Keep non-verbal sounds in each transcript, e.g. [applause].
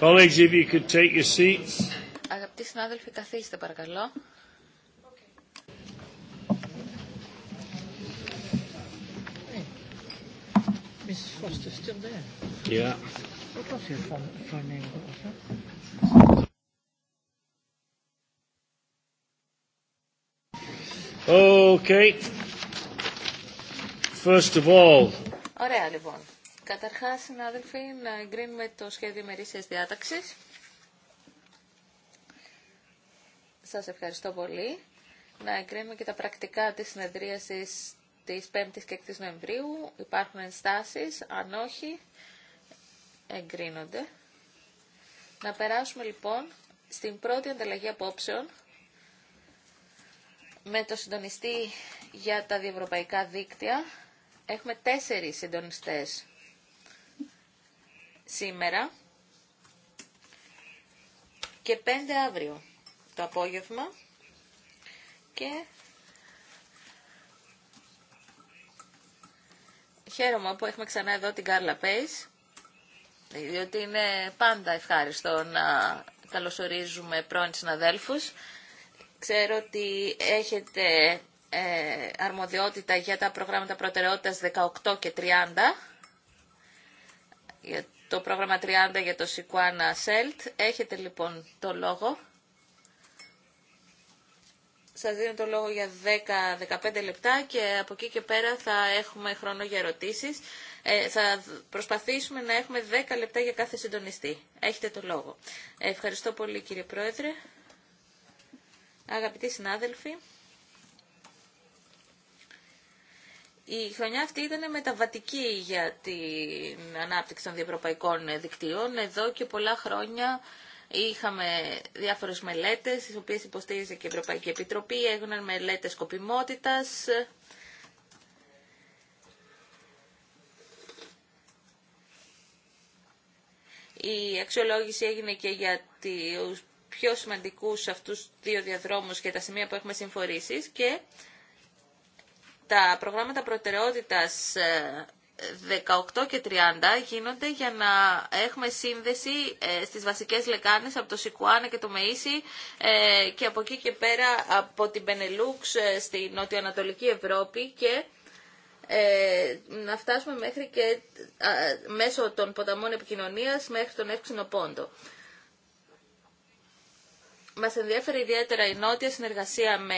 Colleagues, if you could take your seats. Αγαπητοί συνάδελφοι, καθίστε παρακαλώ. Yeah. Okay. First of all. Ωραία λοιπόν. Καταρχάς, συνάδελφοι, να εγκρίνουμε το σχέδιο μερίσιας διάταξης. Σας ευχαριστώ πολύ. Να εγκρίνουμε και τα πρακτικά της συνεδρίασης της 5ης και 6ης Νοεμβρίου. Υπάρχουν ενστάσεις, αν όχι, εγκρίνονται. Να περάσουμε λοιπόν στην πρώτη ανταλλαγή απόψεων με το συντονιστή για τα διευρωπαϊκά δίκτυα. Έχουμε τέσσερις συντονιστές σήμερα και 5 αύριο το απόγευμα και χαίρομαι που έχουμε ξανά εδώ την Κάρλα Πέις διότι είναι πάντα ευχάριστο να καλωσορίζουμε πρώην συναδέλφους. Ξέρω ότι έχετε ε, αρμοδιότητα για τα προγράμματα προτεραιότητας 18 και 30 το πρόγραμμα 30 για το Σικουάνα Σέλτ. Έχετε λοιπόν το λόγο. Σας δίνω το λόγο για 10-15 λεπτά και από εκεί και πέρα θα έχουμε χρόνο για ερωτήσεις. Ε, θα προσπαθήσουμε να έχουμε 10 λεπτά για κάθε συντονιστή. Έχετε το λόγο. Ευχαριστώ πολύ κύριε Πρόεδρε. Αγαπητοί συνάδελφοι. Η χρονιά αυτή ήταν μεταβατική για την ανάπτυξη των διευρωπαϊκών δικτύων. Εδώ και πολλά χρόνια είχαμε διάφορες μελέτες, τις οποίες υποστήριζε και η Ευρωπαϊκή Επιτροπή, έγιναν μελέτες σκοπιμότητας, Η αξιολόγηση έγινε και για του πιο σημαντικούς αυτούς δύο διαδρόμους και τα σημεία που έχουμε συμφορήσει και τα προγράμματα προτεραιότητας 18 ε, και 30 γίνονται για να έχουμε σύνδεση ε, στις βασικές λεκάνες από το Σικουάνα και το Μεΐσι ε, και από εκεί και πέρα από την Πενελούξ στη νοτιοανατολική Ευρώπη και να φτάσουμε μέχρι και μέσω των ποταμών επικοινωνίας μέχρι τον Εύξηνο Πόντο. Μας ενδιαφέρει ιδιαίτερα η νότια συνεργασία με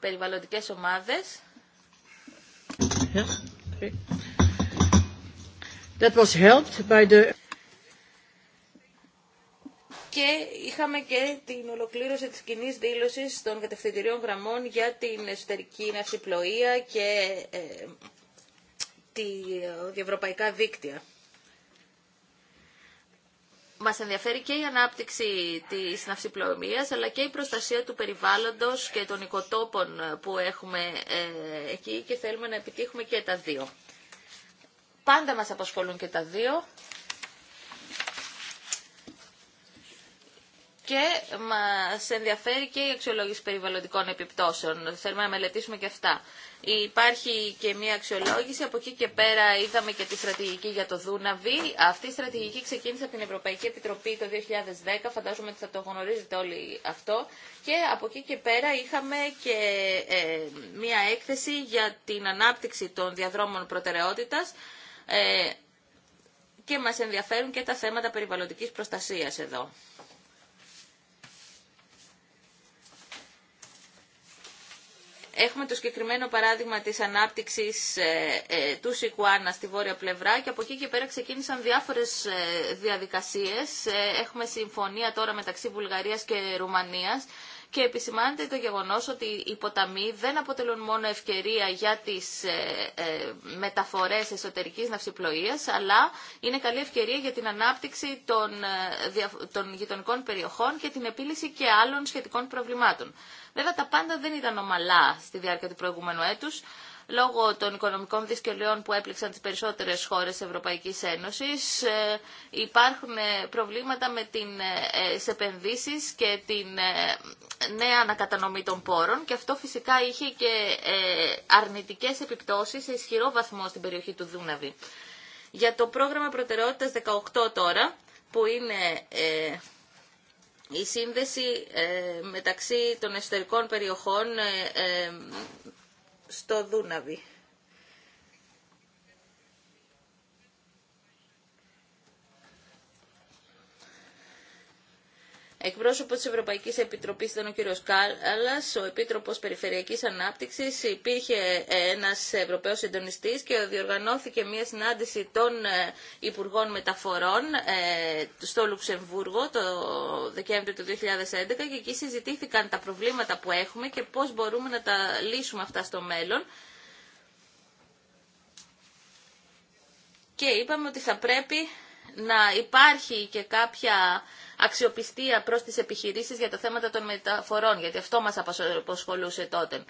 περιβαλλοντικές ομάδες. That was helped by the... Και είχαμε και την ολοκλήρωση της κοινή δήλωση των κατευθυντηρίων γραμμών για την εσωτερική ναυσιπλοεία και ε, τη ε, διευρωπαϊκά δίκτυα μας ενδιαφέρει και η ανάπτυξη της ναυσιπλοεμίας αλλά και η προστασία του περιβάλλοντος και των οικοτόπων που έχουμε ε, εκεί και θέλουμε να επιτύχουμε και τα δύο. Πάντα μας απασχολούν και τα δύο και μα ενδιαφέρει και η αξιολόγηση περιβαλλοντικών επιπτώσεων. Θέλουμε να μελετήσουμε και αυτά. Υπάρχει και μια αξιολόγηση, από εκεί και πέρα είδαμε και τη στρατηγική για το Δούναβι. Αυτή η στρατηγική ξεκίνησε από την Ευρωπαϊκή Επιτροπή το 2010, φαντάζομαι ότι θα το γνωρίζετε όλοι αυτό. Και από εκεί και πέρα είχαμε και ε, μια έκθεση για την ανάπτυξη των διαδρόμων προτεραιότητας, ε, και μας ενδιαφέρουν και τα θέματα περιβαλλοντικής προστασίας εδώ. Έχουμε το συγκεκριμένο παράδειγμα της ανάπτυξης ε, ε, του Σικουάνα στη βόρεια πλευρά και από εκεί και πέρα ξεκίνησαν διάφορες ε, διαδικασίες. Έχουμε συμφωνία τώρα μεταξύ Βουλγαρίας και Ρουμανίας και επισημάνεται το γεγονός ότι οι ποταμοί δεν αποτελούν μόνο ευκαιρία για τις ε, ε, μεταφορές εσωτερικής ναυσιπλοείας, αλλά είναι καλή ευκαιρία για την ανάπτυξη των, ε, των γειτονικών περιοχών και την επίλυση και άλλων σχετικών προβλημάτων. Βέβαια τα πάντα δεν ήταν ομαλά στη διάρκεια του προηγούμενου έτους λόγω των οικονομικών δυσκολιών που έπληξαν τις περισσότερες χώρες Ευρωπαϊκής Ένωσης ε, υπάρχουν ε, προβλήματα με την ε, επενδύσεις και την νέα ανακατανομή των πόρων και αυτό φυσικά είχε και αρνητικές επιπτώσεις σε ισχυρό βαθμό στην περιοχή του Δούναβη. Για το πρόγραμμα προτεραιότητας 18 τώρα, που είναι η σύνδεση μεταξύ των εσωτερικών περιοχών στο Δούναβι. Εκπρόσωπο τη Ευρωπαϊκής Επιτροπής ήταν ο κύριο Κάλλα, ο Επίτροπος Περιφερειακής Ανάπτυξης, υπήρχε ένας Ευρωπαίος συντονιστή και διοργανώθηκε μια συνάντηση των ε, Υπουργών Μεταφορών ε, στο Λουξεμβούργο το Δεκέμβριο του 2011 και εκεί συζητήθηκαν τα προβλήματα που έχουμε και πώς μπορούμε να τα λύσουμε αυτά στο μέλλον. Και είπαμε ότι θα πρέπει να υπάρχει και κάποια αξιοπιστία προς τις επιχειρήσεις για τα θέματα των μεταφορών, γιατί αυτό μας απασχολούσε τότε.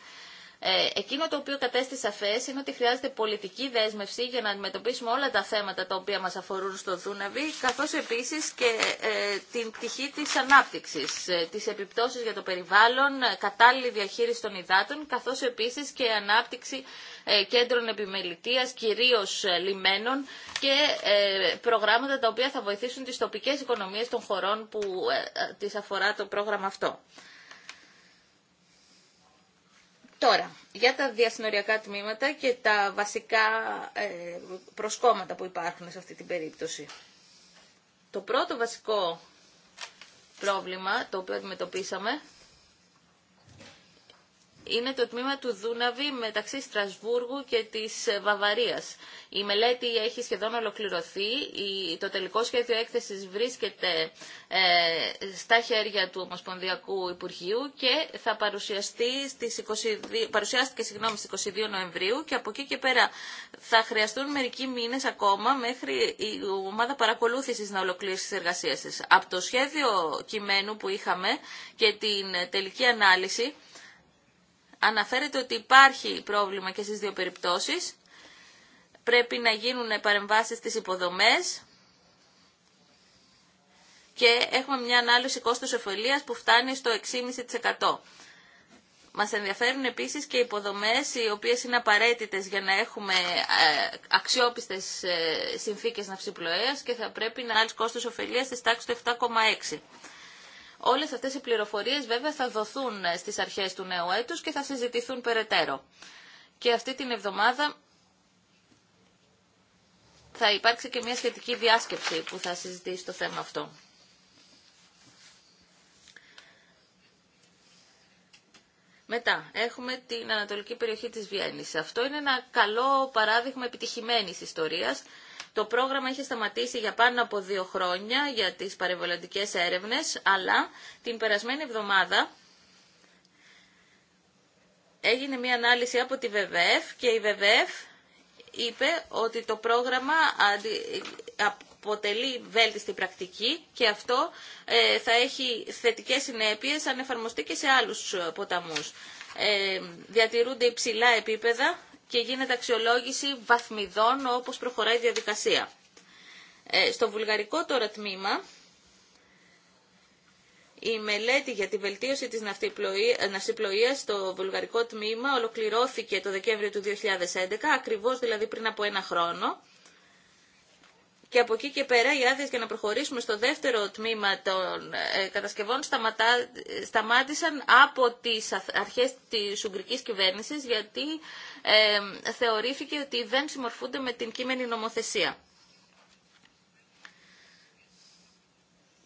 Ε, εκείνο το οποίο κατέστη σαφέ είναι ότι χρειάζεται πολιτική δέσμευση για να αντιμετωπίσουμε όλα τα θέματα τα οποία μα αφορούν στο Δούναβι, καθώ επίση και ε, την πτυχή τη ανάπτυξη, ε, τι επιπτώσει για το περιβάλλον, ε, κατάλληλη διαχείριση των υδάτων, καθώ επίση και ανάπτυξη ε, κέντρων επιμελητίας, κυρίως ε, λιμένων και ε, προγράμματα τα οποία θα βοηθήσουν τις τοπικές οικονομίες των χωρών που τις αφορά το πρόγραμμα αυτό. Τώρα, για τα διασυνοριακά τμήματα και τα βασικά προσκόμματα που υπάρχουν σε αυτή την περίπτωση. Το πρώτο βασικό πρόβλημα το οποίο αντιμετωπίσαμε είναι το τμήμα του Δούναβη μεταξύ Στρασβούργου και της ε, Βαβαρίας. Η μελέτη έχει σχεδόν ολοκληρωθεί. Το τελικό σχέδιο έκθεσης βρίσκεται ε, στα χέρια του Ομοσπονδιακού Υπουργείου και θα παρουσιαστεί στις 22, παρουσιάστηκε συγγνώμη, στις 22 Νοεμβρίου και από εκεί και πέρα θα χρειαστούν μερικοί μήνες ακόμα μέχρι η ομάδα παρακολούθησης να ολοκληρώσει τις εργασίες της. Από το σχέδιο κειμένου που είχαμε και την τελική ανάλυση αναφέρεται ότι υπάρχει πρόβλημα και στις δύο περιπτώσεις. Πρέπει να γίνουν παρεμβάσεις στις υποδομές και έχουμε μια ανάλυση κόστος εφολίας που φτάνει στο 6,5%. Μας ενδιαφέρουν επίσης και οι υποδομές οι οποίες είναι απαραίτητες για να έχουμε ε, αξιόπιστες ε, συνθήκες ναυσιπλοέας και θα πρέπει να ανάλυση κόστος ωφελίας στις τάξεις του 7,6%. Όλες αυτές οι πληροφορίες βέβαια θα δοθούν ε, στις αρχές του νέου έτους και θα συζητηθούν περαιτέρω. Και αυτή την εβδομάδα θα υπάρξει και μια σχετική διάσκεψη που θα συζητήσει το θέμα αυτό. Μετά, έχουμε την Ανατολική περιοχή της Βιέννης. Αυτό είναι ένα καλό παράδειγμα επιτυχημένης ιστορίας το πρόγραμμα είχε σταματήσει για πάνω από δύο χρόνια για τις παρεμβολαντικές έρευνες, αλλά την περασμένη εβδομάδα έγινε μια ανάλυση από τη ΒΒΕΦ και η ΒΒΕΦ είπε ότι το πρόγραμμα αποτελεί βέλτιστη πρακτική και αυτό ε, θα έχει θετικές συνέπειες αν εφαρμοστεί και σε άλλους ε, ποταμούς. Ε, διατηρούνται υψηλά επίπεδα και γίνεται αξιολόγηση βαθμιδών όπως προχωράει η διαδικασία. Ε, στο βουλγαρικό τώρα τμήμα, η μελέτη για τη βελτίωση της ε, ναυσιπλοείας στο βουλγαρικό τμήμα ολοκληρώθηκε το Δεκέμβριο του 2011, ακριβώς δηλαδή πριν από ένα χρόνο και από εκεί και πέρα οι άδειε για να προχωρήσουμε στο δεύτερο τμήμα των ε, κατασκευών σταμάτησαν από τις αρχές της Ουγγρικής κυβέρνησης γιατί ε, θεωρήθηκε ότι δεν συμμορφούνται με την κείμενη νομοθεσία.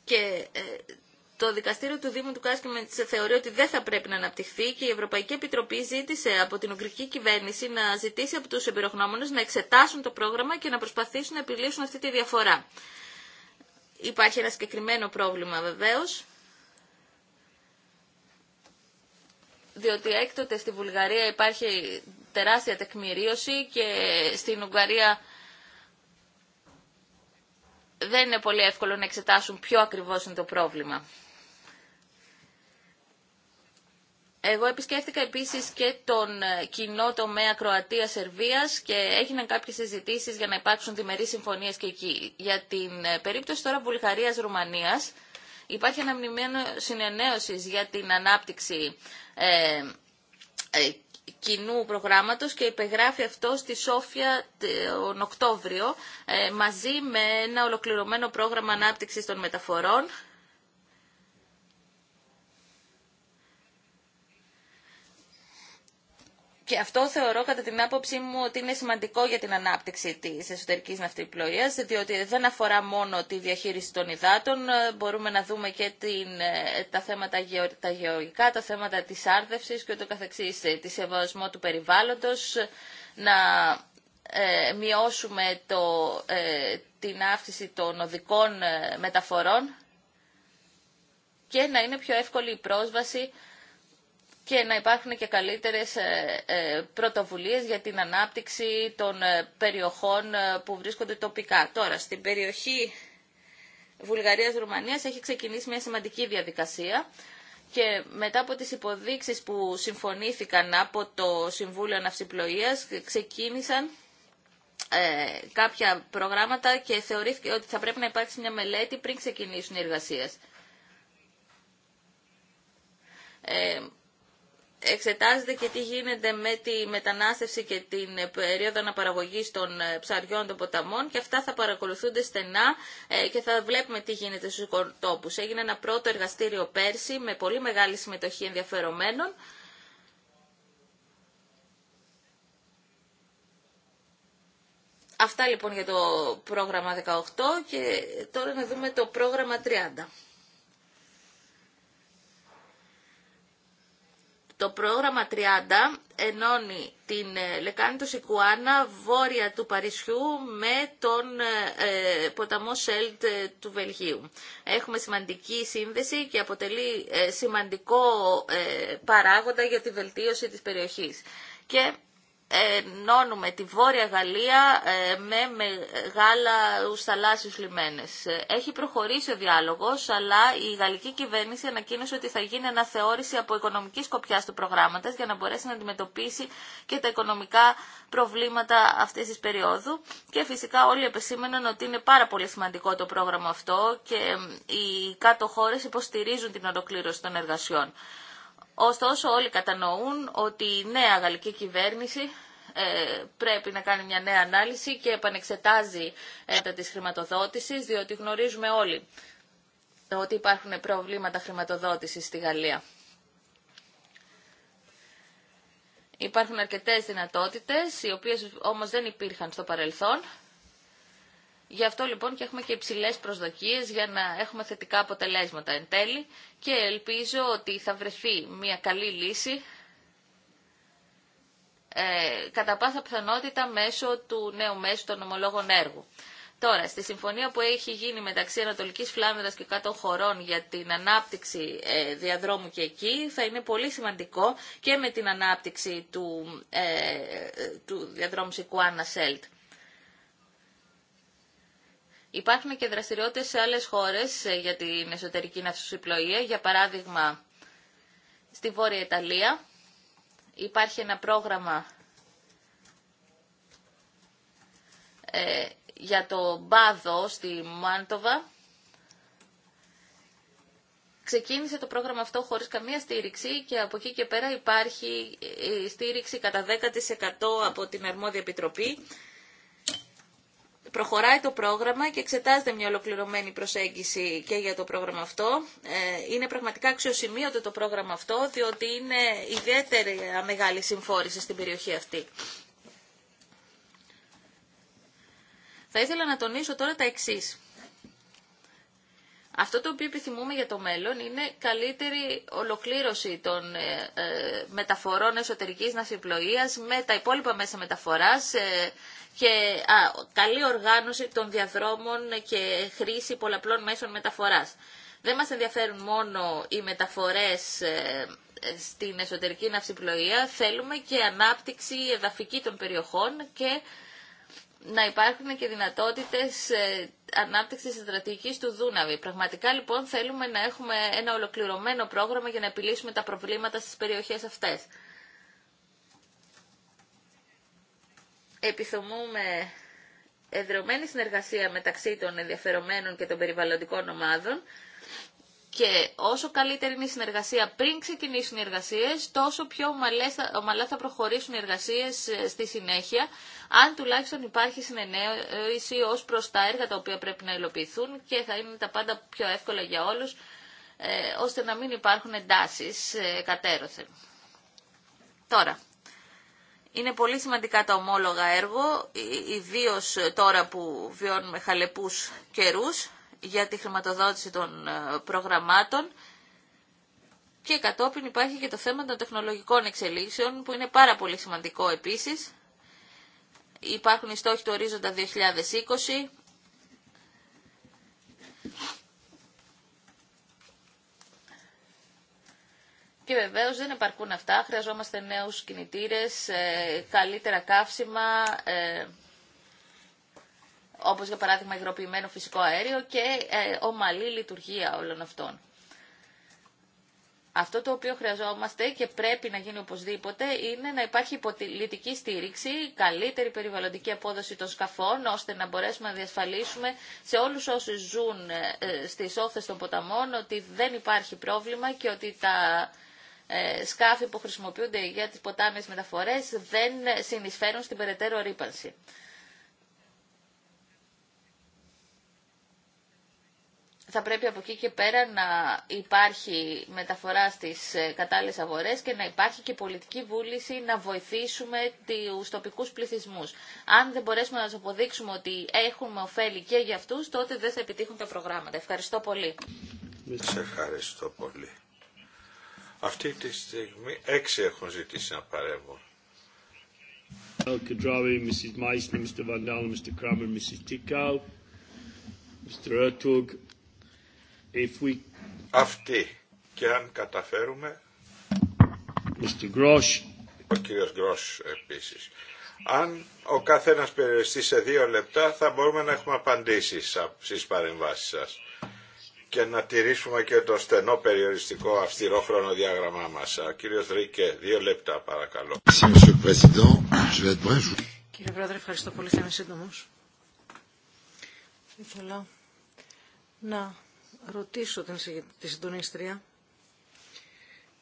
Και ε, το δικαστήριο του Δήμου του Κάσκη θεωρεί ότι δεν θα πρέπει να αναπτυχθεί και η Ευρωπαϊκή Επιτροπή ζήτησε από την Ουγγρική κυβέρνηση να ζητήσει από τους εμπειρογνώμονες να εξετάσουν το πρόγραμμα και να προσπαθήσουν να επιλύσουν αυτή τη διαφορά. Υπάρχει ένα συγκεκριμένο πρόβλημα βεβαίω, διότι έκτοτε στη Βουλγαρία υπάρχει τεράστια τεκμηρίωση και στην Ουγγαρία δεν είναι πολύ εύκολο να εξετάσουν ποιο ακριβώς είναι το πρόβλημα. Εγώ επισκέφτηκα επίσης και τον ε, κοινό τομέα Κροατία-Σερβία και έγιναν κάποιες συζητήσει για να υπάρξουν διμερεί συμφωνίε και εκεί. Για την ε, περίπτωση τώρα Βουλγαρίας-Ρουμανίας υπάρχει ένα μνημένο συνενέωσης για την ανάπτυξη ε, κοινού προγράμματος και υπεγράφει αυτό στη Σόφια τον Οκτώβριο μαζί με ένα ολοκληρωμένο πρόγραμμα ανάπτυξης των μεταφορών Και αυτό θεωρώ κατά την άποψή μου ότι είναι σημαντικό για την ανάπτυξη της εσωτερικής ναυτιπλοεία, διότι δεν αφορά μόνο τη διαχείριση των υδάτων, ε, μπορούμε να δούμε και την, ε, τα θέματα γεω, τα τα θέματα της άρδευση και ούτω καθεξής, ε, τη σεβασμό του περιβάλλοντος, να μειώσουμε το, την αύξηση των οδικών μεταφορών και να είναι πιο εύκολη η πρόσβαση και να υπάρχουν και καλύτερες ε, ε, πρωτοβουλίες για την ανάπτυξη των ε, περιοχών που βρίσκονται τοπικά. Τώρα, στην περιοχή Βουλγαρίας-Ρουμανίας έχει ξεκινήσει μια σημαντική διαδικασία και μετά από τις υποδείξεις που συμφωνήθηκαν από το Συμβούλιο Αναυσιπλοείας ξεκίνησαν κάποια προγράμματα και θεωρήθηκε ότι θα πρέπει να υπάρξει μια μελέτη πριν ξεκινήσουν οι εργασίες εξετάζεται και τι γίνεται με τη μετανάστευση και την ε, περίοδο αναπαραγωγή των ε, ψαριών των ποταμών και αυτά θα παρακολουθούνται στενά ε, και θα βλέπουμε τι γίνεται στους τόπους. Έγινε ένα πρώτο εργαστήριο πέρσι με πολύ μεγάλη συμμετοχή ενδιαφερομένων. Αυτά λοιπόν για το πρόγραμμα 18 και τώρα να δούμε το πρόγραμμα 30. Το πρόγραμμα 30 ενώνει την ε, λεκάνη του Σικουάνα βόρεια του Παρισιού με τον ε, ε, ποταμό Σέλτ του Βελγίου. Έχουμε σημαντική σύνδεση και αποτελεί σημαντικό παράγοντα για τη βελτίωση της περιοχής ενώνουμε τη Βόρεια Γαλλία ε, με μεγάλα θαλάσσιους λιμένες. Ε, έχει προχωρήσει ο διάλογος, αλλά η γαλλική κυβέρνηση ανακοίνωσε ότι θα γίνει αναθεώρηση από οικονομική σκοπιά του προγράμματος για να μπορέσει να αντιμετωπίσει και τα οικονομικά προβλήματα αυτής της περίοδου. Και φυσικά όλοι επεσήμεναν ότι είναι πάρα πολύ σημαντικό το πρόγραμμα αυτό και ε, οι κάτω χώρες υποστηρίζουν την ολοκλήρωση των εργασιών. Ωστόσο όλοι κατανοούν ότι η νέα γαλλική κυβέρνηση ε, πρέπει να κάνει μια νέα ανάλυση και επανεξετάζει τα της χρηματοδότησης, διότι γνωρίζουμε όλοι ότι υπάρχουν προβλήματα χρηματοδότησης στη Γαλλία. Υπάρχουν αρκετές δυνατότητες, οι οποίες όμως δεν υπήρχαν στο παρελθόν Γι' αυτό λοιπόν και έχουμε και υψηλέ προσδοκίε για να έχουμε θετικά αποτελέσματα εν τέλει και ελπίζω ότι θα βρεθεί μια καλή λύση ε, κατά πάσα πιθανότητα μέσω του νέου μέσου των ομολόγων έργου. Τώρα, στη συμφωνία που έχει γίνει μεταξύ Ανατολικής Φλάνδρας και κάτω χωρών για την ανάπτυξη ε, διαδρόμου και εκεί θα είναι πολύ σημαντικό και με την ανάπτυξη του, ε, ε του διαδρόμου Σικουάνα Σέλτ. Υπάρχουν και δραστηριότητες σε άλλες χώρες ε, για την εσωτερική ναυσοσυπλοεία. Για παράδειγμα, στη Βόρεια Ιταλία υπάρχει ένα πρόγραμμα ε, για το Μπάδο στη Μάντοβα. Ξεκίνησε το πρόγραμμα αυτό χωρίς καμία στήριξη και από εκεί και πέρα υπάρχει ε, στήριξη κατά 10% από την Αρμόδια Επιτροπή προχωράει το πρόγραμμα και εξετάζεται μια ολοκληρωμένη προσέγγιση και για το πρόγραμμα αυτό. Ε, είναι πραγματικά αξιοσημείωτο το πρόγραμμα αυτό, διότι είναι ιδιαίτερη ε, μεγάλη συμφόρηση στην περιοχή αυτή. Θα ήθελα να τονίσω τώρα τα εξής. Αυτό το οποίο επιθυμούμε για το μέλλον είναι καλύτερη ολοκλήρωση των ε, ε, μεταφορών εσωτερικής ναυσιπλοείας με τα υπόλοιπα μέσα μεταφοράς ε, και α, καλή οργάνωση των διαδρόμων και χρήση πολλαπλών μέσων μεταφοράς. Δεν μας ενδιαφέρουν μόνο οι μεταφορές στην εσωτερική ναυσιπλοεία, θέλουμε και ανάπτυξη εδαφική των περιοχών και να υπάρχουν και δυνατότητες ε, ανάπτυξης στρατηγικής του Δούναβη. Πραγματικά λοιπόν θέλουμε να έχουμε ένα ολοκληρωμένο πρόγραμμα για να επιλύσουμε τα προβλήματα στις περιοχές αυτές. Επιθυμούμε εδρωμένη συνεργασία μεταξύ των ενδιαφερομένων και των περιβαλλοντικών ομάδων και όσο καλύτερη είναι η συνεργασία πριν ξεκινήσουν οι εργασίε, τόσο πιο ομαλά θα προχωρήσουν οι εργασίες ε, στη συνέχεια, αν τουλάχιστον υπάρχει συνεννόηση ω προς τα έργα τα οποία πρέπει να υλοποιηθούν και θα είναι τα πάντα πιο εύκολα για όλους, ε, ώστε να μην υπάρχουν εντάσεις ε, κατέρωθεν. Τώρα, είναι πολύ σημαντικά τα ομόλογα έργο, ιδίω τώρα που βιώνουμε χαλεπούς καιρούς, για τη χρηματοδότηση των ε, προγραμμάτων και κατόπιν υπάρχει και το θέμα των τεχνολογικών εξελίξεων που είναι πάρα πολύ σημαντικό επίσης. Υπάρχουν οι στόχοι του ορίζοντα 2020 Και βεβαίω δεν επαρκούν αυτά. Χρειαζόμαστε νέου κινητήρε, ε, καλύτερα καύσιμα, ε, όπως για παράδειγμα υγροποιημένο φυσικό αέριο και ε, ομαλή λειτουργία όλων αυτών. Αυτό το οποίο χρειαζόμαστε και πρέπει να γίνει οπωσδήποτε είναι να υπάρχει υποτιλητική στήριξη, καλύτερη περιβαλλοντική απόδοση των σκαφών, ώστε να μπορέσουμε να διασφαλίσουμε σε όλους όσους ζουν ε, στις όχθες των ποταμών ότι δεν υπάρχει πρόβλημα και ότι τα ε, σκάφη που χρησιμοποιούνται για τις ποτάμιες μεταφορές δεν συνεισφέρουν στην περαιτέρω ρήπανση. θα πρέπει από εκεί και πέρα να υπάρχει μεταφορά στις ε, κατάλληλες αγορές και να υπάρχει και πολιτική βούληση να βοηθήσουμε τους τοπικούς πληθυσμούς. Αν δεν μπορέσουμε να τους αποδείξουμε ότι έχουμε ωφέλη και για αυτούς, τότε δεν θα επιτύχουν τα προγράμματα. Ευχαριστώ πολύ. Σε ευχαριστώ πολύ. Αυτή τη στιγμή έξι έχουν ζητήσει να παρέμβουν. If we... Αυτή και αν καταφέρουμε Mr. ο κύριος Γκρός επίσης αν ο καθένας περιοριστεί σε δύο λεπτά θα μπορούμε να έχουμε απαντήσεις στις παρεμβάσεις σας και να τηρήσουμε και το στενό περιοριστικό αυστηρό χρονοδιάγραμμά μας. Ο κύριος Ρίκε, δύο λεπτά παρακαλώ. Κύριε Πρόεδρε, ευχαριστώ πολύ. Θα είμαι σύντομος. Ήθελα να ρωτήσω την, τη συντονίστρια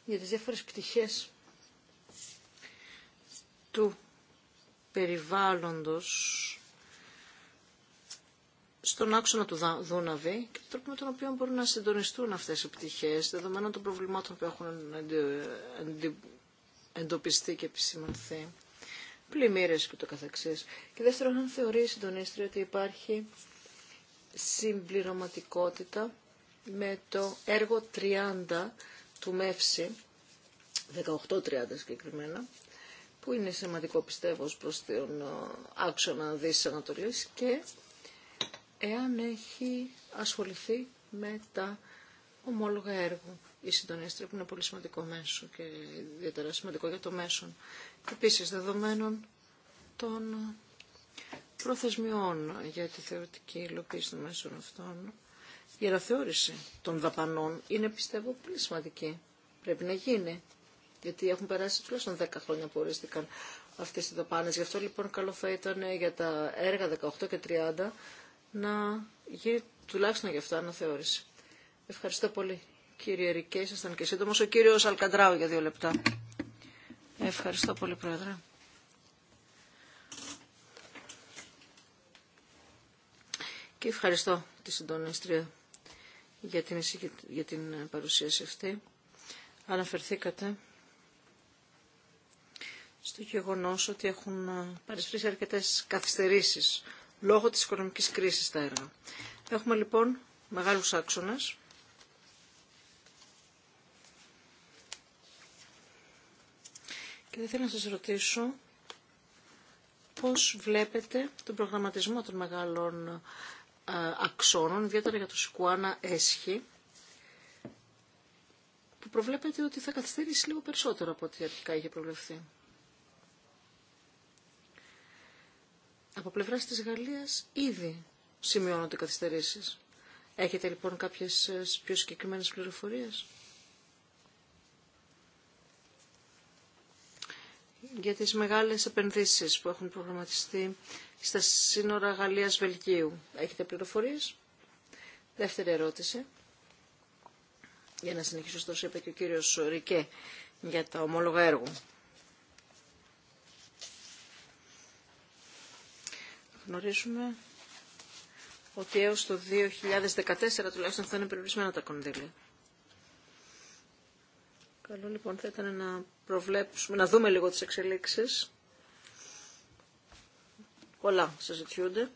για τις διάφορες πτυχές του περιβάλλοντος στον άξονα του Δούναβη και τον τρόπο με τον οποίο μπορούν να συντονιστούν αυτές οι πτυχές δεδομένων των προβλημάτων που έχουν εντοπιστεί και επισημανθεί πλημμύρες και το καθεξής. Και δεύτερον, θεωρεί η συντονίστρια ότι υπάρχει συμπληρωματικότητα με το έργο 30 του ΜΕΦΣΙ, 30 συγκεκριμένα, που είναι σημαντικό πιστεύω προς τον ε, άξονα Δύσης Ανατολής και εάν έχει ασχοληθεί με τα ομόλογα έργου. Η συντονίστρια που είναι πολύ σημαντικό μέσο και ιδιαίτερα σημαντικό για το μέσον. Επίσης δεδομένων των ε, προθεσμιών για τη θεωρητική υλοποίηση των μέσων αυτών η αναθεώρηση των δαπανών είναι πιστεύω πολύ σημαντική. Πρέπει να γίνει. Γιατί έχουν περάσει τουλάχιστον 10 χρόνια που ορίστηκαν αυτέ οι δαπάνε. Γι' αυτό λοιπόν καλό θα ήταν για τα έργα 18 και 30 να γίνει τουλάχιστον γι' αυτό αναθεώρηση. Ευχαριστώ πολύ. Κύριε Ρικέ, ήσασταν και σύντομο. Ο κύριο Αλκαντράου για δύο λεπτά. Ευχαριστώ πολύ, Πρόεδρε. Και ευχαριστώ τη συντονίστρια για την, για την ε, παρουσίαση αυτή. Αναφερθήκατε στο γεγονός ότι έχουν ε, παρισφρήσει αρκετές καθυστερήσεις λόγω της οικονομικής κρίσης τα έργα. Έχουμε λοιπόν μεγάλους άξονες. Και δεν θέλω να σας ρωτήσω πώς βλέπετε τον προγραμματισμό των μεγάλων ε, αξώνων, ιδιαίτερα για το Σικουάνα Έσχη, που προβλέπετε ότι θα καθυστερήσει λίγο περισσότερο από ό,τι αρχικά είχε προβλεφθεί. Από πλευρά της Γαλλίας ήδη σημειώνονται καθυστερήσεις. Έχετε λοιπόν κάποιες ε, πιο συγκεκριμένες πληροφορίες. Για τις μεγάλες επενδύσεις που έχουν προγραμματιστεί στα σύνορα Γαλλίας-Βελγίου. Έχετε πληροφορίες? Δεύτερη ερώτηση. Για να συνεχίσω στο είπε και ο κύριος Ρικέ για τα ομόλογα έργου. Γνωρίζουμε ότι έως το 2014 τουλάχιστον θα είναι περιορισμένα τα κονδύλια. Καλό λοιπόν θα ήταν να προβλέψουμε, να δούμε λίγο τις εξελίξεις πολλά συζητιούνται.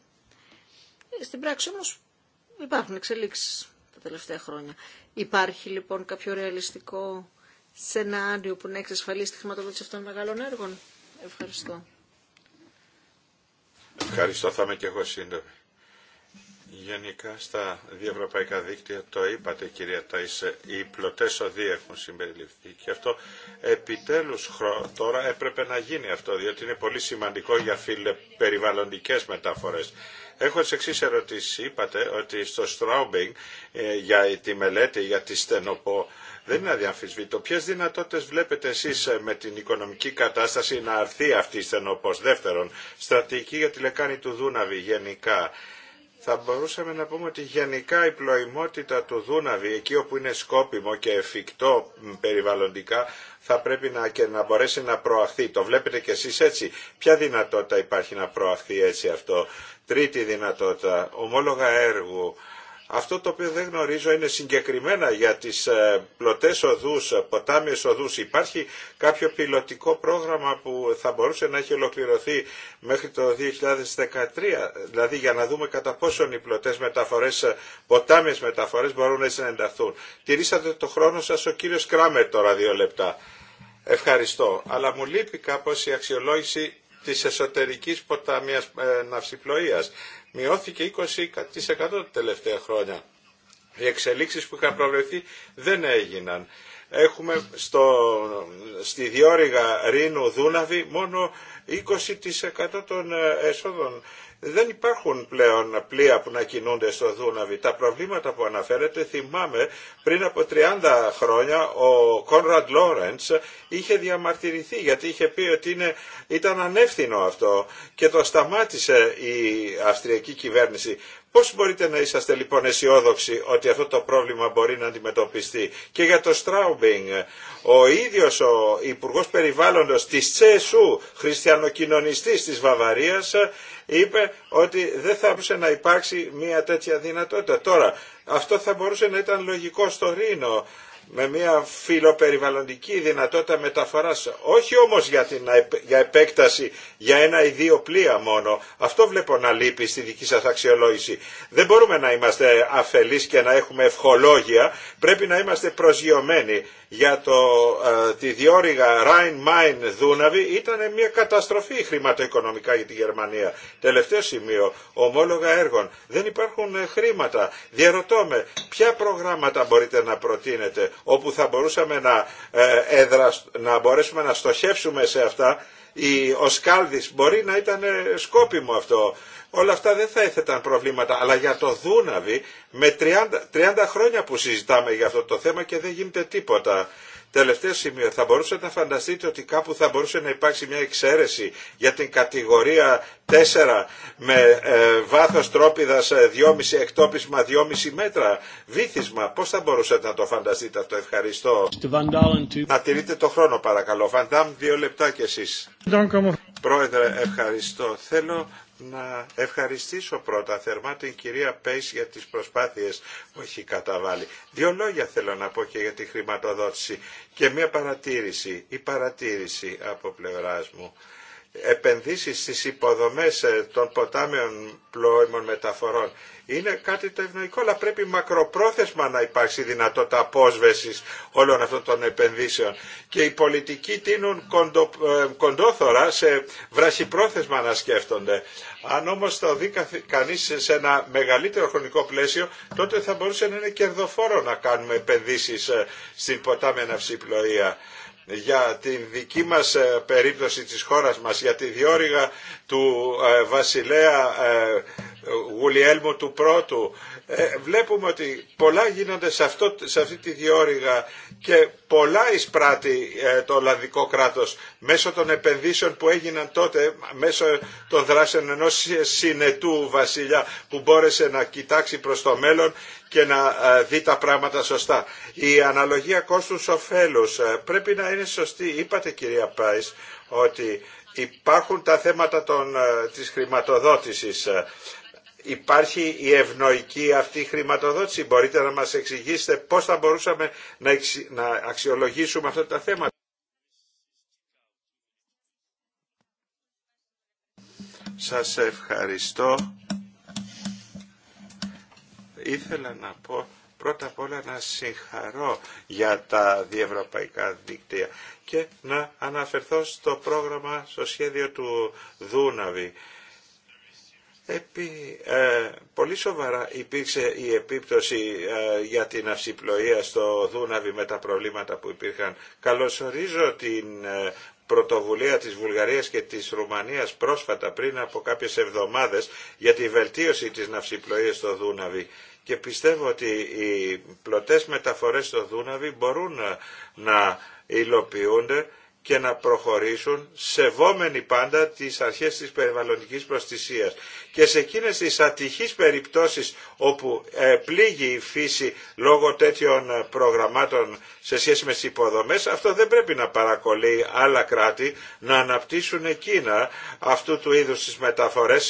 Ε, στην πράξη όμως υπάρχουν εξελίξεις τα τελευταία χρόνια. Υπάρχει λοιπόν κάποιο ρεαλιστικό σενάριο που να εξασφαλίσει τη χρηματοδότηση αυτών των μεγάλων έργων. Ευχαριστώ. Ευχαριστώ, θα είμαι και εγώ σύντομη. Γενικά στα διευρωπαϊκά δίκτυα το είπατε κυρία Ταΐσε, οι πλωτές οδοί έχουν συμπεριληφθεί και αυτό επιτέλους τώρα έπρεπε να γίνει αυτό διότι είναι πολύ σημαντικό για περιβαλλοντικές μεταφορές. Έχω τι εξή ερωτήσει. Είπατε ότι στο Στράουμπινγκ ε, για τη μελέτη, για τη στενοπό, δεν είναι αδιαμφισβήτητο. Ποιε δυνατότητε βλέπετε εσεί ε, με την οικονομική κατάσταση να αρθεί αυτή η στενοπό. Δεύτερον, στρατηγική για τη λεκάνη του Δούναβη γενικά θα μπορούσαμε να πούμε ότι γενικά η πλοημότητα του Δούναβη, εκεί όπου είναι σκόπιμο και εφικτό περιβαλλοντικά, θα πρέπει να, και να μπορέσει να προαχθεί. Το βλέπετε κι εσείς έτσι. Ποια δυνατότητα υπάρχει να προαχθεί έτσι αυτό. Τρίτη δυνατότητα, ομόλογα έργου. Αυτό το οποίο δεν γνωρίζω είναι συγκεκριμένα για τις ε, πλωτές οδούς, ε, ποτάμιες οδούς. Υπάρχει κάποιο πιλωτικό πρόγραμμα που θα μπορούσε να έχει ολοκληρωθεί μέχρι το 2013, δηλαδή για να δούμε κατά πόσον οι πλωτές μεταφορές, ε, ποτάμιες μεταφορές μπορούν να συνενταθούν. Τηρήσατε το χρόνο σας ο κύριο Κράμερ τώρα δύο λεπτά. Ευχαριστώ. Αλλά μου λείπει κάπως η αξιολόγηση της εσωτερικής ποτάμιας ε, μειώθηκε 20% τα τελευταία χρόνια. Οι εξελίξεις που είχαν προβλεφθεί δεν έγιναν έχουμε στο, στη διόρυγα Ρήνου Δούναβη μόνο 20% των εσόδων. Δεν υπάρχουν πλέον πλοία που να κινούνται στο Δούναβη. Τα προβλήματα που αναφέρετε θυμάμαι πριν από 30 χρόνια ο Κόνραντ Λόρεντς είχε διαμαρτυρηθεί γιατί είχε πει ότι ήταν ανεύθυνο αυτό και το σταμάτησε η αυστριακή κυβέρνηση. Πώς μπορείτε να είσαστε λοιπόν αισιόδοξοι ότι αυτό το πρόβλημα μπορεί να αντιμετωπιστεί. Και για το Στράουμπινγκ, ο ίδιος ο υπουργό Περιβάλλοντος της ΤΣΕΣΟΥ, χριστιανοκοινωνιστής της Βαβαρίας, είπε ότι δεν θα μπορούσε να υπάρξει μια τέτοια δυνατότητα. Τώρα, αυτό θα μπορούσε να ήταν λογικό στο Ρήνο με μια φιλοπεριβαλλοντική δυνατότητα μεταφοράς. Όχι όμως για, την, για επέκταση για ένα ή δύο πλοία μόνο. Αυτό βλέπω να λείπει στη δική σας αξιολόγηση. Δεν μπορούμε να είμαστε αφελείς και να έχουμε ευχολόγια. Πρέπει να είμαστε προσγειωμένοι. Για το, ε, τη διόρυγα Rhein-Main-Δούναβη ήταν μια καταστροφή χρηματοοικονομικά για τη Γερμανία. Τελευταίο σημείο, ομόλογα έργων. Δεν υπάρχουν χρήματα. Διαρωτώ με, ποια προγράμματα μπορείτε να προτείνετε όπου θα μπορούσαμε να, εδρασ... να μπορέσουμε να στοχεύσουμε σε αυτά η, ο Σκάλδης μπορεί να ήταν ε, σκόπιμο αυτό. Όλα αυτά δεν θα έθεταν προβλήματα, αλλά για το Δούναβι με 30, 30 χρόνια που συζητάμε για αυτό το θέμα και δεν γίνεται τίποτα. Τελευταίο σημείο, θα μπορούσατε να φανταστείτε ότι κάπου θα μπορούσε να υπάρξει μια εξαίρεση για την κατηγορία 4 με ε, βάθος τρόπιδας 2,5 ε, εκτόπισμα 2,5 μέτρα βήθισμα. Πώς θα μπορούσατε να το φανταστείτε αυτό. Ευχαριστώ. Να τηρείτε το χρόνο παρακαλώ. Φαντάμ δύο λεπτά κι εσείς. Πρόεδρε ευχαριστώ. Θέλω να ευχαριστήσω πρώτα θερμά την κυρία Πέις για τις προσπάθειες που έχει καταβάλει. Δύο λόγια θέλω να πω και για τη χρηματοδότηση και μια παρατήρηση ή παρατήρηση από πλευράς μου επενδύσεις στις υποδομές ε, των ποτάμιων πλώιμων μεταφορών είναι κάτι το ευνοϊκό, αλλά πρέπει μακροπρόθεσμα να υπάρξει δυνατότητα απόσβεσης όλων αυτών των επενδύσεων. Και οι πολιτικοί τίνουν ε, κοντόθωρα σε βραχυπρόθεσμα να σκέφτονται. Αν όμως το δει κανείς σε ένα μεγαλύτερο χρονικό πλαίσιο, τότε θα μπορούσε να είναι κερδοφόρο να κάνουμε επενδύσεις ε, στην ποτάμενα ψηπλοεία για την δική μας ε, περίπτωση της χώρας μας, για τη διόρυγα του ε, βασιλέα ε, Γουλιέλμου του Πρώτου. Βλέπουμε ότι πολλά γίνονται σε, αυτό, σε αυτή τη διόρυγα και πολλά εισπράττει το Ολλανδικό κράτος μέσω των επενδύσεων που έγιναν τότε, μέσω των δράσεων ενός συνετού βασιλιά που μπόρεσε να κοιτάξει προς το μέλλον και να ε, δει τα πράγματα σωστά. Η αναλογία κόστους-οφέλους ε, πρέπει να είναι σωστή. Είπατε κυρία Πάης ότι υπάρχουν τα θέματα των, ε, της χρηματοδότησης. Υπάρχει η ευνοϊκή αυτή χρηματοδότηση. Μπορείτε να μας εξηγήσετε πώς θα μπορούσαμε να αξιολογήσουμε αυτά τα θέματα. Σας ευχαριστώ ήθελα να πω πρώτα απ' όλα να συγχαρώ για τα διευρωπαϊκά δίκτυα και να αναφερθώ στο πρόγραμμα, στο σχέδιο του Δούναβη. Επί, ε, πολύ σοβαρά υπήρξε η επίπτωση ε, για την αυσιπλοεία στο Δούναβι με τα προβλήματα που υπήρχαν. Καλωσορίζω την ε, πρωτοβουλία της Βουλγαρίας και της Ρουμανίας πρόσφατα πριν από κάποιες εβδομάδες για τη βελτίωση της ναυσιπλοείας στο Δούναβι και πιστεύω ότι οι πλωτές μεταφορές στο Δούναβι μπορούν να υλοποιούνται και να προχωρήσουν σεβόμενοι πάντα τις αρχές της περιβαλλοντικής προστασίας. Και σε εκείνες τις ατυχείς περιπτώσεις όπου ε, πλήγει η φύση λόγω τέτοιων ε, προγραμμάτων σε σχέση με τις υποδομές, αυτό δεν πρέπει να παρακολεί άλλα κράτη να αναπτύσσουν εκείνα αυτού του είδους τις μεταφορές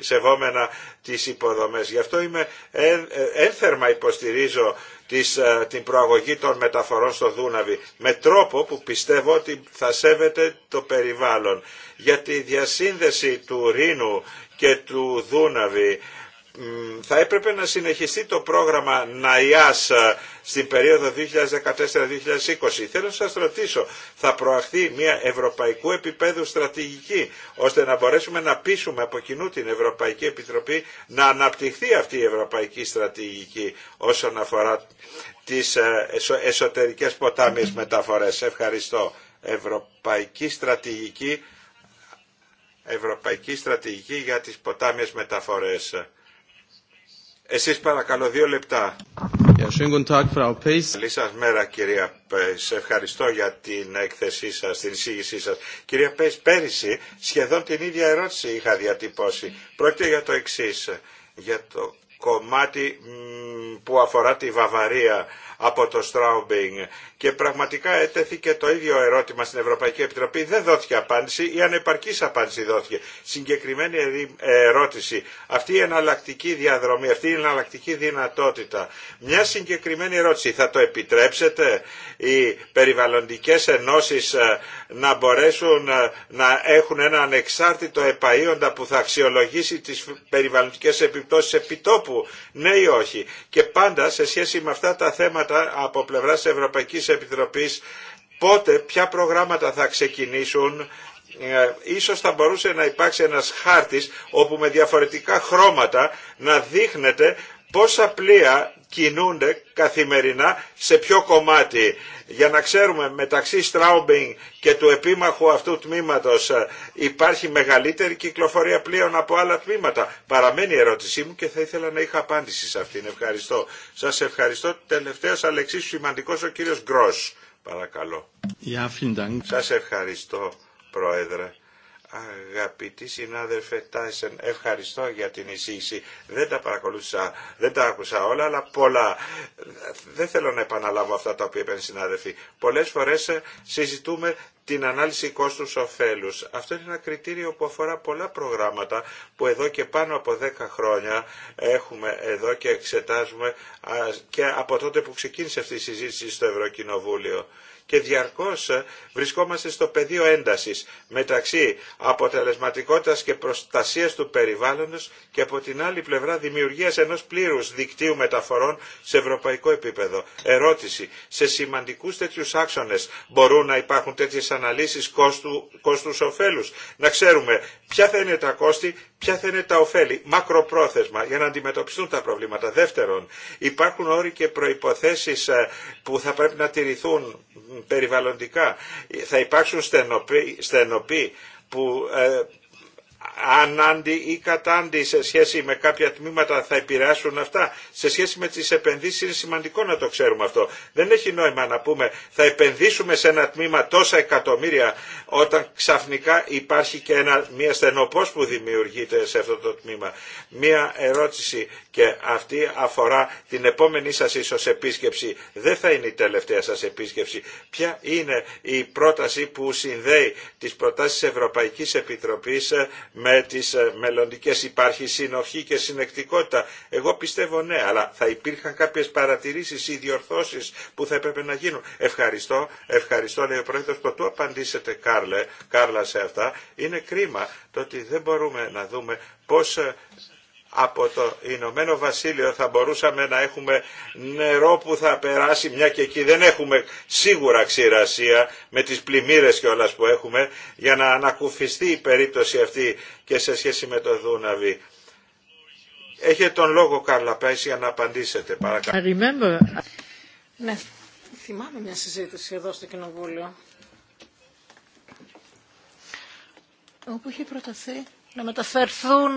σεβόμενα τις υποδομές. Γι' αυτό είμαι ε, ένθερμα υποστηρίζω ε, την προαγωγή των μεταφορών στο Δούναβι με τρόπο που πιστεύω ότι θα σέβεται το περιβάλλον. Για τη διασύνδεση του Ρήνου και του Δούναβη θα έπρεπε να συνεχιστεί το πρόγραμμα ΝΑΙΑΣ ε, στην περίοδο 2014-2020. Θέλω να σας ρωτήσω, θα προαχθεί μια ευρωπαϊκού επίπεδου στρατηγική, ώστε να μπορέσουμε να πείσουμε από κοινού την Ευρωπαϊκή Επιτροπή να αναπτυχθεί αυτή η ευρωπαϊκή στρατηγική όσον αφορά τις ε, εσωτερικές ποτάμιες μεταφορές. Ευχαριστώ. Ευρωπαϊκή στρατηγική, ευρωπαϊκή στρατηγική για τις ποτάμιες μεταφορές. Εσείς παρακαλώ δύο λεπτά. Καλή σας μέρα κυρία Πέις. Ευχαριστώ για την έκθεσή σας, την εισήγησή σας. Κυρία Πέις, πέρυσι σχεδόν την ίδια ερώτηση είχα διατυπώσει. Πρόκειται για το εξής, για το κομμάτι που αφορά τη Βαβαρία από το Straubing Και πραγματικά ετέθηκε το ίδιο ερώτημα στην Ευρωπαϊκή Επιτροπή. Δεν δόθηκε απάντηση ή ανεπαρκή απάντηση δόθηκε. Συγκεκριμένη ερώτηση. Αυτή η εναλλακτική διαδρομή, αυτή η εναλλακτική δυνατότητα. Μια συγκεκριμένη ερώτηση. Θα το επιτρέψετε οι περιβαλλοντικέ ενώσεις ε, να μπορέσουν ε, να έχουν ένα ανεξάρτητο επαΐοντα που θα αξιολογήσει τις περιβαλλοντικές επιπτώσεις επιτόπου. Ναι ή όχι. Και πάντα σε σχέση με αυτά τα θέματα προγράμματα από πλευράς Ευρωπαϊκής Επιτροπής πότε, ποια προγράμματα θα ξεκινήσουν ε, ίσως θα μπορούσε να υπάρξει ένας χάρτης όπου με διαφορετικά χρώματα να δείχνεται πόσα πλοία κινούνται καθημερινά σε ποιο κομμάτι για να ξέρουμε μεταξύ Στράουμπινγκ και του επίμαχου αυτού τμήματος ε, υπάρχει μεγαλύτερη κυκλοφορία πλέον από άλλα τμήματα. Παραμένει η ερώτησή μου και θα ήθελα να είχα απάντηση σε αυτήν. Ευχαριστώ. Σας ευχαριστώ. Τελευταίος Αλεξής σημαντικός ο κύριος Γκρός. Παρακαλώ. Σας ευχαριστώ Πρόεδρε. Αγαπητοί συνάδελφε Τάισεν, ευχαριστώ για την εισήγηση. Δεν τα παρακολούθησα, δεν τα άκουσα όλα, αλλά πολλά. Δεν θέλω να επαναλάβω αυτά τα οποία είπαν οι συνάδελφοι. Πολλέ φορές ε, συζητούμε την ανάλυση κόστους ωφέλους. Αυτό είναι ένα κριτήριο που αφορά πολλά προγράμματα που εδώ και πάνω από 10 χρόνια έχουμε εδώ και εξετάζουμε και από τότε που ξεκίνησε αυτή η συζήτηση στο Ευρωκοινοβούλιο και διαρκώς ε, βρισκόμαστε στο πεδίο έντασης μεταξύ αποτελεσματικότητας και προστασίας του περιβάλλοντος και από την άλλη πλευρά δημιουργίας ενός πλήρους δικτύου μεταφορών σε ευρωπαϊκό επίπεδο. Ερώτηση. Σε σημαντικούς τέτοιους άξονες μπορούν να υπάρχουν τέτοιες αναλύσεις κόστου, κόστους-οφέλους. Να ξέρουμε ποια θα είναι τα κόστη, Ποια θα είναι τα ωφέλη μακροπρόθεσμα για να αντιμετωπιστούν τα προβλήματα. Δεύτερον, υπάρχουν όροι και προϋποθέσεις ε, που θα πρέπει να τηρηθούν περιβαλλοντικά. Θα υπάρξουν στενοποί, στενοποί που ε, ανάντι ή κατάντι σε σχέση με κάποια τμήματα θα επηρεάσουν αυτά. Σε σχέση με τις επενδύσεις είναι σημαντικό να το ξέρουμε αυτό. Δεν έχει νόημα να πούμε θα επενδύσουμε σε ένα τμήμα τόσα εκατομμύρια όταν ξαφνικά υπάρχει και ένα, μια στενοπός που δημιουργείται σε αυτό το τμήμα. Μια ερώτηση και αυτή αφορά την επόμενή σας ίσως επίσκεψη. Δεν θα είναι η τελευταία σας επίσκεψη. Ποια είναι η πρόταση που συνδέει τις προτάσεις Ευρωπαϊκής Επιτροπής ε, με τις ε, μελλοντικές. Υπάρχει συνοχή και συνεκτικότητα. Εγώ πιστεύω ναι, αλλά θα υπήρχαν κάποιες παρατηρήσεις ή διορθώσεις που θα έπρεπε να γίνουν. Ευχαριστώ, ευχαριστώ λέει ο Πρόεδρος. Προτού απαντήσετε Κάρλα σε αυτά, είναι κρίμα το ότι δεν μπορούμε να δούμε πώς ε, από το Ηνωμένο Βασίλειο θα μπορούσαμε να έχουμε νερό που θα περάσει μια και εκεί δεν έχουμε σίγουρα ξηρασία με τις πλημμύρες και όλα που έχουμε για να ανακουφιστεί η περίπτωση αυτή και σε σχέση με το Δούναβι. Έχετε τον λόγο Κάρλα για να απαντήσετε παρακαλώ. Ναι, θυμάμαι μια συζήτηση εδώ στο Κοινοβούλιο όπου είχε προταθεί να μεταφερθούν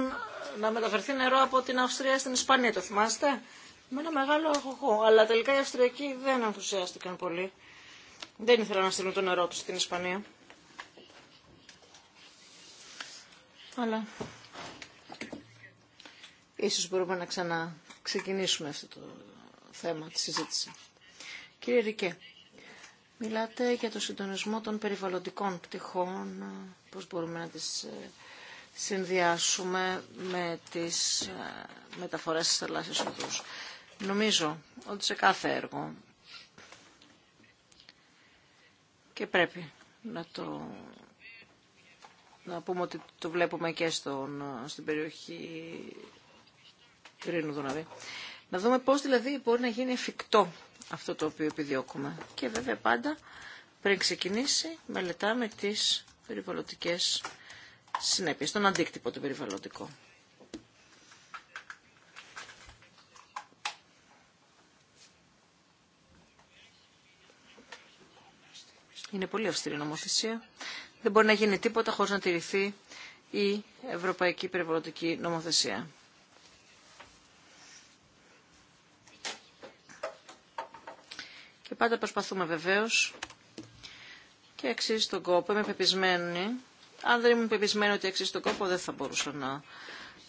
να μεταφερθεί νερό από την Αυστρία στην Ισπανία, το θυμάστε, με ένα μεγάλο αγωγό. Αλλά τελικά οι Αυστριακοί δεν ενθουσιάστηκαν πολύ. Δεν ήθελαν να στείλουν το νερό του στην Ισπανία. Αλλά ίσως μπορούμε να ξαναξεκινήσουμε αυτό το θέμα, τη συζήτηση. Κύριε Ρικέ, μιλάτε για το συντονισμό των περιβαλλοντικών πτυχών, πώς μπορούμε να τις ε, συνδυάσουμε με τις ε, μεταφορές της θαλάσσιες οδούς. Νομίζω ότι σε κάθε έργο και πρέπει να το να πούμε ότι το βλέπουμε και στον, στην περιοχή Ρήνου Δουναβή. Να δούμε πώς δηλαδή μπορεί να γίνει εφικτό αυτό το οποίο επιδιώκουμε. Και βέβαια πάντα πριν ξεκινήσει μελετάμε τις περιβαλλοντικές συνέπεια στον αντίκτυπο του περιβαλλοντικό. Είναι πολύ αυστηρή νομοθεσία. Δεν μπορεί να γίνει τίποτα χωρίς να τηρηθεί η Ευρωπαϊκή Περιβαλλοντική Νομοθεσία. Και πάντα προσπαθούμε βεβαίως και αξίζει τον κόπο, είμαι πεπισμένη αν δεν ήμουν πεπισμένη ότι αξίζει τον κόπο, δεν θα μπορούσα να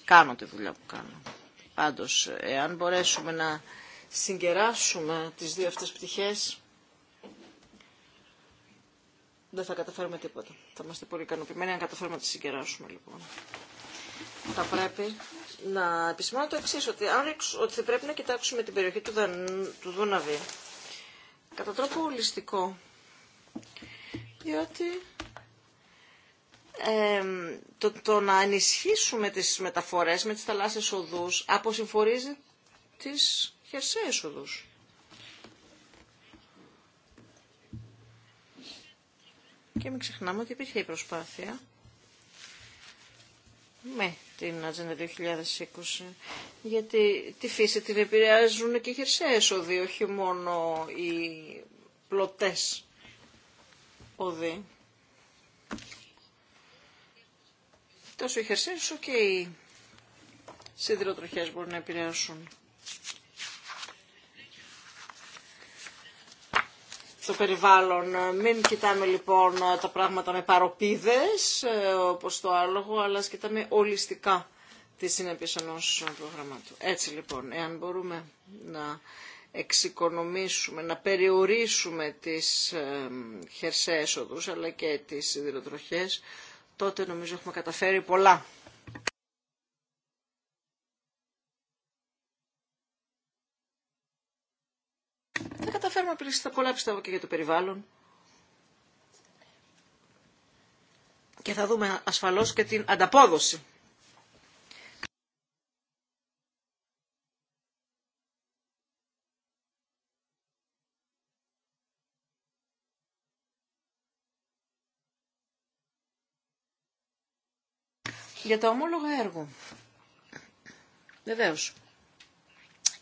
κάνω τη δουλειά που κάνω. Πάντως, εάν μπορέσουμε να συγκεράσουμε τις δύο αυτές πτυχές, δεν θα καταφέρουμε τίποτα. Θα είμαστε πολύ ικανοποιημένοι αν καταφέρουμε να τις συγκεράσουμε, λοιπόν. Θα πρέπει να επισημάνω το εξή, ότι, ότι θα πρέπει να κοιτάξουμε την περιοχή του, του Δούναβη κατά τρόπο ολιστικό, διότι το, να ενισχύσουμε τις μεταφορές με τις θαλάσσιες οδούς αποσυμφορίζει τις χερσαίες οδούς. Και μην ξεχνάμε ότι υπήρχε η προσπάθεια με την Ατζέντα 2020, γιατί τη φύση την επηρεάζουν και οι χερσαίες οδοί, όχι μόνο οι πλωτές οδοί. Τόσο οι χερσαίες όσο και οι σιδηροτροχές μπορούν να επηρεάσουν. το περιβάλλον. Μην κοιτάμε λοιπόν τα πράγματα με παροπίδες, ε, όπως το άλογο, αλλά κοιτάμε ολιστικά τη συνέπεια ενό προγραμμάτου. Έτσι λοιπόν, εάν μπορούμε να εξοικονομήσουμε, να περιορίσουμε τις ε, χερσαίες οδούς, αλλά και τις σιδηροτροχές, τότε νομίζω έχουμε καταφέρει πολλά. Θα καταφέρουμε πλήρως τα πολλά πιστεύω και για το περιβάλλον. Και θα δούμε ασφαλώς και την ανταπόδοση Για το ομόλογο έργο. Βεβαίω.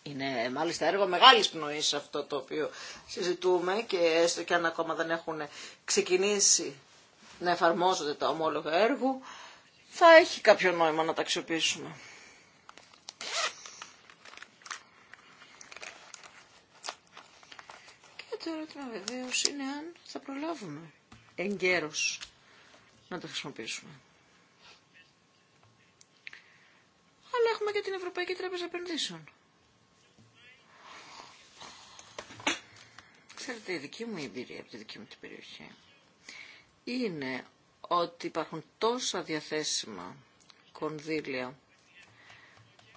Είναι μάλιστα έργο μεγάλης πνοής αυτό το οποίο συζητούμε και έστω και αν ακόμα δεν έχουν ξεκινήσει να εφαρμόζονται τα ομόλογα έργου, θα έχει κάποιο νόημα να τα αξιοποιήσουμε. Και το ερώτημα βεβαίω είναι αν θα προλάβουμε εγκαίρως να τα χρησιμοποιήσουμε. έχουμε και την Ευρωπαϊκή Τράπεζα Επενδύσεων. Ξέρετε, η δική μου εμπειρία από τη δική μου την περιοχή είναι ότι υπάρχουν τόσα διαθέσιμα κονδύλια,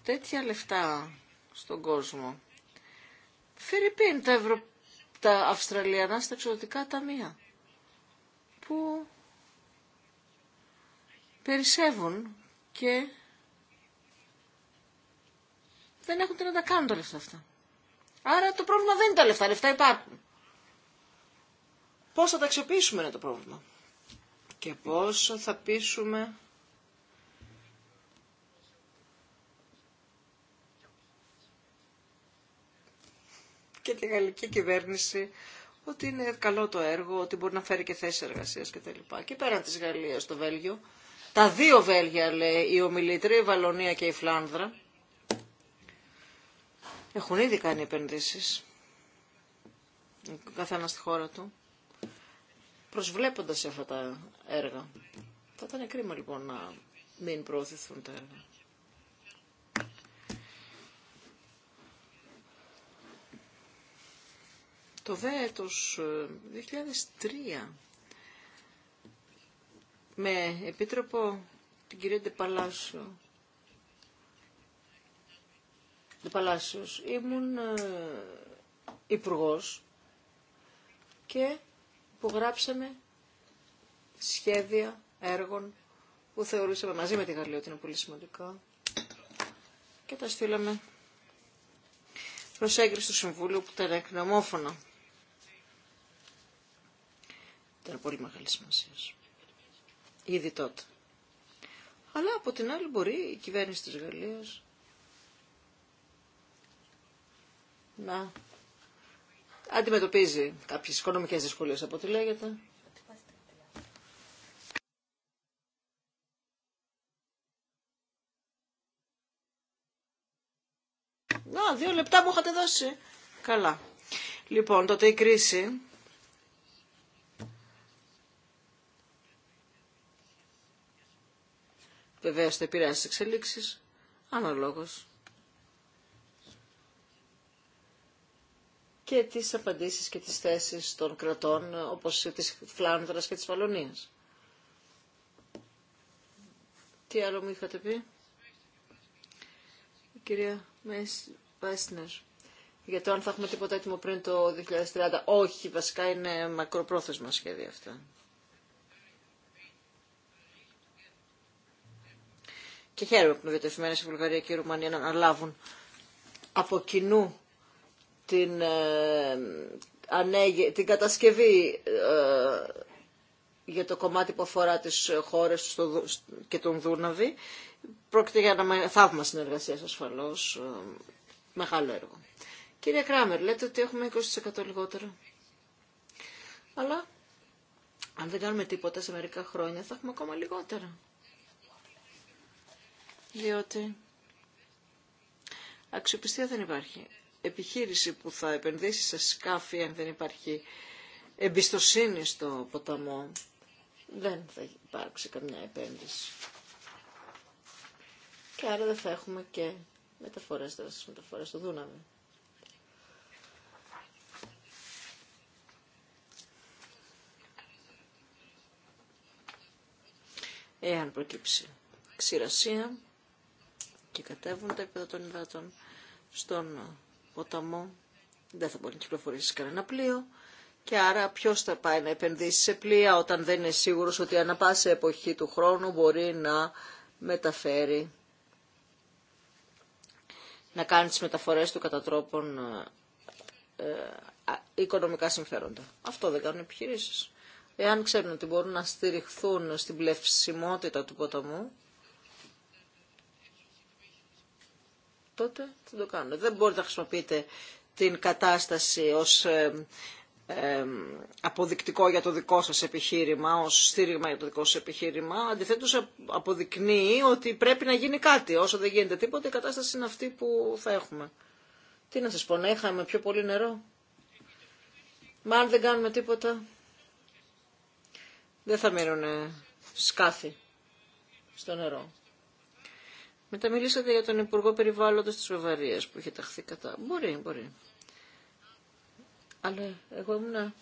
τέτοια λεφτά στον κόσμο. Φερρυπίν τα, τα Αυστραλιανά στα εξωτικά ταμεία που περισσεύουν και δεν έχουν τι να τα κάνουν τα λεφτά αυτά. Άρα το πρόβλημα δεν είναι τα λεφτά, λεφτά υπάρχουν. Πώς θα τα αξιοποιήσουμε είναι το πρόβλημα. Και πώς θα πείσουμε και τη γαλλική κυβέρνηση ότι είναι καλό το έργο, ότι μπορεί να φέρει και θέσει εργασία κτλ. Και πέραν τη Γαλλία, το Βέλγιο. Τα δύο Βέλγια, λέει η ομιλήτρια, η Βαλονία και η Φλάνδρα. Έχουν ήδη κάνει επενδύσεις, καθένα στη χώρα του, προσβλέποντας σε αυτά τα έργα. Θα ήταν κρίμα λοιπόν να μην προωθηθούν τα έργα. Το δε έτος 2003 με επίτροπο την κυρία Ντεπαλάσιο Ήμουν ε, υπουργό και υπογράψαμε σχέδια έργων που θεωρούσαμε μαζί με τη Γαλλία ότι είναι πολύ σημαντικά και τα στείλαμε προς έγκριση του Συμβούλου που ήταν εκνομόφωνα. Ήταν πολύ μεγάλη σημασία. Ήδη τότε. Αλλά από την άλλη μπορεί η κυβέρνηση της Γαλλίας να αντιμετωπίζει κάποιες οικονομικές δυσκολίες από ό,τι λέγεται. Να, δύο λεπτά μου είχατε δώσει. Καλά. Λοιπόν, τότε η κρίση Βεβαίω θα επηρεάσει τι εξελίξει. αναλόγως και τις απαντήσεις και τις θέσεις των κρατών όπως της Φλάνδρας και της Βαλονίας. Τι άλλο μου είχατε πει? Η κυρία Μέις Για το αν θα έχουμε τίποτα έτοιμο πριν το 2030. Όχι, βασικά είναι μακροπρόθεσμα σχέδια αυτά. Και χαίρομαι που είναι διατεθειμένες η Βουλγαρία και η Ρουμανία να αναλάβουν από κοινού την, ε, την κατασκευή ε, για το κομμάτι που αφορά τις χώρες και τον Δούναβη. Πρόκειται για ένα θαύμα συνεργασίας ασφαλώς, ε, μεγάλο έργο. Κύριε Κράμερ, λέτε ότι έχουμε 20% λιγότερο. Αλλά αν δεν κάνουμε τίποτα σε μερικά χρόνια θα έχουμε ακόμα λιγότερα. Διότι αξιοπιστία δεν υπάρχει επιχείρηση που θα επενδύσει σε σκάφη αν δεν υπάρχει εμπιστοσύνη στο ποταμό δεν θα υπάρξει καμιά επένδυση. Και άρα δεν θα έχουμε και μεταφορές δράσεις, μεταφορές στο Δούναμι. Εάν προκύψει ξηρασία και κατέβουν τα επίπεδα των υδάτων στον ποταμό, δεν θα μπορεί να κυκλοφορήσει κανένα πλοίο. Και άρα ποιος θα πάει να επενδύσει σε πλοία όταν δεν είναι σίγουρος ότι ανά πάσα εποχή του χρόνου μπορεί να μεταφέρει, να κάνει τις μεταφορές του κατά τρόπον ε, ε οικονομικά συμφέροντα. Αυτό δεν κάνουν επιχειρήσεις. Εάν ξέρουν ότι μπορούν να στηριχθούν στην πλευσιμότητα του ποταμού, τότε θα το κάνουν. Δεν μπορείτε να χρησιμοποιείτε την κατάσταση ως ε, ε, αποδεικτικό για το δικό σας επιχείρημα, ως στήριγμα για το δικό σας επιχείρημα. Αντιθέτως αποδεικνύει ότι πρέπει να γίνει κάτι. Όσο δεν γίνεται τίποτα η κατάσταση είναι αυτή που θα έχουμε. Τι να σας πω, να είχαμε πιο πολύ νερό. Μα αν δεν κάνουμε τίποτα, δεν θα μείνουν σκάφη στο νερό. Μετά μιλήσατε για τον Υπουργό Περιβάλλοντος της Βαυαρίας που είχε ταχθεί κατά. Μπορεί, μπορεί. Αλλά εγώ ήμουν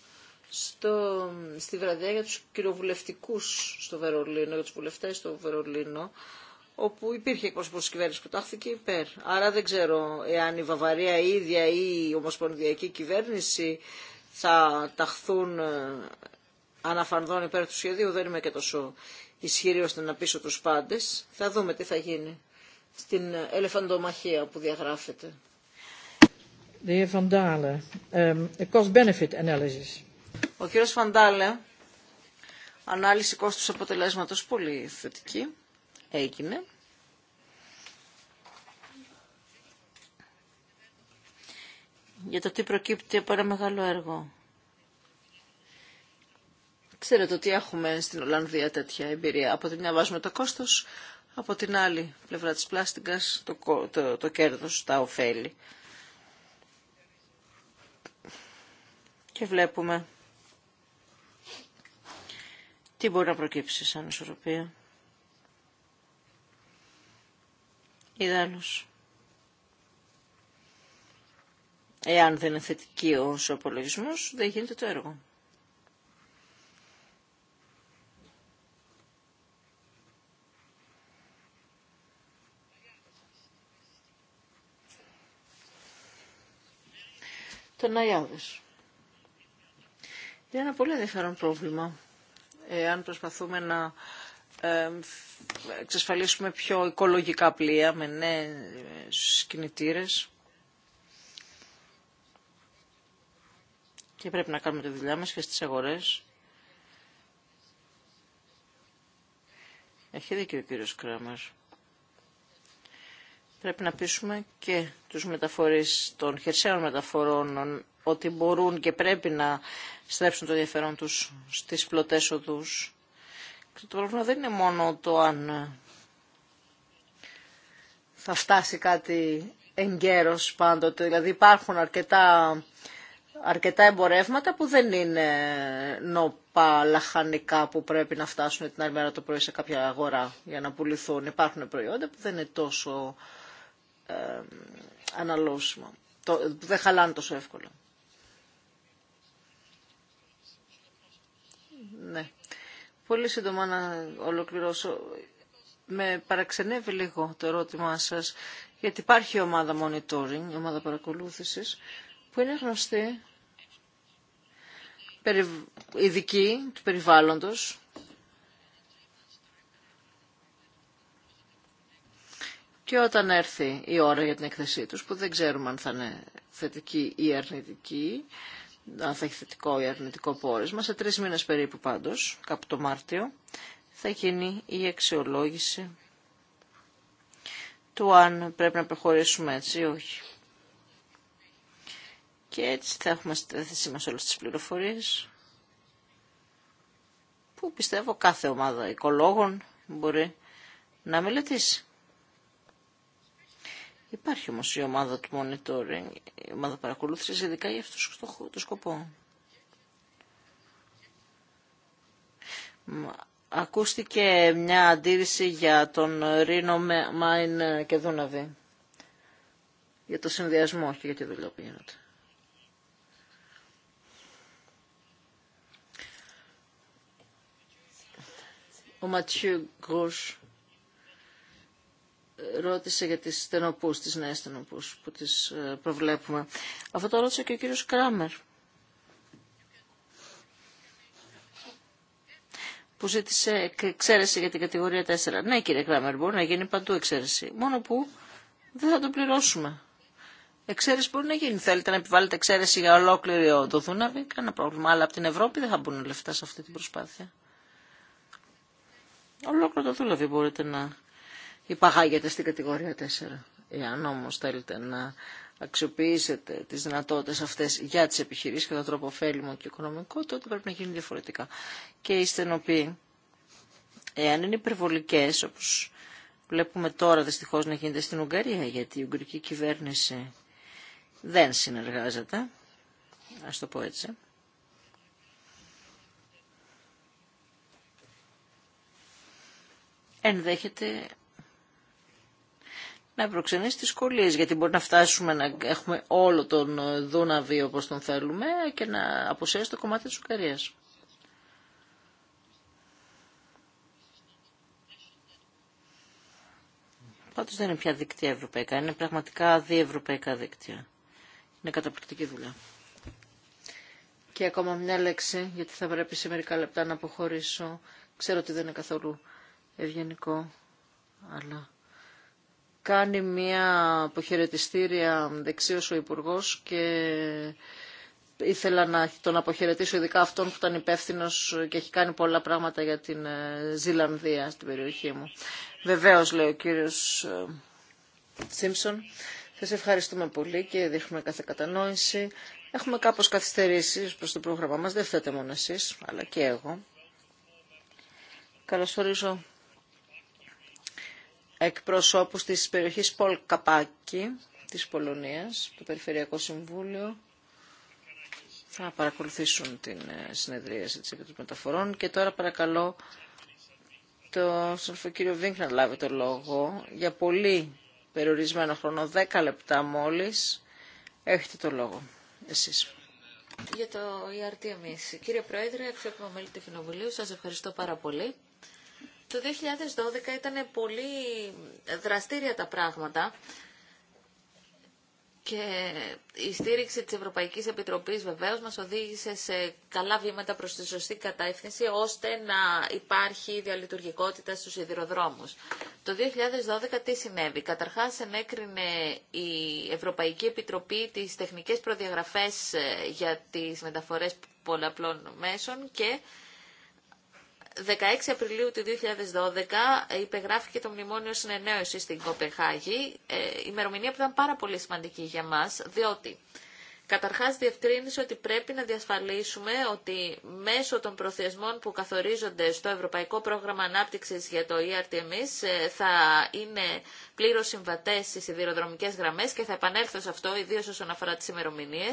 στο, στη βραδιά για τους κυριοβουλευτικούς στο Βερολίνο, για τους βουλευτές στο Βερολίνο, όπου υπήρχε εκπρόσωπο τη κυβέρνηση που τάχθηκε υπέρ. Άρα δεν ξέρω εάν η Βαβαρία ίδια ή η ομοσπονδιακή κυβέρνηση θα ταχθούν ε, αναφανδόν υπέρ του σχεδίου. Δεν είμαι και τόσο ισχυρή ώστε να πείσω τους πάντες. Θα δούμε τι θα γίνει στην ελεφαντομαχία που διαγράφεται. Ehm, Ο κ. Φαντάλε, ανάλυση κόστους αποτελέσματος πολύ θετική, έγινε. για το τι προκύπτει από ένα μεγάλο έργο. Ξέρετε ότι έχουμε στην Ολλανδία τέτοια εμπειρία. Από τη μια βάζουμε το κόστος, από την άλλη πλευρά της πλάστικας το, το, κέρδος, τα ωφέλη. Και βλέπουμε τι μπορεί να προκύψει σαν ισορροπία. Ιδάλλως. Εάν δεν είναι θετική ο απολογισμό, δεν γίνεται το έργο. Είναι ένα πολύ ενδιαφέρον πρόβλημα. Εάν προσπαθούμε να εξασφαλίσουμε πιο οικολογικά πλοία με νέες κινητήρες και πρέπει να κάνουμε τη δουλειά μας και στις αγορές. Έχει δίκιο ο κύριος Κράμας. Πρέπει να πείσουμε και τους μεταφορείς των χερσαίων μεταφορών ότι μπορούν και πρέπει να στρέψουν το ενδιαφέρον τους στις πλωτές οδούς. Και το πρόβλημα δεν είναι μόνο το αν θα φτάσει κάτι εγκαίρος πάντοτε. Δηλαδή υπάρχουν αρκετά, αρκετά εμπορεύματα που δεν είναι νοπα λαχανικά που πρέπει να φτάσουν την άλλη μέρα το πρωί σε κάποια αγορά για να πουληθούν. Υπάρχουν προϊόντα που δεν είναι τόσο ε, αναλώσιμο. δεν χαλάνε τόσο εύκολα. Ναι. Πολύ σύντομα να ολοκληρώσω. Με παραξενεύει λίγο το ερώτημά σας, γιατί υπάρχει ομάδα monitoring, ομάδα παρακολούθησης, που είναι γνωστή, ειδική του περιβάλλοντος, και όταν έρθει η ώρα για την εκθεσή τους, που δεν ξέρουμε αν θα είναι θετική ή αρνητική, αν θα έχει θετικό ή αρνητικό πόρισμα, σε τρεις μήνες περίπου πάντως, κάπου το Μάρτιο, θα γίνει η αξιολόγηση του αν πρέπει να προχωρήσουμε έτσι ή όχι. Και έτσι θα έχουμε στη θέση μας όλες τις πληροφορίες που πιστεύω κάθε ομάδα οικολόγων μπορεί να μελετήσει. Υπάρχει όμως η ομάδα του monitoring, η ομάδα παρακολούθησης ειδικά για αυτό το σκοπό. Ακούστηκε μια αντίρρηση για τον Ρήνο Μάιν και Δούναβη. Για το συνδυασμό, όχι για τη δουλειά που γίνεται. Ο Ματσιού Γκρούς ρώτησε για τις στενοπούς, τις νέες στενοπούς που τις ε, προβλέπουμε. Αυτό το ρώτησε και ο κύριος Κράμερ. που ζήτησε εξαίρεση για την κατηγορία 4. Ναι, κύριε Κράμερ, μπορεί να γίνει παντού εξαίρεση. Μόνο που δεν θα το πληρώσουμε. Εξαίρεση μπορεί να γίνει. Θέλετε να επιβάλλετε εξαίρεση για ολόκληρο το Δούναβι, κανένα πρόβλημα. Αλλά από την Ευρώπη δεν θα μπουν λεφτά σε αυτή την προσπάθεια. Ολόκληρο το Δούναβι μπορείτε να υπαγάγεται στην κατηγορία 4. Εάν όμω θέλετε να αξιοποιήσετε τι δυνατότητε αυτέ για τι επιχειρήσει τον τρόπο ωφέλιμο και οικονομικό, τότε πρέπει να γίνει διαφορετικά. Και οι στενοποιοί, εάν είναι υπερβολικέ, όπω βλέπουμε τώρα δυστυχώ να γίνεται στην Ουγγαρία, γιατί η Ουγγρική κυβέρνηση δεν συνεργάζεται, α το πω έτσι. ενδέχεται να προξενήσει σχολής, γιατί μπορεί να φτάσουμε να έχουμε όλο τον ε, Δούναβη όπως τον θέλουμε και να αποσύρει το κομμάτι της Ουκαρίας. Πάντως δεν είναι πια δίκτυα ευρωπαϊκά, είναι πραγματικά διευρωπαϊκά δίκτυα. Είναι καταπληκτική δουλειά. Και ακόμα μια λέξη, γιατί θα πρέπει σε μερικά λεπτά να αποχωρήσω. Ξέρω ότι δεν είναι καθόλου ευγενικό, αλλά κάνει μια αποχαιρετιστήρια δεξίως ο υπουργό και ήθελα να τον αποχαιρετήσω ειδικά αυτόν που ήταν υπεύθυνο και έχει κάνει πολλά πράγματα για την ε, Ζηλανδία στην περιοχή μου. Βεβαίως, λέει ο κύριος ε, Σίμψον, Σα ευχαριστούμε πολύ και δείχνουμε κάθε κατανόηση. Έχουμε κάπως καθυστερήσει προς το πρόγραμμα μας, δεν φταίτε μόνο εσείς, αλλά και εγώ. Καλωσορίζω εκπροσώπους της περιοχής Πολκαπάκη της Πολωνίας, το Περιφερειακό Συμβούλιο. Θα παρακολουθήσουν την ε, συνεδρίαση της Επιτροπής Μεταφορών και τώρα παρακαλώ το τον κύριο Βίνκ να λάβει το λόγο για πολύ περιορισμένο χρόνο, 10 λεπτά μόλις. Έχετε το λόγο εσείς. Για το ERT εμείς. Κύριε Πρόεδρε, αξιότιμα μέλη του Κοινοβουλίου, σας ευχαριστώ πάρα πολύ. Το 2012 ήταν πολύ δραστήρια τα πράγματα και η στήριξη της Ευρωπαϊκής Επιτροπής βεβαίως μας οδήγησε σε καλά βήματα προς τη σωστή κατεύθυνση ώστε να υπάρχει διαλειτουργικότητα στους σιδηροδρόμους. Το 2012 τι συνέβη. Καταρχάς ενέκρινε η Ευρωπαϊκή Επιτροπή τις τεχνικές προδιαγραφές ε, για τις μεταφορές πολλαπλών μέσων και 16 Απριλίου του 2012 υπεγράφηκε το Μνημόνιο Συνεννόηση στην Κοπεχάγη, ε, ημερομηνία που ήταν πάρα πολύ σημαντική για μας, διότι Καταρχάς διευκρίνησε ότι πρέπει να διασφαλίσουμε ότι μέσω των προθεσμών που καθορίζονται στο Ευρωπαϊκό Πρόγραμμα Ανάπτυξης για το ERTMS ε, θα είναι πλήρως συμβατές στις σιδηροδρομικές γραμμές και θα επανέλθω σε αυτό ιδίως όσον αφορά τις ημερομηνίε.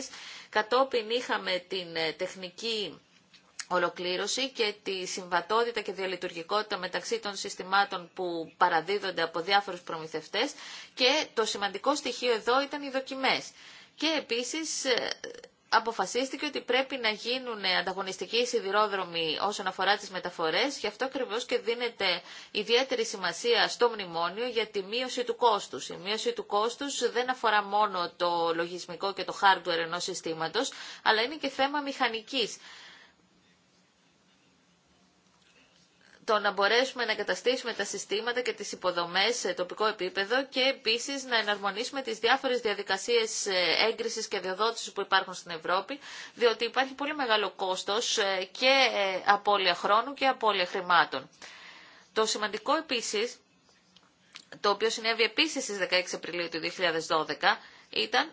Κατόπιν είχαμε την ε, τεχνική ολοκλήρωση και τη συμβατότητα και διαλειτουργικότητα μεταξύ των συστημάτων που παραδίδονται από διάφορους προμηθευτές και το σημαντικό στοιχείο εδώ ήταν οι δοκιμές. Και επίσης ε, αποφασίστηκε ότι πρέπει να γίνουν ανταγωνιστικοί σιδηρόδρομοι όσον αφορά τις μεταφορές, γι' αυτό ακριβώ και δίνεται ιδιαίτερη σημασία στο μνημόνιο για τη μείωση του κόστους. Η μείωση του κόστους δεν αφορά μόνο το λογισμικό και το hardware ενός συστήματος, αλλά είναι και θέμα μηχανικής το να μπορέσουμε να εγκαταστήσουμε τα συστήματα και τις υποδομές σε τοπικό επίπεδο και επίσης να εναρμονίσουμε τις διάφορες διαδικασίες ε, έγκρισης και διοδότησης που υπάρχουν στην Ευρώπη, διότι υπάρχει πολύ μεγάλο κόστος ε, και ε, απώλεια χρόνου και απώλεια χρημάτων. Το σημαντικό επίσης, το οποίο συνέβη επίσης στις 16 Απριλίου του 2012, ήταν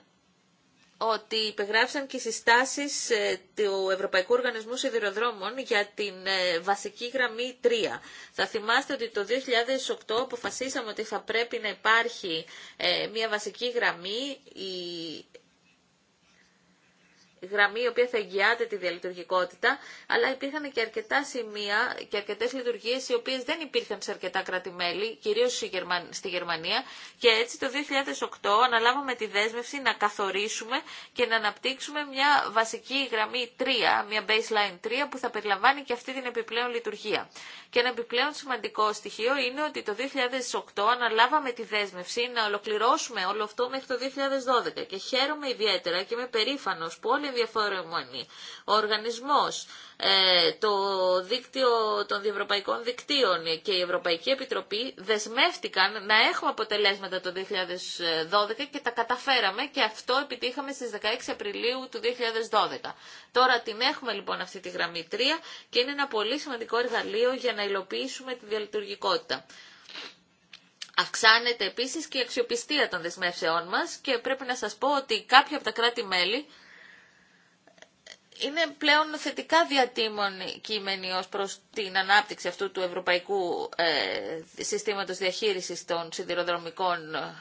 ότι υπεγράφησαν και οι συστάσεις ε, του Ευρωπαϊκού Οργανισμού Σιδηροδρόμων για την ε, βασική γραμμή 3. Θα θυμάστε ότι το 2008 αποφασίσαμε ότι θα πρέπει να υπάρχει ε, μια βασική γραμμή γραμμή η οποία θα εγγυάται τη διαλειτουργικότητα, αλλά υπήρχαν και αρκετά σημεία και αρκετέ λειτουργίε, οι οποίε δεν υπήρχαν σε αρκετά κράτη-μέλη, κυρίως στη Γερμανία. Και έτσι το 2008 αναλάβαμε τη δέσμευση να καθορίσουμε και να αναπτύξουμε μια βασική γραμμή 3, μια baseline 3 που θα περιλαμβάνει και αυτή την επιπλέον λειτουργία. Και ένα επιπλέον σημαντικό στοιχείο είναι ότι το 2008 αναλάβαμε τη δέσμευση να ολοκληρώσουμε όλο αυτό μέχρι το 2012 και χαίρομαι ιδιαίτερα και είμαι περήφανο που όλοι διαφορεμονή. Ο οργανισμός, ε, το δίκτυο των διευρωπαϊκών δικτύων και η Ευρωπαϊκή Επιτροπή δεσμεύτηκαν να έχουμε αποτελέσματα το 2012 και τα καταφέραμε και αυτό επιτύχαμε στις 16 Απριλίου του 2012. Τώρα την έχουμε λοιπόν αυτή τη γραμμή 3 και είναι ένα πολύ σημαντικό εργαλείο για να υλοποιήσουμε τη διαλειτουργικότητα. Αυξάνεται επίσης και η αξιοπιστία των δεσμεύσεών μας και πρέπει να σας πω ότι κάποια από τα κράτη-μέλη είναι πλέον θετικά διατίμων κείμενοι ως προς την ανάπτυξη αυτού του ευρωπαϊκού ε, συστήματος διαχείρισης των σιδηροδρομικών ε,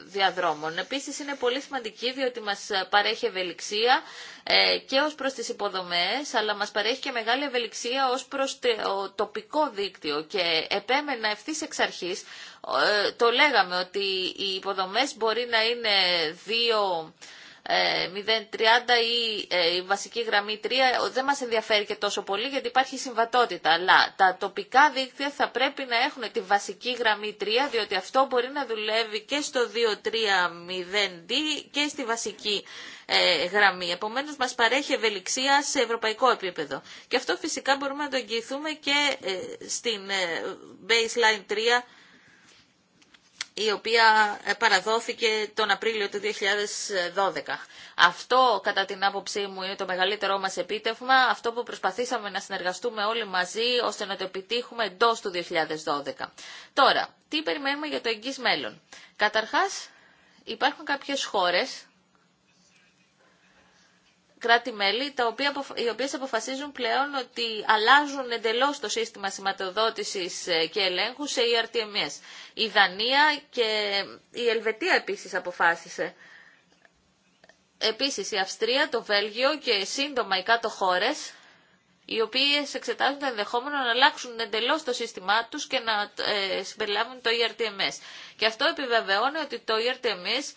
διαδρόμων. Επίσης είναι πολύ σημαντική διότι μας παρέχει ευελιξία ε, και ως προς τις υποδομές αλλά μας παρέχει και μεγάλη ευελιξία ως προς το τοπικό δίκτυο και επέμενα ευθύ εξ αρχής ε, το λέγαμε ότι οι υποδομές μπορεί να είναι δύο 030 ε, ή ε, η βασική γραμμή 3 δεν μας ενδιαφέρει και τόσο πολύ γιατί υπάρχει συμβατότητα. Αλλά τα τοπικά δίκτυα θα πρέπει να έχουν τη βασική γραμμή 3 διότι αυτό μπορεί να δουλεύει και στο 230D και στη βασική ε, γραμμή. Επομένως μας παρέχει ευελιξία σε ευρωπαϊκό επίπεδο. Και αυτό φυσικά μπορούμε να το εγγυηθούμε και στην baseline 3 η οποία ε, παραδόθηκε τον Απρίλιο του 2012. Αυτό, κατά την άποψή μου, είναι το μεγαλύτερό μας επίτευγμα, αυτό που προσπαθήσαμε να συνεργαστούμε όλοι μαζί, ώστε να το επιτύχουμε εντό του 2012. Τώρα, τι περιμένουμε για το εγγύς μέλλον. Καταρχάς, υπάρχουν κάποιες χώρες κράτη-μέλη, οποία, οι οποίες αποφασίζουν πλέον ότι αλλάζουν εντελώς το σύστημα σηματοδότησης ε, και ελέγχου σε ERTMS. Η Δανία και η Ελβετία επίσης αποφάσισε. Επίσης η Αυστρία, το Βέλγιο και σύντομα οι κάτω χώρες, οι οποίες εξετάζουν το ενδεχόμενο να αλλάξουν εντελώς το σύστημά τους και να ε, συμπεριλάβουν το ERTMS. Και αυτό επιβεβαιώνει ότι το ERTMS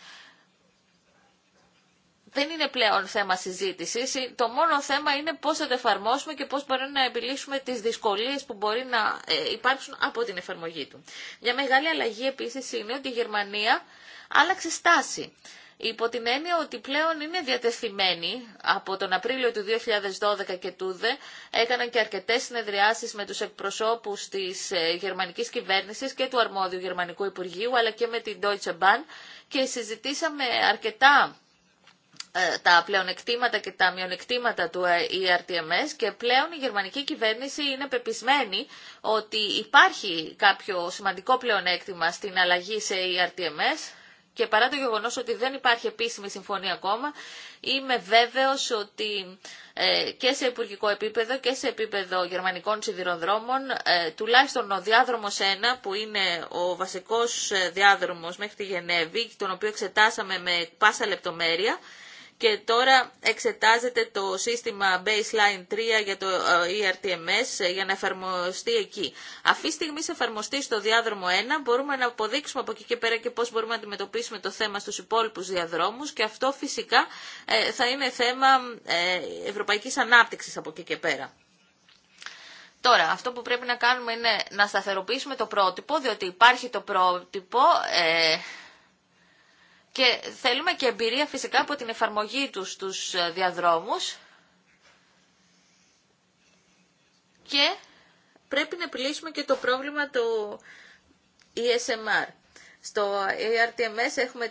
δεν είναι πλέον θέμα συζήτηση. Ε, το μόνο θέμα είναι πώ θα το εφαρμόσουμε και πώ μπορούμε να επιλύσουμε τι δυσκολίε που μπορεί να ε, υπάρξουν από την εφαρμογή του. Μια μεγάλη αλλαγή επίση είναι ότι η Γερμανία άλλαξε στάση. Υπό την έννοια ότι πλέον είναι διατεθειμένη από τον Απρίλιο του 2012 και τούδε, έκαναν και αρκετέ συνεδριάσεις με του εκπροσώπους τη ε, γερμανική κυβέρνηση και του αρμόδιου γερμανικού υπουργείου, αλλά και με την Deutsche Bahn και συζητήσαμε αρκετά ε, τα πλεονεκτήματα και τα μειονεκτήματα του ε, ERTMS και πλέον η γερμανική κυβέρνηση είναι πεπισμένη ότι υπάρχει κάποιο σημαντικό πλεονέκτημα στην αλλαγή σε ERTMS και παρά το γεγονός ότι δεν υπάρχει επίσημη συμφωνία ακόμα, είμαι βέβαιος ότι ε, και σε υπουργικό επίπεδο και σε επίπεδο γερμανικών σιδηροδρόμων, τουλάχιστον ο διάδρομος 1, που είναι ο βασικός διάδρομος μέχρι τη Γενέβη, τον οποίο εξετάσαμε με πάσα λεπτομέρεια, και τώρα εξετάζεται το σύστημα Baseline 3 για το ε, ERTMS ε, για να εφαρμοστεί εκεί. Αυτή τη στιγμή εφαρμοστεί στο διάδρομο 1 μπορούμε να αποδείξουμε από εκεί και πέρα και πώς μπορούμε να αντιμετωπίσουμε το θέμα στους υπόλοιπους διαδρόμους και αυτό φυσικά ε, θα είναι θέμα ευρωπαϊκής ανάπτυξης από εκεί και πέρα. Τώρα, αυτό που πρέπει να κάνουμε είναι να σταθεροποιήσουμε το πρότυπο, διότι υπάρχει το πρότυπο, και θέλουμε και εμπειρία φυσικά από την εφαρμογή τους στους ε, διαδρόμους και πρέπει να επιλύσουμε και το πρόβλημα του ESMR. Στο ERTMS έχουμε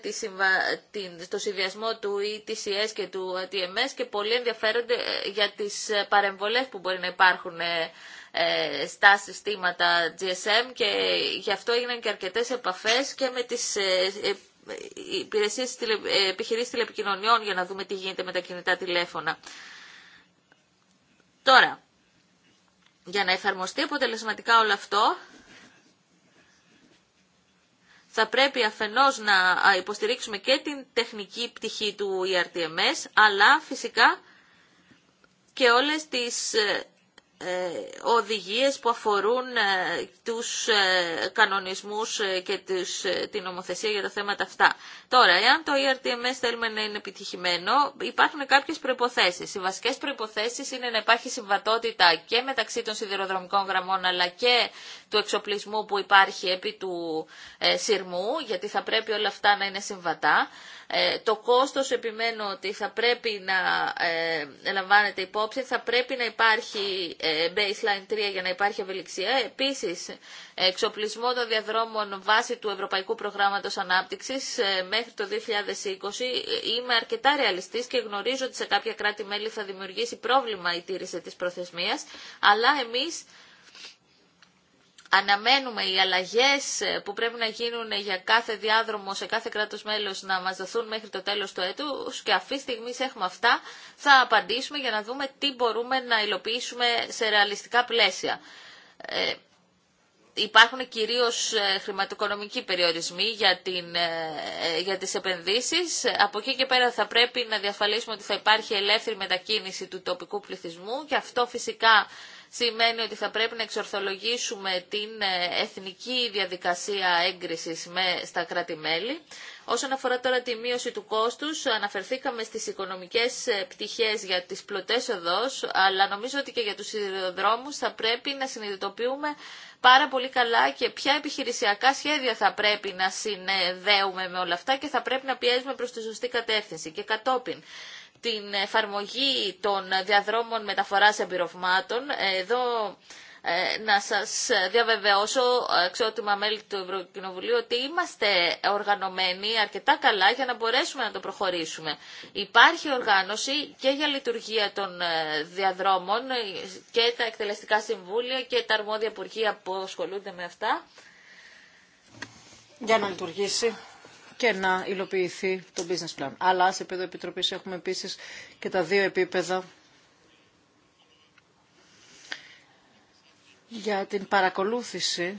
την... το συνδυασμό του ETCS και του ATMS και πολλοί ενδιαφέρονται ε, για τις ε, παρεμβολές που μπορεί να υπάρχουν στα συστήματα GSM και γι' αυτό έγιναν και αρκετές επαφές και με τις ε, υπηρεσίες ε, επιχειρήσεις τηλεπικοινωνιών για να δούμε τι γίνεται με τα κινητά τηλέφωνα. Τώρα, για να εφαρμοστεί αποτελεσματικά όλο αυτό, θα πρέπει αφενός να υποστηρίξουμε και την τεχνική πτυχή του ERTMS, αλλά φυσικά και όλες τις ε, ε, οδηγίες που αφορούν ε, τους ε, κανονισμούς και τους, την νομοθεσία για τα θέματα αυτά. Τώρα, εάν το ERTMS θέλουμε να είναι επιτυχημένο, υπάρχουν κάποιες προϋποθέσεις. Οι βασικές προϋποθέσεις είναι να υπάρχει συμβατότητα και μεταξύ των σιδηροδρομικών γραμμών, αλλά και του εξοπλισμού που υπάρχει επί του σειρμού, γιατί θα πρέπει όλα αυτά να είναι συμβατά. Το κόστος επιμένω ότι θα πρέπει να λαμβάνεται υπόψη, θα πρέπει να υπάρχει baseline 3 για να υπάρχει ευελιξία. Επίσης, εξοπλισμό των διαδρόμων βάσει του Ευρωπαϊκού Προγράμματος Ανάπτυξης ε, μέχρι το 2020. Είμαι αρκετά ρεαλιστής και γνωρίζω ότι σε κάποια κράτη-μέλη θα δημιουργήσει πρόβλημα η τήρηση της προθεσμίας, αλλά εμείς αναμένουμε οι αλλαγές ε, που πρέπει να γίνουν για κάθε διάδρομο σε κάθε κράτος μέλος να μας δοθούν μέχρι το τέλος του έτους και αυτή τη στιγμή έχουμε αυτά, θα απαντήσουμε για να δούμε τι μπορούμε να υλοποιήσουμε σε ρεαλιστικά πλαίσια. Ε, υπάρχουν κυρίως ε, χρηματοοικονομικοί περιορισμοί για, την, ε, για τις επενδύσεις. Από εκεί και πέρα θα πρέπει να διασφαλίσουμε ότι θα υπάρχει ελεύθερη μετακίνηση του τοπικού πληθυσμού και αυτό φυσικά σημαίνει ότι θα πρέπει να εξορθολογήσουμε την ε, εθνική διαδικασία έγκρισης με, στα κράτη-μέλη. Όσον αφορά τώρα τη μείωση του κόστους, αναφερθήκαμε στις οικονομικές ε, πτυχές για τις πλωτές οδός, αλλά νομίζω ότι και για τους σιδηροδρόμους θα πρέπει να συνειδητοποιούμε πάρα πολύ καλά και ποια επιχειρησιακά σχέδια θα πρέπει να συνδέουμε με όλα αυτά και θα πρέπει να πιέζουμε προς τη σωστή κατεύθυνση. Και κατόπιν, την εφαρμογή των διαδρόμων μεταφοράς εμπειροφμάτων. Εδώ ε, να σας διαβεβαιώσω, εξότιμα μέλη του Ευρωκοινοβουλίου, ότι είμαστε οργανωμένοι αρκετά καλά για να μπορέσουμε να το προχωρήσουμε. Υπάρχει οργάνωση και για λειτουργία των ε, διαδρόμων ε, και τα εκτελεστικά συμβούλια και τα αρμόδια υπουργεία που ασχολούνται με αυτά. Για να λειτουργήσει και να υλοποιηθεί το business plan. Αλλά σε επίπεδο επιτροπής έχουμε επίσης και τα δύο επίπεδα για την παρακολούθηση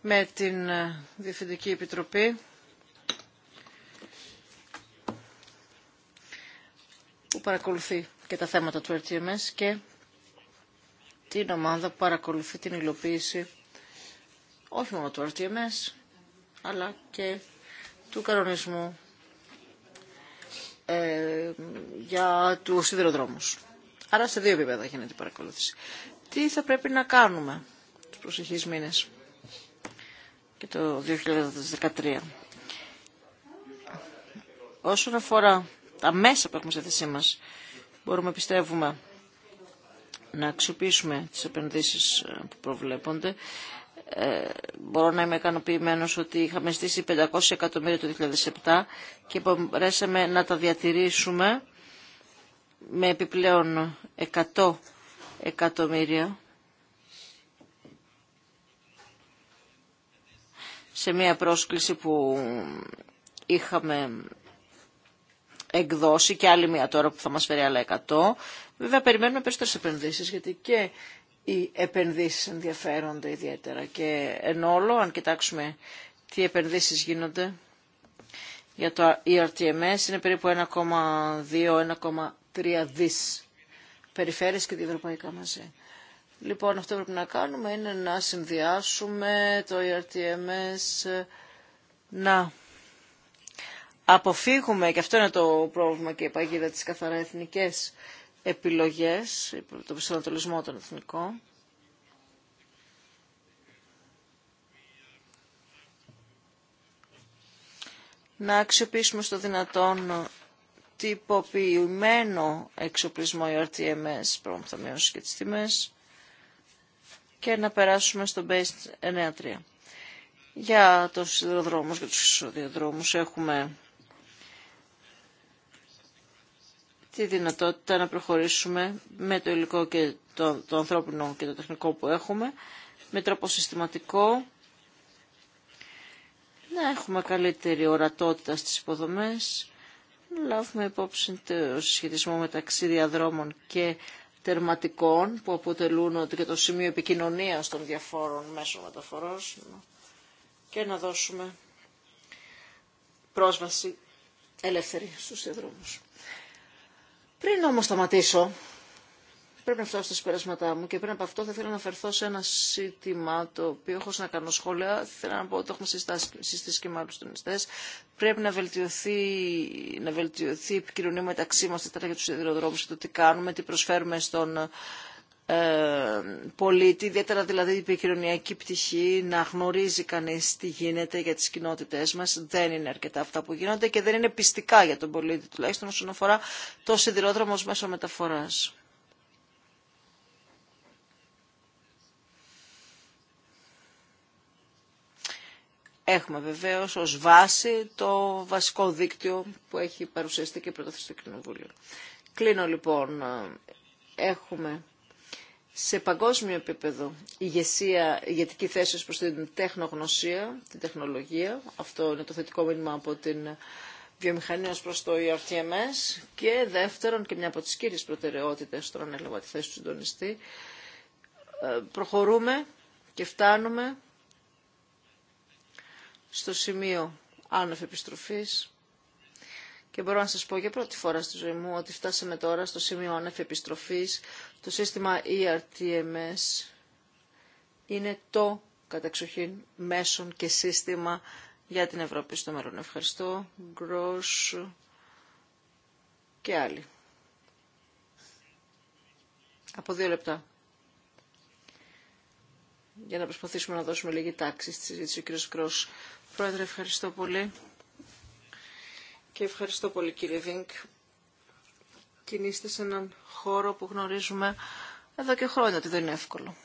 με την ε, Διευθυντική Επιτροπή που παρακολουθεί και τα θέματα του RTMS και την ομάδα που παρακολουθεί την υλοποίηση όχι μόνο του RTMS αλλά και του κανονισμού ε, για του σιδηροδρόμους. Άρα σε δύο επίπεδα γίνεται η παρακολούθηση. Τι θα πρέπει να κάνουμε τους προσεχείς μήνες και το 2013. Όσον αφορά τα μέσα που έχουμε στη θέση μας, μπορούμε πιστεύουμε να αξιοποιήσουμε τις επενδύσεις ε, που προβλέπονται ε, μπορώ να είμαι ικανοποιημένο ότι είχαμε στήσει 500 εκατομμύρια το 2007 και μπορέσαμε να τα διατηρήσουμε με επιπλέον 100 εκατομμύρια σε μια πρόσκληση που είχαμε εκδώσει και άλλη μια τώρα που θα μας φέρει άλλα 100. Βέβαια περιμένουμε περισσότερες επενδύσεις γιατί και οι επενδύσεις ενδιαφέρονται ιδιαίτερα. Και εν όλο, αν κοιτάξουμε τι επενδύσεις γίνονται για το ERTMS, είναι περίπου 1,2-1,3 δις περιφέρειες και διευρωπαϊκά μαζί. Λοιπόν, αυτό που πρέπει να κάνουμε είναι να συνδυάσουμε το ERTMS, να αποφύγουμε, και αυτό είναι το πρόβλημα και η παγίδα της καθαρά εθνικές επιλογές, το προσανατολισμό των εθνικών. Να αξιοποιήσουμε στο δυνατόν τυποποιημένο εξοπλισμό η RTMS, που θα μειώσει και τις τιμές, και να περάσουμε στο Base 93. Για τους σιδηροδρόμους και τους σιδηροδρόμους έχουμε τη δυνατότητα να προχωρήσουμε με το υλικό και το, το ανθρώπινο και το τεχνικό που έχουμε, με τρόπο συστηματικό, να έχουμε καλύτερη ορατότητα στις υποδομές, να λάβουμε υπόψη το σχετισμό μεταξύ διαδρόμων και τερματικών που αποτελούν και το σημείο επικοινωνίας των διαφόρων μέσων μεταφορός και να δώσουμε πρόσβαση ελεύθερη στους διαδρόμους. Πριν όμως σταματήσω, πρέπει να φτάσω στα συμπεράσματά μου και πριν από αυτό θα ήθελα να αφαιρθώ σε ένα σύντημα το οποίο έχω να κάνω σχόλια. Θέλω να πω ότι το έχουμε συστήσει και με άλλου τονιστέ. Πρέπει να βελτιωθεί, να βελτιωθεί η επικοινωνία μεταξύ μα για του σιδηροδρόμου και το τι κάνουμε, τι προσφέρουμε στον ε, πολίτη, ιδιαίτερα δηλαδή η επικοινωνιακή πτυχή, να γνωρίζει κανείς τι γίνεται για τις κοινότητές μας. Δεν είναι αρκετά αυτά που γίνονται και δεν είναι πιστικά για τον πολίτη, τουλάχιστον όσον αφορά το σιδηρόδρομο ως μέσο μεταφοράς. Έχουμε βεβαίως ως βάση το βασικό δίκτυο που έχει παρουσιαστεί και προταθεί στο Κοινοβούλιο. Κλείνω λοιπόν. Έχουμε σε παγκόσμιο επίπεδο ηγεσία, ηγετική θέση προς την τεχνογνωσία, την τεχνολογία. Αυτό είναι το θετικό μήνυμα από την βιομηχανία ως προς το ERTMS. Και δεύτερον, και μια από τις κύριες προτεραιότητες, τώρα ανέλαβα τη θέση του συντονιστή, ε, προχωρούμε και φτάνουμε στο σημείο άνευ επιστροφής και μπορώ να σας πω για πρώτη φορά στη ζωή μου ότι φτάσαμε τώρα στο σημείο άνευ επιστροφής. Το σύστημα ERTMS είναι το καταξοχήν μέσον και σύστημα για την Ευρώπη στο μέλλον. Ευχαριστώ. Γκρός και άλλοι. Από δύο λεπτά. Για να προσπαθήσουμε να δώσουμε λίγη τάξη στη συζήτηση. Ο κ. Πρόεδρε, ευχαριστώ πολύ. Και ευχαριστώ πολύ κύριε Βίνκ. Κινείστε σε έναν χώρο που γνωρίζουμε εδώ και χρόνια ότι δεν είναι εύκολο.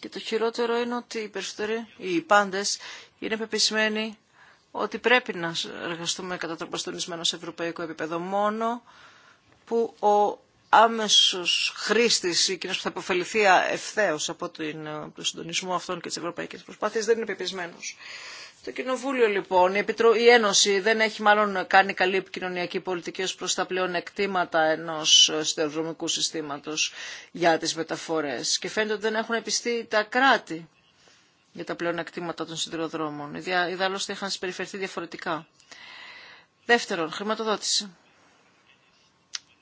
Και το χειρότερο είναι ότι οι περισσότεροι, οι πάντες, είναι πεπισμένοι ότι πρέπει να εργαστούμε κατά τρόπο στονισμένο σε ευρωπαϊκό επίπεδο μόνο που ο άμεσος χρήστης, εκείνος που θα υποφεληθεί ευθέως από τον συντονισμό αυτών και τις ευρωπαϊκές προσπάθειες, δεν είναι πεπισμένος. Το Κοινοβούλιο λοιπόν, η, η Ένωση δεν έχει μάλλον κάνει καλή επικοινωνιακή πολιτική ως προς τα πλέον εκτήματα ενός στερεοδρομικού συστήματος για τις μεταφορές και φαίνεται ότι δεν έχουν επιστεί τα κράτη για τα πλέον εκτήματα των σιδηροδρόμων. Οι θα είχαν συμπεριφερθεί διαφορετικά. Δεύτερον, χρηματοδότηση.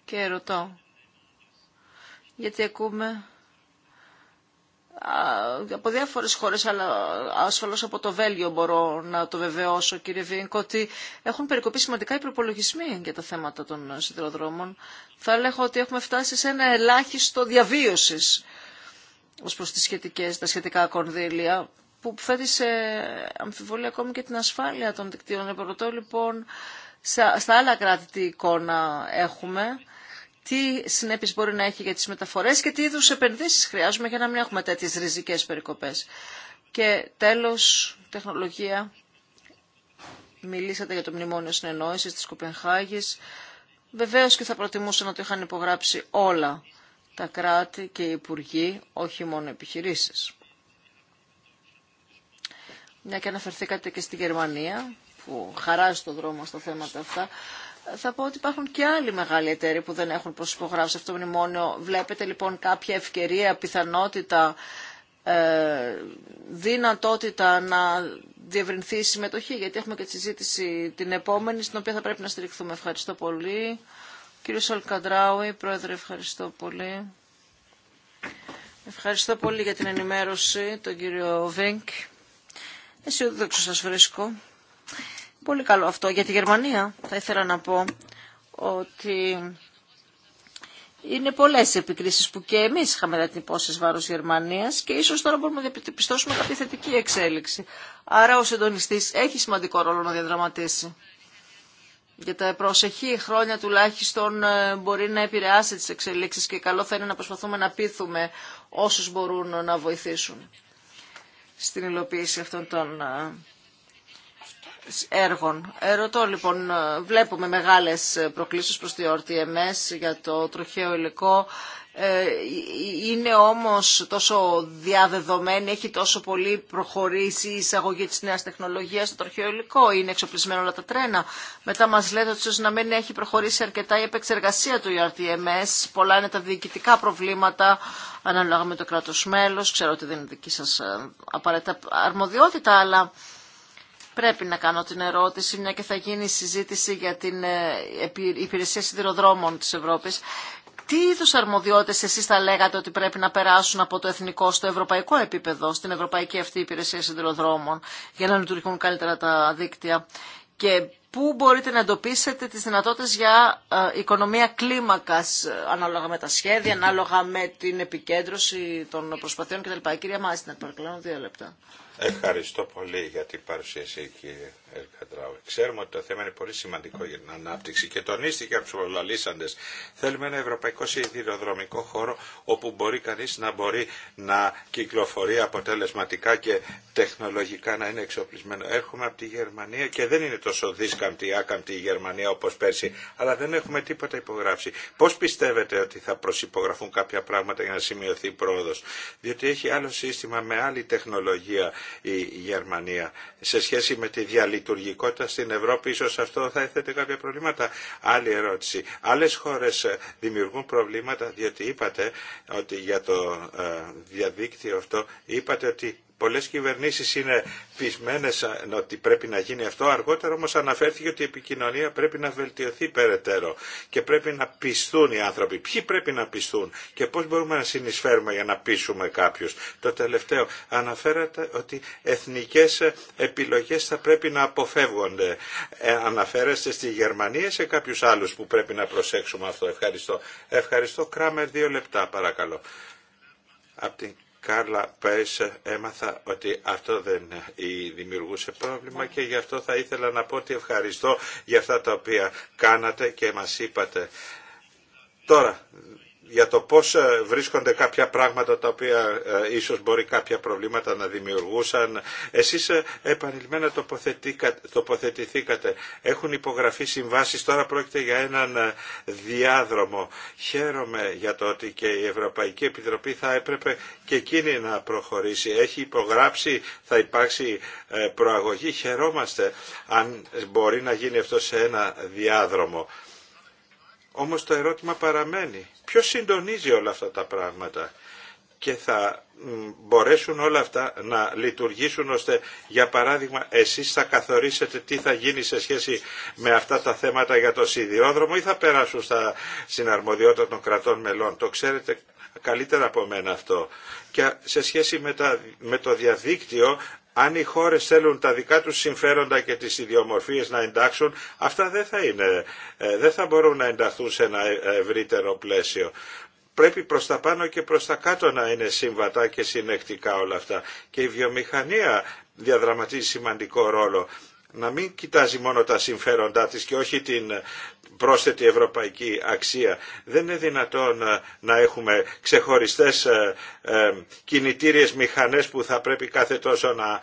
Και ρωτώ, γιατί ακούμε από διάφορες χώρες, αλλά ασφαλώς από το Βέλγιο μπορώ να το βεβαιώσω, κύριε Βίνκο, ότι έχουν περικοπεί σημαντικά οι προπολογισμοί για τα θέματα των σιδηροδρόμων. Θα λέγω ότι έχουμε φτάσει σε ένα ελάχιστο διαβίωσης ως προς τις σχετικές, τα σχετικά κονδύλια, που φέρει σε αμφιβολία ακόμη και την ασφάλεια των δικτύων. Επερωτώ λοιπόν στα άλλα κράτη τι εικόνα έχουμε τι συνέπειε μπορεί να έχει για τις μεταφορές και τι είδου επενδύσεις χρειάζομαι για να μην έχουμε τέτοιες ριζικέ περικοπές. Και τέλος, τεχνολογία. Μιλήσατε για το μνημόνιο συνεννόηση τη Κοπενχάγης. Βεβαίω και θα προτιμούσα να το είχαν υπογράψει όλα τα κράτη και οι υπουργοί, όχι μόνο επιχειρήσει. Μια και αναφερθήκατε και στη Γερμανία, που χαράζει το δρόμο στα θέματα αυτά θα πω ότι υπάρχουν και άλλοι μεγάλοι εταίροι που δεν έχουν προσυπογράψει αυτό το μνημόνιο. Βλέπετε λοιπόν κάποια ευκαιρία, πιθανότητα, ε, δυνατότητα να διευρυνθεί η συμμετοχή, γιατί έχουμε και τη συζήτηση την επόμενη, στην οποία θα πρέπει να στηριχθούμε. Ευχαριστώ πολύ. Κύριο Σολκαντράουι, Πρόεδρε, ευχαριστώ πολύ. Ευχαριστώ πολύ για την ενημέρωση, τον κύριο Βίνκ. Αισιόδοξο σας βρίσκω. Πολύ καλό αυτό. Για τη Γερμανία θα ήθελα να πω ότι είναι πολλέ οι επικρίσει που και εμεί είχαμε διατυπώσει βάρο Γερμανία και ίσω τώρα μπορούμε να διαπιστώσουμε κάποια θετική εξέλιξη. Άρα ο συντονιστή έχει σημαντικό ρόλο να διαδραματίσει. Για τα προσεχή χρόνια τουλάχιστον ε, μπορεί να επηρεάσει τι εξελίξει και καλό θα είναι να προσπαθούμε να πείθουμε όσου μπορούν να βοηθήσουν στην υλοποίηση αυτών των ε, έργων. Ερωτώ λοιπόν, ε, βλέπουμε μεγάλες προκλήσεις προς τη RTMS για το τροχαίο υλικό. Ε, ε, είναι όμως τόσο διαδεδομένη, έχει τόσο πολύ προχωρήσει η εισαγωγή της νέας τεχνολογίας στο τροχαίο υλικό, είναι εξοπλισμένο όλα τα τρένα. Μετά μας λέτε ότι ίσως να μην έχει προχωρήσει αρκετά η επεξεργασία του ERTMS, πολλά είναι τα διοικητικά προβλήματα ανάλογα με το κράτος μέλος, ξέρω ότι δεν είναι δική σας απαραίτητα αρμοδιότητα, αλλά... Πρέπει να κάνω την ερώτηση, μια και θα γίνει η συζήτηση για την ε, υπηρεσία σιδηροδρόμων της Ευρώπης. Τι είδου αρμοδιότητες εσείς θα λέγατε ότι πρέπει να περάσουν από το εθνικό στο ευρωπαϊκό επίπεδο, στην ευρωπαϊκή αυτή υπηρεσία σιδηροδρόμων, για να λειτουργούν καλύτερα τα δίκτυα. Και πού μπορείτε να εντοπίσετε τις δυνατότητες για ε, οικονομία κλίμακας, ε, ανάλογα με τα σχέδια, ανάλογα με την επικέντρωση των προσπαθειών κτλ. Κυρία Μάστινα, παρακαλώ δύο λεπτά. Ευχαριστώ πολύ για την παρουσίαση κύριε Ξέρουμε ότι το θέμα είναι πολύ σημαντικό για την ανάπτυξη και τονίστηκε από του προλαλήσαντε. Θέλουμε ένα ευρωπαϊκό σιδηροδρομικό χώρο όπου μπορεί κανεί να μπορεί να κυκλοφορεί αποτελεσματικά και τεχνολογικά να είναι εξοπλισμένο. Έρχομαι από τη Γερμανία και δεν είναι τόσο δίσκαμπτη, άκαμπτη η Γερμανία όπω πέρσι, αλλά δεν έχουμε τίποτα υπογράψει. Πώ πιστεύετε ότι θα προσυπογραφούν κάποια πράγματα για να σημειωθεί πρόοδο, διότι έχει άλλο σύστημα με άλλη τεχνολογία η Γερμανία σε σχέση με τη διαλυτική στην Ευρώπη, ίσως αυτό θα έθετε κάποια προβλήματα. Άλλη ερώτηση. Άλλες χώρες ε, δημιουργούν προβλήματα διότι είπατε ότι για το ε, διαδίκτυο αυτό είπατε ότι πολλές κυβερνήσεις είναι πεισμένες ότι πρέπει να γίνει αυτό, αργότερα όμως αναφέρθηκε ότι η επικοινωνία πρέπει να βελτιωθεί περαιτέρω και πρέπει να πιστούν οι άνθρωποι. Ποιοι πρέπει να πιστούν και πώς μπορούμε να συνεισφέρουμε για να πείσουμε κάποιους. Το τελευταίο, αναφέρατε ότι εθνικές επιλογές θα πρέπει να αποφεύγονται. Ε, αναφέρεστε στη Γερμανία σε κάποιους άλλους που πρέπει να προσέξουμε αυτό. Ευχαριστώ. Ευχαριστώ. Κράμερ δύο λεπτά παρακαλώ. Από την Κάρλα Πέρις έμαθα ότι αυτό δεν ε, δημιουργούσε πρόβλημα ναι. και γι' αυτό θα ήθελα να πω ότι ευχαριστώ για αυτά τα οποία κάνατε και μας είπατε. Τώρα, για το πώς ε, βρίσκονται κάποια πράγματα τα οποία ε, ίσως μπορεί κάποια προβλήματα να δημιουργούσαν. Εσείς ε, επανειλημμένα τοποθετηθήκατε. Έχουν υπογραφεί συμβάσεις, τώρα πρόκειται για έναν διάδρομο. Χαίρομαι για το ότι και η Ευρωπαϊκή Επιτροπή θα έπρεπε και εκείνη να προχωρήσει. Έχει υπογράψει, θα υπάρξει προαγωγή. Χαιρόμαστε αν μπορεί να γίνει αυτό σε ένα διάδρομο. Όμως το ερώτημα παραμένει. Ποιος συντονίζει όλα αυτά τα πράγματα και θα μπορέσουν όλα αυτά να λειτουργήσουν ώστε για παράδειγμα εσείς θα καθορίσετε τι θα γίνει σε σχέση με αυτά τα θέματα για το σιδηρόδρομο ή θα περάσουν στα συναρμοδιότητα των κρατών μελών. Το ξέρετε καλύτερα από μένα αυτό. Και σε σχέση με, με το διαδίκτυο αν οι χώρες θέλουν τα δικά τους συμφέροντα και τις ιδιομορφίες να εντάξουν, αυτά δεν θα, είναι, ε, δεν θα μπορούν να ενταχθούν σε ένα ευρύτερο πλαίσιο πρέπει προς τα πάνω και προς τα κάτω να είναι σύμβατα και συνεκτικά όλα αυτά. Και η βιομηχανία διαδραματίζει σημαντικό ρόλο να μην κοιτάζει μόνο τα συμφέροντά της και όχι την πρόσθετη ευρωπαϊκή αξία. Δεν είναι δυνατόν ε, να έχουμε ξεχωριστές ε, ε, κινητήριες μηχανές που θα πρέπει κάθε τόσο να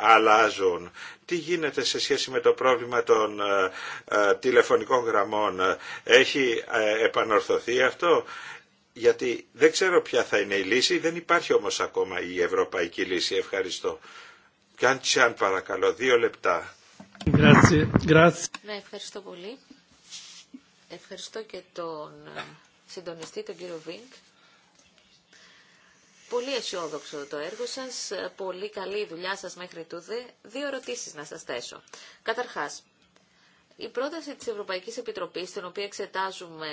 αλλάζουν. Τι γίνεται σε σχέση με το πρόβλημα των τηλεφωνικών γραμμών. Έχει επανορθωθεί αυτό γιατί δεν ξέρω ποια θα είναι η λύση, δεν υπάρχει όμως ακόμα η ευρωπαϊκή λύση. Ευχαριστώ. Κάντσιαν παρακαλώ, δύο λεπτά. Ναι, ευχαριστώ πολύ. Ευχαριστώ και τον ε, συντονιστή, τον κύριο Βίνκ. Πολύ αισιόδοξο το έργο σας, ε, πολύ καλή η δουλειά σας μέχρι τούδε. Δύο ερωτήσεις να σας θέσω. Καταρχάς, η πρόταση της Ευρωπαϊκής Επιτροπής, την οποία εξετάζουμε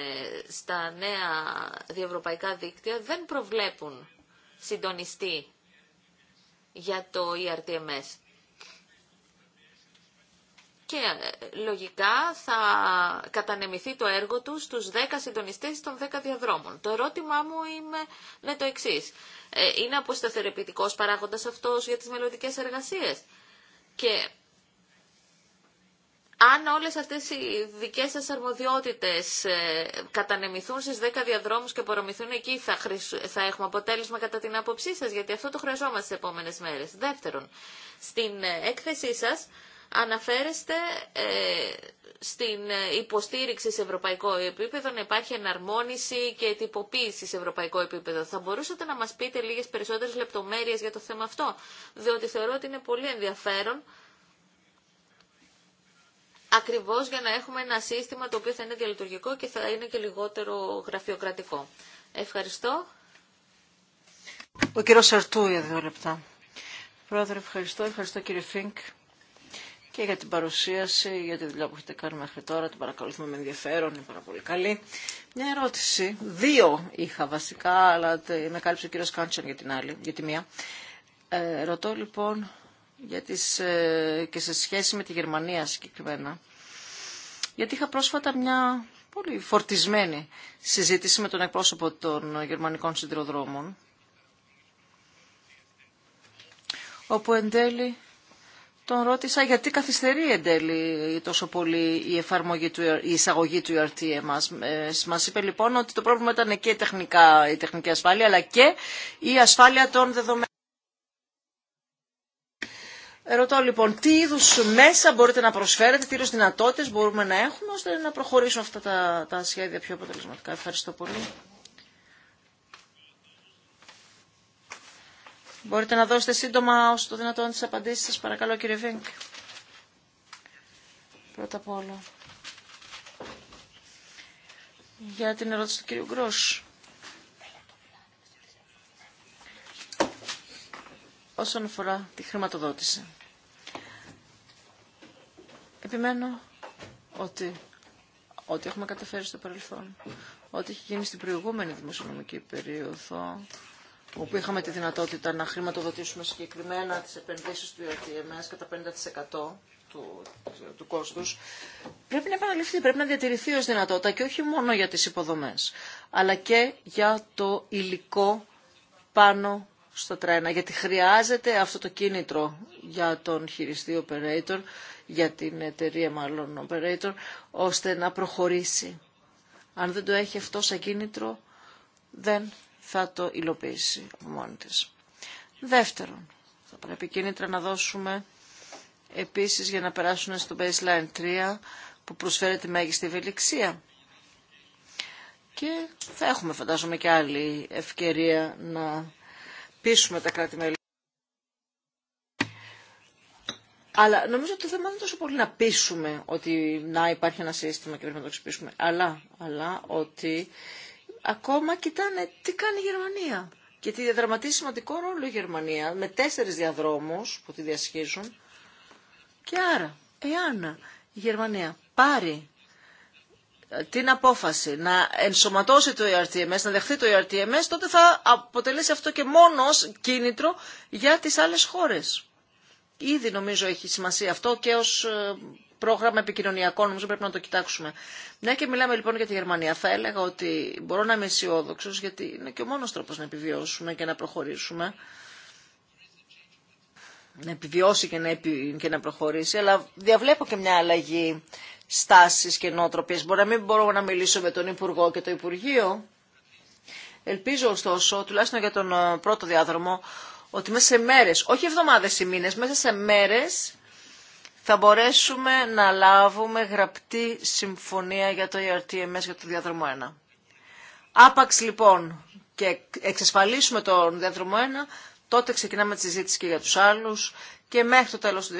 στα νέα διευρωπαϊκά δίκτυα, δεν προβλέπουν συντονιστή για το ERTMS και ε, λογικά θα κατανεμηθεί το έργο του στους 10 συντονιστές των 10 διαδρόμων. Το ερώτημά μου είναι, το εξής. Ε, είναι αποσταθεροποιητικός παράγοντας αυτός για τις μελλοντικέ εργασίες. Και αν όλες αυτές οι δικές σας αρμοδιότητες ε, κατανεμηθούν στις 10 διαδρόμους και απορρομηθούν εκεί, θα, θα έχουμε αποτέλεσμα κατά την άποψή σας, γιατί αυτό το χρειαζόμαστε στις επόμενες μέρες. Δεύτερον, στην έκθεσή σας αναφέρεστε ε, στην υποστήριξη σε ευρωπαϊκό επίπεδο, να υπάρχει εναρμόνιση και τυποποίηση σε ευρωπαϊκό επίπεδο. Θα μπορούσατε να μας πείτε λίγες περισσότερες λεπτομέρειες για το θέμα αυτό, διότι θεωρώ ότι είναι πολύ ενδιαφέρον ακριβώς για να έχουμε ένα σύστημα το οποίο θα είναι διαλειτουργικό και θα είναι και λιγότερο γραφειοκρατικό. Ευχαριστώ. Ο κύριος Σαρτού για δύο λεπτά. Πρόεδρε, ευχαριστώ. Ευχαριστώ κύριε Φίνκ και για την παρουσίαση, για τη δουλειά που έχετε κάνει μέχρι τώρα. Την παρακολουθούμε με ενδιαφέρον, είναι πάρα πολύ καλή. Μια ερώτηση. Δύο είχα βασικά, αλλά με κάλυψε ο κύριο Κάντσεν για την άλλη, για τη μία. Ε, ρωτώ λοιπόν για τις, ε, και σε σχέση με τη Γερμανία συγκεκριμένα. Γιατί είχα πρόσφατα μια πολύ φορτισμένη συζήτηση με τον εκπρόσωπο των γερμανικών συντηροδρόμων, όπου εν τέλει τον ρώτησα γιατί καθυστερεί εν τέλει τόσο πολύ η, εφαρμογή του, η εισαγωγή του ERT μας. Ε, μας είπε λοιπόν ότι το πρόβλημα ήταν και τεχνικά, η τεχνική ασφάλεια αλλά και η ασφάλεια των δεδομένων. Ρωτώ λοιπόν τι είδους μέσα μπορείτε να προσφέρετε, τι είδους δυνατότητες μπορούμε να έχουμε ώστε να προχωρήσουν αυτά τα, τα σχέδια πιο αποτελεσματικά. Ευχαριστώ πολύ. Μπορείτε να δώσετε σύντομα όσο το δυνατόν τις απαντήσεις σας, παρακαλώ κύριε Βίνκ. Πρώτα απ' όλα. Για την ερώτηση του κύριου Γκρός. Όσον αφορά τη χρηματοδότηση. Επιμένω ότι ό,τι έχουμε καταφέρει στο παρελθόν, ό,τι έχει γίνει στην προηγούμενη δημοσιονομική περίοδο, όπου είχαμε τη δυνατότητα να χρηματοδοτήσουμε συγκεκριμένα τις επενδύσεις του μας κατά 50% του, του κόστους, πρέπει να επαναληφθεί, πρέπει να διατηρηθεί ως δυνατότητα και όχι μόνο για τις υποδομές, αλλά και για το υλικό πάνω στο τρένα, γιατί χρειάζεται αυτό το κίνητρο για τον χειριστή operator, για την εταιρεία μάλλον operator, ώστε να προχωρήσει. Αν δεν το έχει αυτό σαν κίνητρο, δεν θα το υλοποιήσει από μόνη της. Δεύτερον, θα πρέπει κίνητρα να δώσουμε επίσης για να περάσουν στο baseline 3 που προσφέρει τη μέγιστη ευελιξία. Και θα έχουμε φαντάζομαι και άλλη ευκαιρία να πείσουμε τα κράτη-μέλη. Αλλά νομίζω ότι το θέμα δεν είναι τόσο πολύ να πείσουμε ότι να υπάρχει ένα σύστημα και πρέπει να το εξυπήσουμε, αλλά ότι ακόμα κοιτάνε τι κάνει η Γερμανία και διαδραματίζει σημαντικό ρόλο η Γερμανία με τέσσερις διαδρόμους που τη διασχίζουν. Και άρα, εάν η Γερμανία πάρει ε, την απόφαση να ενσωματώσει το ERTMS, να δεχθεί το ERTMS, τότε θα αποτελέσει αυτό και μόνος κίνητρο για τις άλλες χώρες. Ήδη νομίζω έχει σημασία αυτό και ως ε, πρόγραμμα επικοινωνιακό, νομίζω πρέπει να το κοιτάξουμε. Μια και μιλάμε λοιπόν για τη Γερμανία, θα έλεγα ότι μπορώ να είμαι αισιόδοξο, γιατί είναι και ο μόνο τρόπο να επιβιώσουμε και να προχωρήσουμε. Να επιβιώσει και να, και να προχωρήσει, αλλά διαβλέπω και μια αλλαγή στάσει και νοοτροπία. Μπορεί να μην μπορώ να μιλήσω με τον Υπουργό και το Υπουργείο. Ελπίζω ωστόσο, τουλάχιστον για τον ε, πρώτο διάδρομο, ότι μέσα σε μέρες, όχι εβδομάδες ή μήνες, μέσα σε μέρες θα μπορέσουμε να λάβουμε γραπτή συμφωνία για το ERTMS για το διαδρομό 1. Άπαξ λοιπόν και εξασφαλίσουμε τον διαδρομό 1, τότε ξεκινάμε τη συζήτηση και για τους άλλους και μέχρι το τέλος του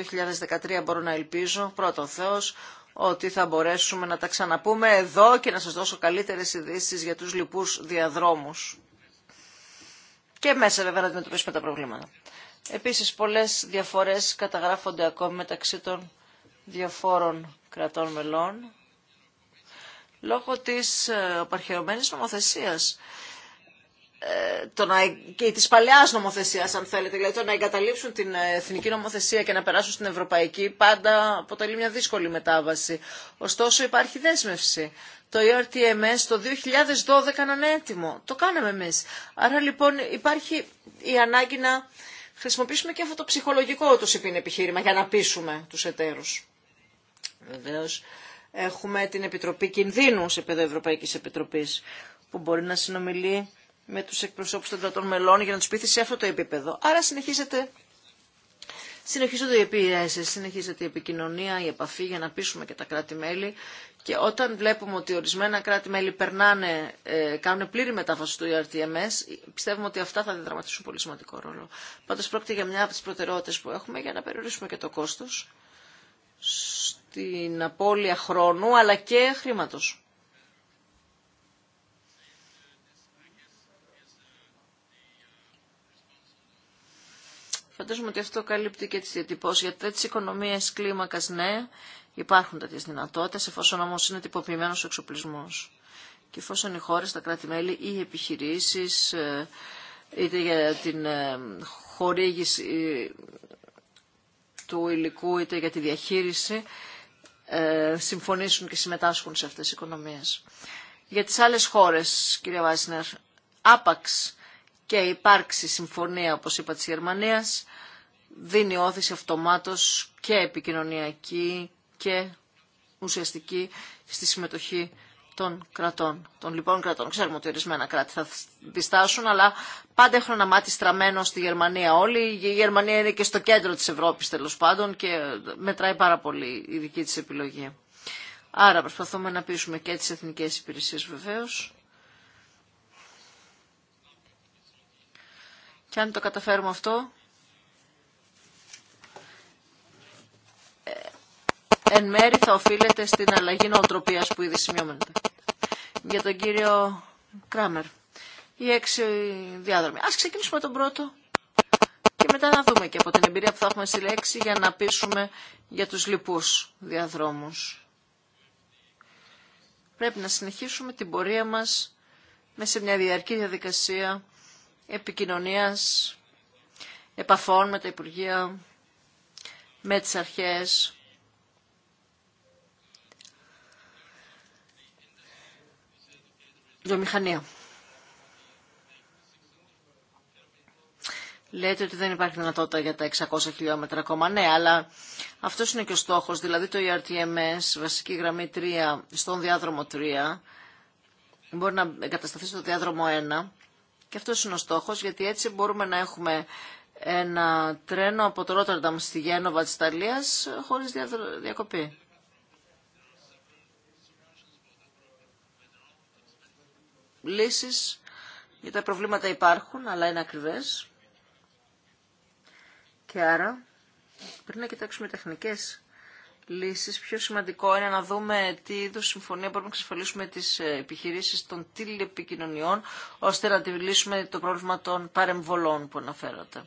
2013 μπορώ να ελπίζω, πρώτον Θεός, ότι θα μπορέσουμε να τα ξαναπούμε εδώ και να σας δώσω καλύτερες ειδήσει για τους λοιπούς διαδρόμους. Και μέσα βέβαια να αντιμετωπίσουμε τα προβλήματα. Επίσης πολλές διαφορές καταγράφονται ακόμη μεταξύ των διαφόρων κρατών μελών λόγω της απαρχαιωμένης ε, νομοθεσίας ε, και της παλαιάς νομοθεσίας αν θέλετε, δηλαδή το να εγκαταλείψουν την εθνική νομοθεσία και να περάσουν στην ευρωπαϊκή πάντα αποτελεί μια δύσκολη μετάβαση. Ωστόσο υπάρχει δέσμευση. Το ERTMS το 2012 ήταν έτοιμο. Το κάναμε εμείς. Άρα λοιπόν υπάρχει η ανάγκη να χρησιμοποιήσουμε και αυτό το ψυχολογικό του είπε, επιχείρημα για να πείσουμε τους εταίρους. Βεβαίω, έχουμε την Επιτροπή Κινδύνου σε επίπεδο Ευρωπαϊκής Επιτροπής που μπορεί να συνομιλεί με τους εκπροσώπους των κρατών μελών για να του πείθει σε αυτό το επίπεδο. Άρα συνεχίζεται Συνεχίζονται οι επίεσει, συνεχίζεται η επικοινωνία, η επαφή για να πείσουμε και τα κράτη-μέλη και όταν βλέπουμε ότι ορισμένα κράτη-μέλη περνάνε, ε, κάνουν πλήρη μετάφαση του ERTMS, πιστεύουμε ότι αυτά θα διαδραματίσουν πολύ σημαντικό ρόλο. Πάντως πρόκειται για μια από τις προτεραιότητες που έχουμε για να περιορίσουμε και το κόστος στην απώλεια χρόνου αλλά και χρήματος. Φαντάζομαι ότι αυτό καλύπτει και τις διατυπώσεις, γιατί τις οικονομίες κλίμακας ναι, Υπάρχουν τέτοιε δυνατότητε, εφόσον όμω είναι τυποποιημένο ο εξοπλισμό. Και εφόσον οι χώρε, τα κράτη-μέλη ή οι επιχειρήσει, ε, είτε για την ε, χορήγηση ε, του υλικού, είτε για τη διαχείριση, συμφωνήσουν και συμμετάσχουν σε αυτές τις οικονομίες. Για τις άλλες χώρες, κύριε Βάσνερ, άπαξ και υπάρξει συμφωνία, όπως είπα, της Γερμανίας, δίνει όθηση αυτομάτως και επικοινωνιακή και ουσιαστική στη συμμετοχή των κρατών, των λοιπόν κρατών. Ξέρουμε ότι ορισμένα κράτη θα διστάσουν, αλλά πάντα έχουν ένα μάτι στραμμένο στη Γερμανία όλοι. Η Γερμανία είναι και στο κέντρο της Ευρώπης τέλο πάντων και μετράει πάρα πολύ η δική της επιλογή. Άρα προσπαθούμε να πείσουμε και τις εθνικές υπηρεσίες βεβαίως. Και αν το καταφέρουμε αυτό, εν μέρη θα οφείλεται στην αλλαγή νοοτροπίας που ήδη σημειώνεται. Για τον κύριο Κράμερ. Οι έξι διάδρομοι. Ας ξεκινήσουμε τον πρώτο και μετά να δούμε και από την εμπειρία που θα έχουμε συλλέξει για να πείσουμε για τους λοιπούς διαδρόμους. Πρέπει να συνεχίσουμε την πορεία μας μέσα σε μια διαρκή διαδικασία επικοινωνίας, επαφών με τα Υπουργεία, με τις αρχές, βιομηχανία. Λέτε ότι δεν υπάρχει δυνατότητα για τα 600 χιλιόμετρα ακόμα. Ναι, αλλά αυτός είναι και ο στόχος. Δηλαδή το ERTMS, βασική γραμμή 3, στον διάδρομο 3, μπορεί να εγκατασταθεί στο διάδρομο 1. Και αυτός είναι ο στόχος, γιατί έτσι μπορούμε να έχουμε ένα τρένο από το Ρότερνταμ στη Γένοβα της Ιταλίας χωρίς διακοπή. λύσεις για τα προβλήματα υπάρχουν, αλλά είναι ακριβές. Και άρα πριν να κοιτάξουμε τεχνικές λύσεις, πιο σημαντικό είναι να δούμε τι είδους συμφωνία μπορούμε να εξασφαλίσουμε τις ε, επιχειρήσεις των τηλεπικοινωνιών, ώστε να αντιμετωπίσουμε το πρόβλημα των παρεμβολών που αναφέρατε.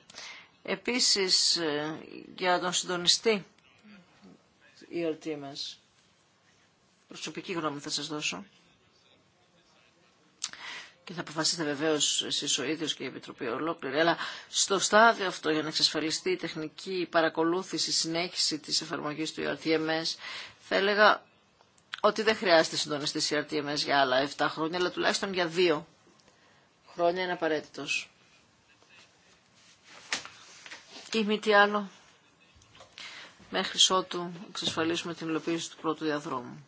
Επίσης, ε, για τον συντονιστή, η ορτή μας, προσωπική γνώμη θα σας δώσω, και θα αποφασίσετε βεβαίω εσεί ο ίδιο και η Επιτροπή ολόκληρη. Αλλά στο στάδιο αυτό, για να εξασφαλιστεί η τεχνική παρακολούθηση, συνέχιση τη εφαρμογή του ERTMS, θα έλεγα ότι δεν χρειάζεται συντονιστή ERTMS για άλλα 7 χρόνια, αλλά τουλάχιστον για 2 χρόνια είναι απαραίτητο. Ή μη τι άλλο, μέχρι ότου εξασφαλίσουμε την υλοποίηση του πρώτου διαδρόμου.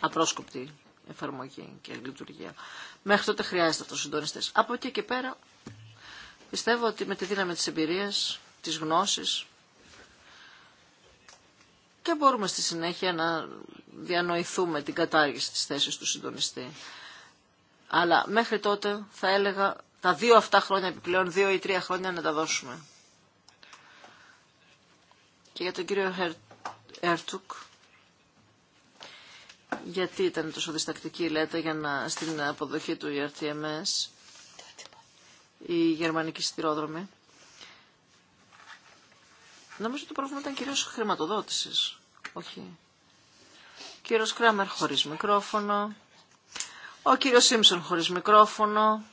Απρόσκοπτη εφαρμογή και λειτουργία. Μέχρι τότε χρειάζεται αυτό ο συντονιστή. Από εκεί και πέρα πιστεύω ότι με τη δύναμη τη εμπειρία, τη γνώση και μπορούμε στη συνέχεια να διανοηθούμε την κατάργηση της θέσης του συντονιστή. Αλλά μέχρι τότε θα έλεγα τα δύο αυτά χρόνια επιπλέον, δύο ή τρία χρόνια να τα δώσουμε. Και για τον κύριο Ερτούκ, γιατί ήταν τόσο διστακτική, λέτε, για να, στην αποδοχή του ERTMS, η γερμανική στυρόδρομη. Νομίζω ότι το πρόβλημα ήταν κυρίως χρηματοδότησης, όχι. Κύριος Κράμερ χωρίς μικρόφωνο. Ο κύριος Σίμψον χωρίς μικρόφωνο.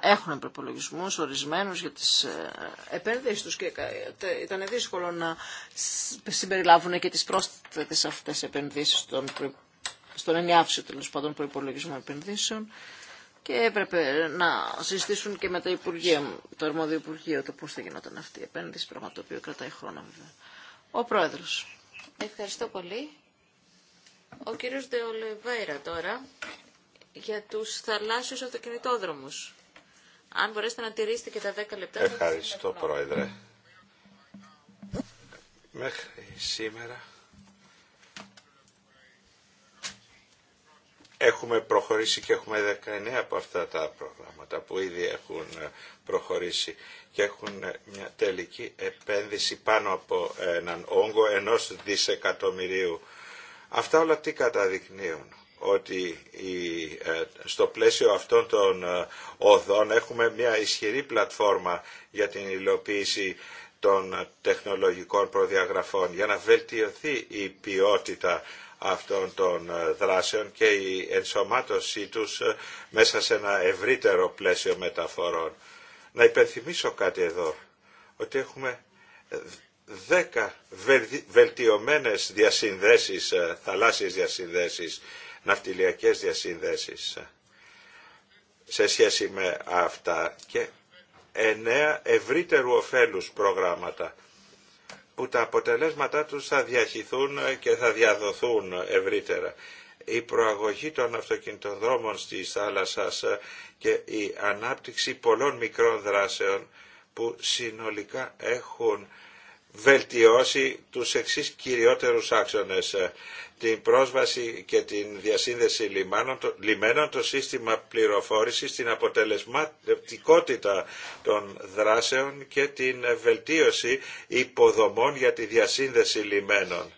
έχουν προπολογισμούς ορισμένους για τις ε, επένδυσεις τους και ήταν δύσκολο να συμπεριλάβουν και τις πρόσθετες αυτές επενδύσεις στον, προ... στον ενιάυσιο τέλο πάντων προπολογισμό επενδύσεων και έπρεπε να συζητήσουν και με τα Υπουργεία, το αρμόδιο Υπουργείο το πώς θα γινόταν αυτή η επένδυση, πράγμα το οποίο κρατάει χρόνο βέβαια. Ο Πρόεδρος. Ευχαριστώ πολύ. Ο κύριος Ντεολεβέρα τώρα για τους θαλάσσιους αυτοκινητόδρομους. Αν μπορέσετε να τηρήσετε και τα 10 λεπτά. Ευχαριστώ, Πρόεδρε. Μέχρι σήμερα έχουμε προχωρήσει και έχουμε 19 από αυτά τα προγράμματα που ήδη έχουν προχωρήσει και έχουν μια τελική επένδυση πάνω από έναν όγκο ενός δισεκατομμυρίου. Αυτά όλα τι καταδεικνύουν ότι ε, στο πλαίσιο αυτών των ε, οδών έχουμε μια ισχυρή πλατφόρμα για την υλοποίηση των τεχνολογικών προδιαγραφών για να βελτιωθεί η ποιότητα αυτών των ε, δράσεων και η ενσωμάτωσή τους μέσα σε ένα ευρύτερο πλαίσιο μεταφορών. Να υπενθυμίσω κάτι εδώ, ότι έχουμε δέκα βελτιωμένες διασυνδέσεις, θαλάσσιες διασυνδέσεις ναυτιλιακές διασύνδεσεις σε σχέση με αυτά και εννέα ευρύτερου ωφέλους προγράμματα που τα αποτελέσματά τους θα διαχυθούν και θα διαδοθούν ευρύτερα. Η προαγωγή των αυτοκινητοδρόμων στη θάλασσα και η ανάπτυξη πολλών μικρών δράσεων που συνολικά έχουν βελτιώσει τους εξής κυριότερους άξονες ε, την πρόσβαση και την διασύνδεση λιμάνων, το, λιμένων, το σύστημα πληροφόρησης, την αποτελεσματικότητα των δράσεων και την βελτίωση υποδομών για τη διασύνδεση λιμένων.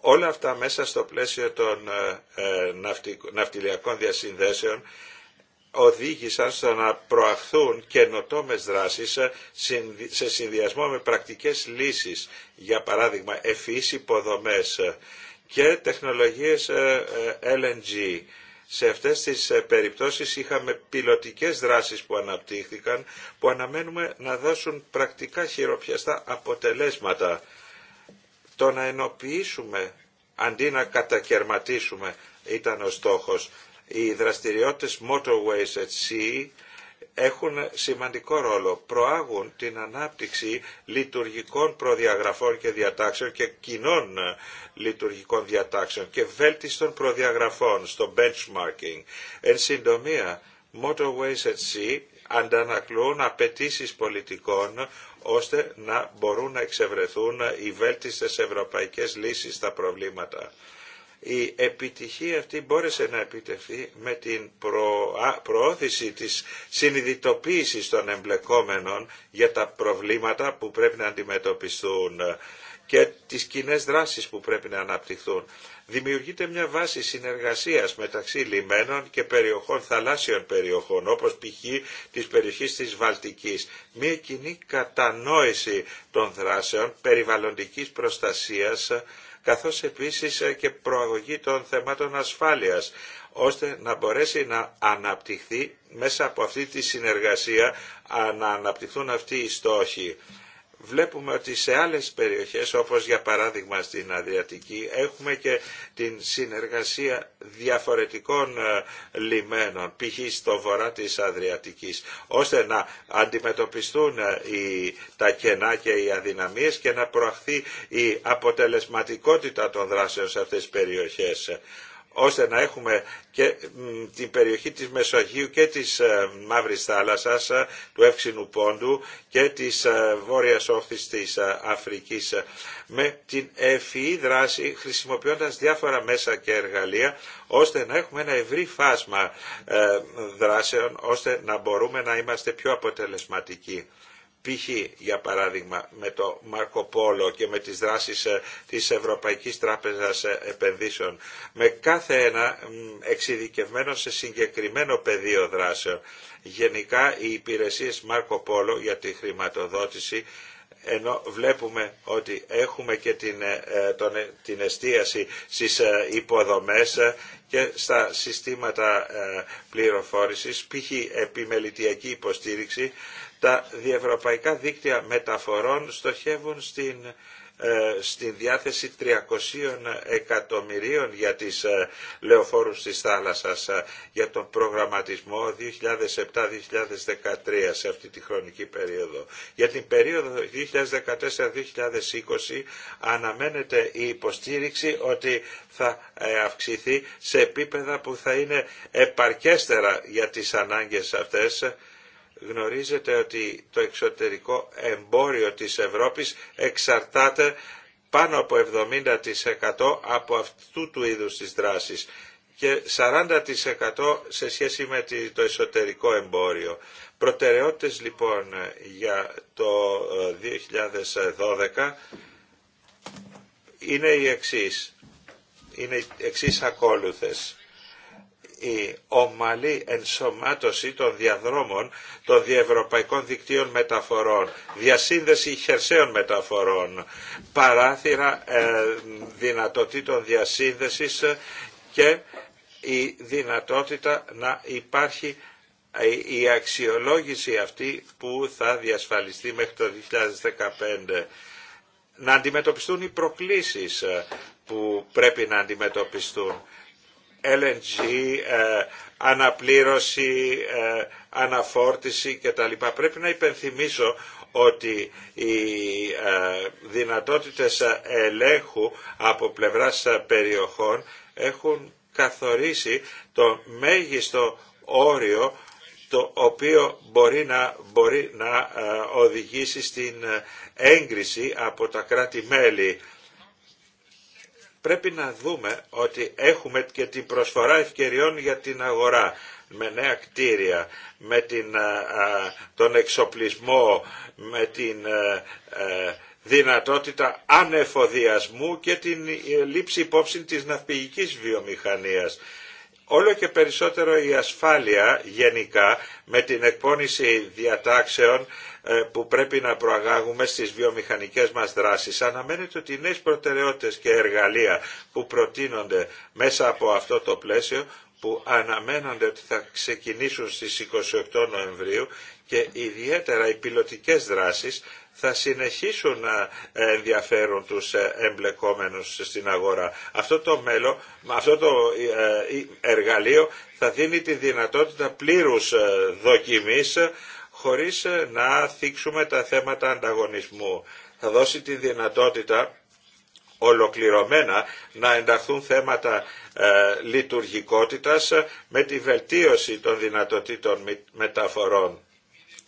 Όλα αυτά μέσα στο πλαίσιο των ε, ε, ναυτιλιακών διασυνδέσεων οδήγησαν στο να προαχθούν καινοτόμε δράσει σε συνδυασμό με πρακτικές λύσεις, για παράδειγμα εφείς υποδομέ και τεχνολογίες ε, ε, LNG. Σε αυτές τις ε, περιπτώσεις είχαμε πιλωτικές δράσεις που αναπτύχθηκαν που αναμένουμε να δώσουν πρακτικά χειροπιαστά αποτελέσματα. Το να ενοποιήσουμε αντί να κατακαιρματίσουμε ήταν ο στόχος. Οι δραστηριότητες Motorways at Sea έχουν σημαντικό ρόλο. Προάγουν την ανάπτυξη λειτουργικών προδιαγραφών και διατάξεων και κοινών ε, λειτουργικών διατάξεων και βέλτιστων προδιαγραφών στο benchmarking. Εν συντομία, Motorways at Sea αντανακλούν απαιτήσει πολιτικών ώστε να μπορούν να εξευρεθούν οι βέλτιστες ευρωπαϊκές λύσεις στα προβλήματα. Η επιτυχία αυτή μπόρεσε να επιτευχθεί με την προώθηση της συνειδητοποίησης των εμπλεκόμενων για τα προβλήματα που πρέπει να αντιμετωπιστούν και τις κοινέ δράσεις που πρέπει να αναπτυχθούν. Δημιουργείται μια βάση συνεργασίας μεταξύ λιμένων και περιοχών, θαλάσσιων περιοχών, όπως π.χ. της περιοχής της Βαλτικής. Μια κοινή κατανόηση των δράσεων περιβαλλοντικής προστασίας καθώς επίσης ε, και προαγωγή των θεμάτων ασφάλειας ώστε να μπορέσει να αναπτυχθεί μέσα από αυτή τη συνεργασία να αναπτυχθούν αυτοί οι στόχοι βλέπουμε ότι σε άλλες περιοχές, όπως για παράδειγμα στην Αδριατική, έχουμε και την συνεργασία διαφορετικών ε, λιμένων, π.χ. στο βορρά της Αδριατικής, ώστε να αντιμετωπιστούν ε, οι, τα κενά και οι αδυναμίες και να προαχθεί η αποτελεσματικότητα των δράσεων σε αυτές τις περιοχές ώστε να έχουμε και την περιοχή της Μεσογείου και της ε, Μαύρης Θάλασσας, ε, του Εύξηνου Πόντου και της ε, Βόρειας Όχθης της Αφρικής με την ευφυή δράση χρησιμοποιώντας διάφορα μέσα και εργαλεία ώστε να έχουμε ένα ευρύ φάσμα δράσεων ώστε να μπορούμε να είμαστε πιο αποτελεσματικοί π.χ. για παράδειγμα με το Μάρκο Πόλο και με τις δράσεις ε, της Ευρωπαϊκής Τράπεζας ε, Επενδύσεων με κάθε ένα εξειδικευμένο σε συγκεκριμένο πεδίο δράσεων. Γενικά οι υπηρεσίες Μάρκο Πόλο για τη χρηματοδότηση ενώ βλέπουμε ότι έχουμε και την, ε, τον, την εστίαση στις υποδομές και στα συστήματα πληροφόρησης, π.χ. επιμελητιακή υποστήριξη, τα διευρωπαϊκά δίκτυα μεταφορών στοχεύουν στην ε, στη διάθεση 300 εκατομμυρίων για τις ε, λεωφόρους της θάλασσας ε, για τον προγραμματισμό 2007-2013 σε αυτή τη χρονική περίοδο. Για την περίοδο 2014-2020 αναμένεται η υποστήριξη ότι θα αυξηθεί σε επίπεδα που θα είναι επαρκέστερα για τις ανάγκες αυτές Γνωρίζετε ότι το εξωτερικό εμπόριο της Ευρώπης εξαρτάται πάνω από 70% από αυτού του είδους της δράσης και 40% σε σχέση με το εσωτερικό εμπόριο. Προτεραιότητες λοιπόν για το 2012 ε, είναι οι εξής, είναι οι εξής ακόλουθες η ομαλή ενσωμάτωση των διαδρόμων των διευρωπαϊκών δικτύων μεταφορών, διασύνδεση χερσαίων μεταφορών, παράθυρα ε, δυνατοτήτων διασύνδεσης και η δυνατότητα να υπάρχει ε, η αξιολόγηση αυτή που θα διασφαλιστεί μέχρι το 2015. Να αντιμετωπιστούν οι προκλήσεις ε, που πρέπει να αντιμετωπιστούν LNG, ε, αναπλήρωση, ε, αναφόρτιση κτλ. Πρέπει να υπενθυμίσω ότι οι ε, δυνατότητες ελέγχου από πλευράς περιοχών έχουν καθορίσει το μέγιστο όριο το οποίο μπορεί να, μπορεί να οδηγήσει στην έγκριση από τα κράτη-μέλη πρέπει να δούμε ότι έχουμε και την προσφορά ευκαιριών για την αγορά με νέα κτίρια, με την, τον εξοπλισμό, με την ε, ε, δυνατότητα ανεφοδιασμού και την ε, λήψη υπόψη της ναυπηγικής βιομηχανίας. Όλο και περισσότερο η ασφάλεια γενικά με την εκπόνηση διατάξεων ε, που πρέπει να προαγάγουμε στις βιομηχανικές μας δράσεις. Αναμένεται ότι οι νέες προτεραιότητες και εργαλεία που προτείνονται μέσα από αυτό το πλαίσιο που αναμένονται ότι θα ξεκινήσουν στις 28 Νοεμβρίου και ιδιαίτερα οι πιλωτικές δράσεις θα συνεχίσουν να ε, ενδιαφέρουν τους ε, εμπλεκόμενους στην αγορά. Αυτό το, μέλο, αυτό το εργαλείο θα δίνει τη δυνατότητα πλήρους δοκιμής χωρίς ε, να θίξουμε τα θέματα ανταγωνισμού. Θα δώσει τη δυνατότητα ολοκληρωμένα να ενταχθούν θέματα ε, λειτουργικότητας ε, με τη βελτίωση των δυνατοτήτων μεταφορών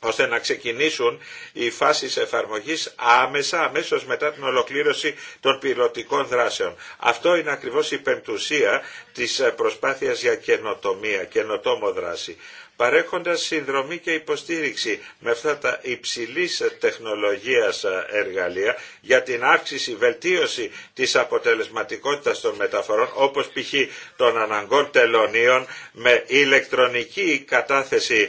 ώστε να ξεκινήσουν οι φάσεις εφαρμογής άμεσα, αμέσως μετά την ολοκλήρωση των πιλωτικών δράσεων. Αυτό είναι ακριβώς η πεμπτουσία της ε, προσπάθειας για καινοτομία, καινοτόμο δράση παρέχοντας συνδρομή και υποστήριξη με αυτά τα υψηλής τεχνολογίας εργαλεία για την αύξηση, βελτίωση της αποτελεσματικότητας των μεταφορών όπως π.χ. των αναγκών τελωνίων με ηλεκτρονική κατάθεση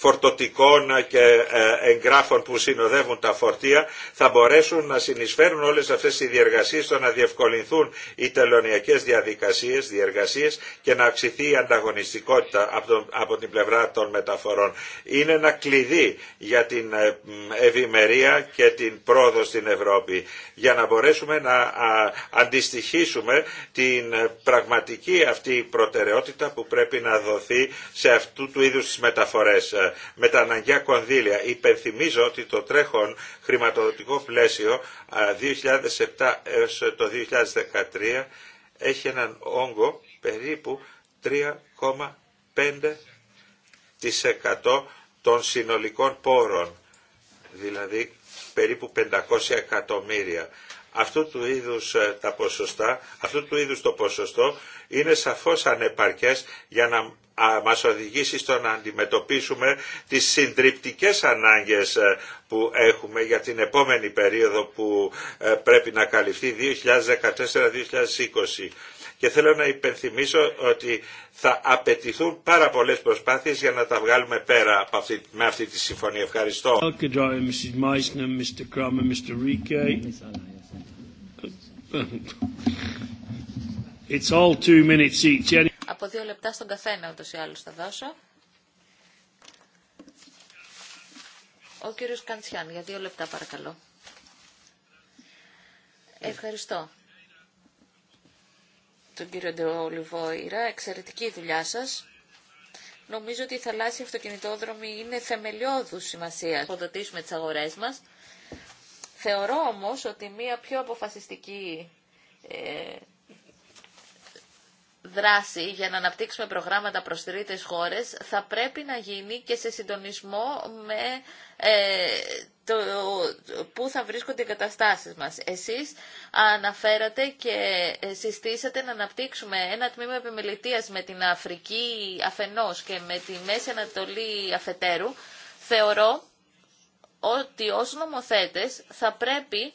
φορτωτικών και ε, εγγράφων που συνοδεύουν τα φορτία θα μπορέσουν να συνεισφέρουν όλες αυτές οι διεργασίες στο να διευκολυνθούν οι τελωνιακές διαδικασίες, διεργασίες και να αυξηθεί η ανταγωνιστικότητα από την πλευρά των μεταφορών. Είναι ένα κλειδί για την ε, ευημερία και την πρόοδο στην Ευρώπη για να μπορέσουμε να αντιστοιχίσουμε την ε, πραγματική αυτή προτεραιότητα που πρέπει να δοθεί σε αυτού του είδους τις μεταφορές με τα αναγκαία κονδύλια. Υπενθυμίζω ότι το τρέχον χρηματοδοτικό πλαίσιο 2007 έως το 2013 έχει έναν όγκο περίπου 3,5% των συνολικών πόρων, δηλαδή περίπου 500 εκατομμύρια αυτού του είδους ε, τα ποσοστά, αυτού του είδους το ποσοστό είναι σαφώς ανεπαρκές για να μας οδηγήσει στο να αντιμετωπίσουμε τις συντριπτικές ανάγκες ε, που έχουμε για την επόμενη περίοδο που ε, πρέπει να καλυφθεί 2014-2020. Και θέλω να υπενθυμίσω ότι θα απαιτηθούν πάρα πολλές προσπάθειες για να τα βγάλουμε πέρα αυτή, με αυτή τη συμφωνία. Ευχαριστώ. It's all minutes each. Από δύο λεπτά στον καθένα ούτως ή άλλως θα δώσω. Ο κύριος Καντσιάν, για δύο λεπτά παρακαλώ. Ευχαριστώ. Τον κύριο Ντεολιβόηρα, εξαιρετική η αλλως θα δωσω ο κυριος καντσιαν για δυο λεπτα παρακαλω ευχαριστω τον κυριο ντεολιβοηρα εξαιρετικη δουλεια σας. Νομίζω ότι η θαλάσσιοι αυτοκινητόδρομοι είναι θεμελιώδους σημασίας. αποδοτησουμε τις αγορές μας Θεωρώ όμως ότι μία πιο αποφασιστική ε, δράση για να αναπτύξουμε προγράμματα προς τρίτες χώρες θα πρέπει να γίνει και σε συντονισμό με το, ε, το πού θα βρίσκονται οι καταστάσεις μας. Εσείς αναφέρατε και ε, συστήσατε να αναπτύξουμε ένα τμήμα επιμελητίας με την Αφρική αφενός και με τη Μέση Ανατολή αφετέρου. Θεωρώ ότι ως νομοθέτες θα πρέπει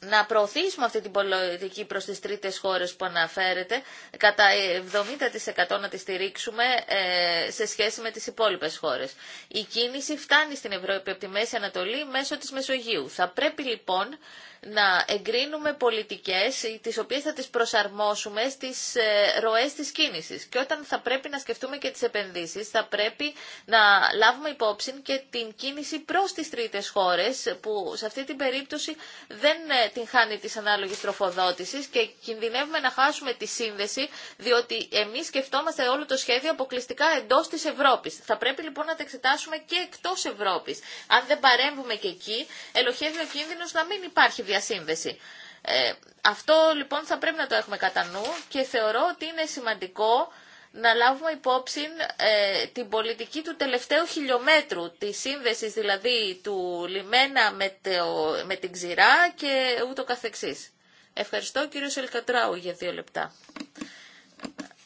να προωθήσουμε αυτή την πολιτική προς τις τρίτες χώρες που αναφέρεται, κατά 70% να τη στηρίξουμε ε, σε σχέση με τις υπόλοιπες χώρες. Η κίνηση φτάνει στην Ευρώπη από τη Μέση Ανατολή μέσω της Μεσογείου. Θα πρέπει λοιπόν να εγκρίνουμε πολιτικές τις οποίες θα τις προσαρμόσουμε στις ε, ροές της κίνησης. Και όταν θα πρέπει να σκεφτούμε και τις επενδύσεις, θα πρέπει να λάβουμε υπόψη και την κίνηση προς τις τρίτες χώρες, που σε αυτή την περίπτωση δεν ε, την χάνει της ανάλογης τροφοδότησης και κινδυνεύουμε να χάσουμε τη σύνδεση, διότι εμείς σκεφτόμαστε όλο το σχέδιο αποκλειστικά εντός της Ευρώπης. Θα πρέπει λοιπόν να τα εξετάσουμε και εκτός Ευρώπης. Αν δεν παρέμβουμε και εκεί, ελοχεύει ο κίνδυνος να μην υπάρχει διασύνδεση. Ε, αυτό λοιπόν θα πρέπει να το έχουμε κατά νου και θεωρώ ότι είναι σημαντικό να λάβουμε υπόψη ε, την πολιτική του τελευταίου χιλιόμετρου, τη σύνδεση δηλαδή του λιμένα με, το, με την ξηρά και ούτω καθεξής. Ευχαριστώ κύριο Ελκατράου για δύο λεπτά.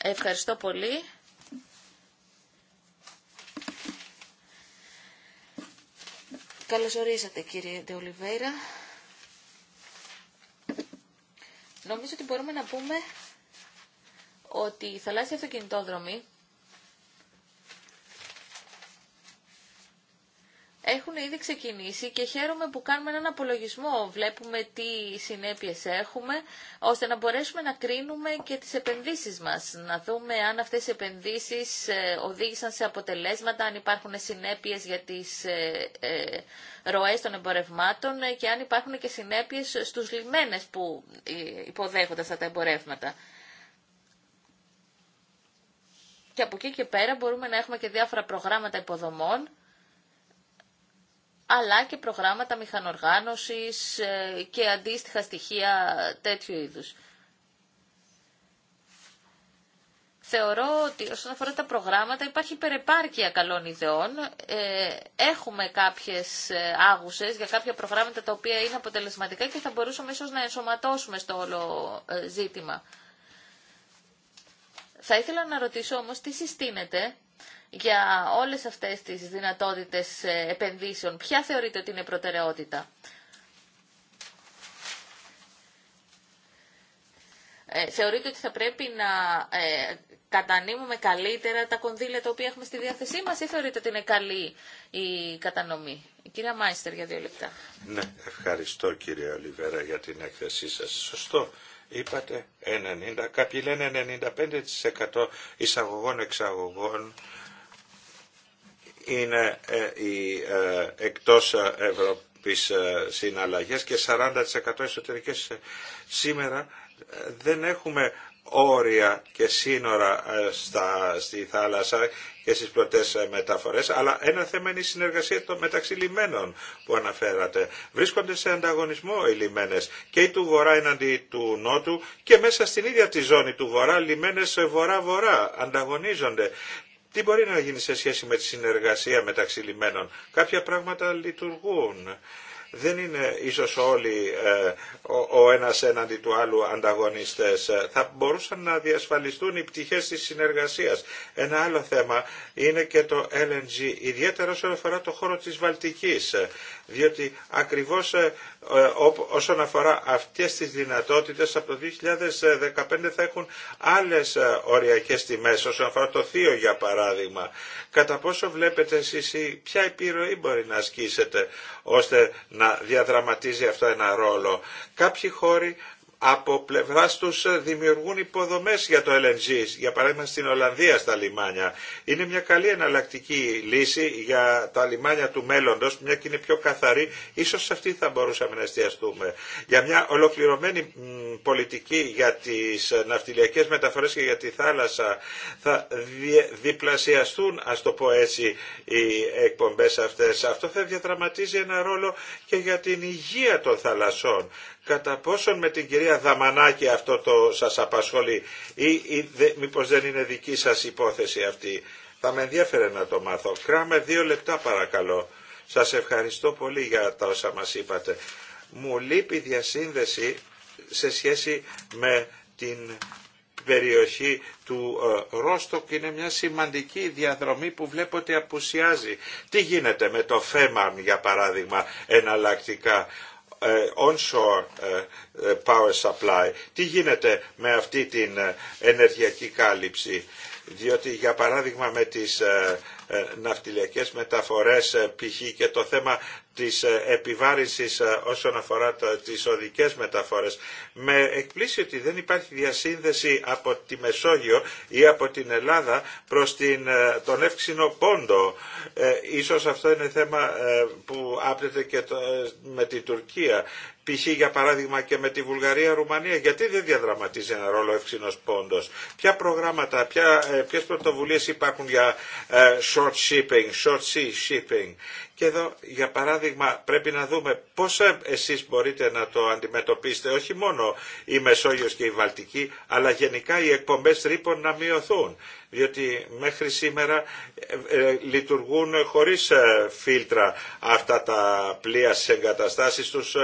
Ευχαριστώ πολύ. Καλώς ορίσατε κύριε Ντεολιβέιρα. Νομίζω ότι μπορούμε να πούμε ότι η θαλάσσια αυτοκινητόδρομη έχουν ήδη ξεκινήσει και χαίρομαι που κάνουμε έναν απολογισμό. Βλέπουμε τι συνέπειες έχουμε, ώστε να μπορέσουμε να κρίνουμε και τις επενδύσεις μας. Να δούμε αν αυτές οι επενδύσεις ε, οδήγησαν σε αποτελέσματα, αν υπάρχουν συνέπειες για τις ε, ε, ροές των εμπορευμάτων και αν υπάρχουν και συνέπειες στους λιμένες που υποδέχονται αυτά τα εμπορεύματα. Και από εκεί και πέρα μπορούμε να έχουμε και διάφορα προγράμματα υποδομών αλλά και προγράμματα μηχανοργάνωσης ε, και αντίστοιχα στοιχεία τέτοιου είδους. Θεωρώ ότι όσον αφορά τα προγράμματα υπάρχει υπερεπάρκεια καλών ιδεών. Ε, έχουμε κάποιες ε, άγουσες για κάποια προγράμματα τα οποία είναι αποτελεσματικά και θα μπορούσαμε ίσως να ενσωματώσουμε στο όλο ζήτημα. Θα ήθελα να ρωτήσω όμως τι συστήνεται για όλες αυτές τις δυνατότητες ε, επενδύσεων. Ποια θεωρείτε ότι είναι προτεραιότητα. Ε, θεωρείτε ότι θα πρέπει να ε, καλύτερα τα κονδύλια τα οποία έχουμε στη διάθεσή μας ή θεωρείτε ότι είναι καλή η κατανομή. Κυρία Μάιστερ για δύο λεπτά. Ναι, ευχαριστώ κύριε Ολιβέρα για την έκθεσή σας. Σωστό. Είπατε 90, κάποιοι λένε 95% εισαγωγών-εξαγωγών είναι ε, οι ε, εκτός ε, Ευρώπης συναλλαγές και 40% εσωτερικές. Σήμερα δεν έχουμε όρια και σύνορα στα, στη θάλασσα και στις πλωτές μεταφορές, αλλά ένα θέμα είναι η συνεργασία των μεταξύ λιμένων που αναφέρατε. Βρίσκονται σε ανταγωνισμό οι λιμένες και του βορρά εναντί του νότου και μέσα στην ίδια τη ζώνη του βορρά λιμένες βορρά-βορρά ανταγωνίζονται τι μπορεί να γίνει σε σχέση με τη συνεργασία μεταξύ λιμένων. Κάποια πράγματα λειτουργούν δεν είναι ίσως όλοι ε, ο, ο ένας έναντι του άλλου ανταγωνιστές. Ε, θα μπορούσαν να διασφαλιστούν οι πτυχές της συνεργασίας. Ένα άλλο θέμα είναι και το LNG, ιδιαίτερα όσον αφορά το χώρο της Βαλτικής, ε, διότι ακριβώς όσον αφορά αυτές τις δυνατότητες από το 2015 θα έχουν άλλες οριακές τιμές όσον αφορά το θείο για παράδειγμα. Κατά πόσο βλέπετε εσείς ποια επιρροή μπορεί να ασκήσετε ώστε να διαδραματίζει αυτό ένα ρόλο. Κάποιοι χώροι από πλευρά του ε, δημιουργούν υποδομές για το LNG, για παράδειγμα στην Ολλανδία στα λιμάνια. Είναι μια καλή εναλλακτική λύση για τα λιμάνια του μέλλοντος, μια και είναι πιο καθαρή, ίσως σε αυτή θα μπορούσαμε να εστιαστούμε. Για μια ολοκληρωμένη πολιτική για τις ε, ναυτιλιακές μεταφορές και για τη θάλασσα θα διπλασιαστούν, α το πω έτσι, οι εκπομπέ αυτέ. Αυτό θα διαδραματίζει ένα ρόλο και για την υγεία των θαλασσών κατά πόσον με την κυρία Δαμανάκη αυτό το σας απασχολεί ή, ή δε, μήπως δεν είναι δική σας υπόθεση αυτή. Θα με ενδιαφέρε να το μάθω. Κράμε δύο λεπτά παρακαλώ. Σας ευχαριστώ πολύ για τα όσα μας είπατε. Μου λείπει διασύνδεση σε σχέση με την περιοχή του ε, Ρόστοκ είναι μια σημαντική διαδρομή που βλέπω ότι απουσιάζει. Τι γίνεται με το Φέμαν για παράδειγμα εναλλακτικά ε, onshore ε, ε, power supply. Τι γίνεται με αυτή την ενεργειακή κάλυψη. Διότι για παράδειγμα με τις ναυτιλιακές μεταφορές π.χ. και το θέμα της ε, επιβάρυνσης ε, όσον αφορά τις οδικές μεταφορές. Με εκπλήσει ότι δεν υπάρχει διασύνδεση από τη Μεσόγειο ή από την Ελλάδα προς την, ε, τον Εύξηνο Πόντο. ίσως αυτό είναι θέμα που άπτεται και με την Τουρκία π.χ. για παράδειγμα και με τη Βουλγαρία-Ρουμανία, γιατί δεν διαδραματίζει ένα ρόλο ευξήνος πόντος. Ποια προγράμματα, ποια, ε, ποιες πρωτοβουλίες υπάρχουν για ε, short shipping, short sea shipping. Και εδώ, για παράδειγμα, πρέπει να δούμε πώς εσείς μπορείτε να το αντιμετωπίσετε, όχι μόνο η Μεσόγειος και η Βαλτική, αλλά γενικά οι εκπομπές ρήπων να μειωθούν διότι μέχρι σήμερα ε, ε, λειτουργούν χωρίς ε, φίλτρα αυτά τα πλοία στις εγκαταστάσεις τους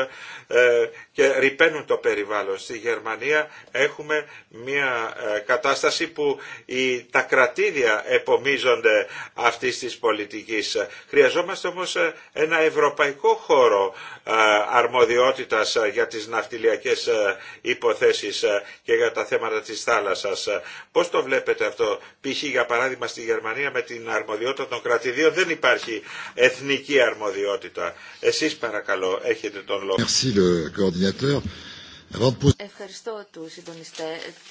και ρηπαίνουν το περιβάλλον. Στη Γερμανία έχουμε μια ε, κατάσταση που οι, τα κρατήδια επομίζονται αυτή της πολιτικής. Χρειαζόμαστε όμως ε, ένα ευρωπαϊκό χώρο ε, αρμοδιότητας για τις ναυτιλιακές υποθέσεις και για τα θέματα της θάλασσας. Πώς το βλέπετε αυτό, π.χ. για παράδειγμα στη Γερμανία με την αρμοδιότητα των κρατηδίων δεν υπάρχει εθνική αρμοδιότητα. Εσείς παρακαλώ έχετε τον λόγο. Ευχαριστώ του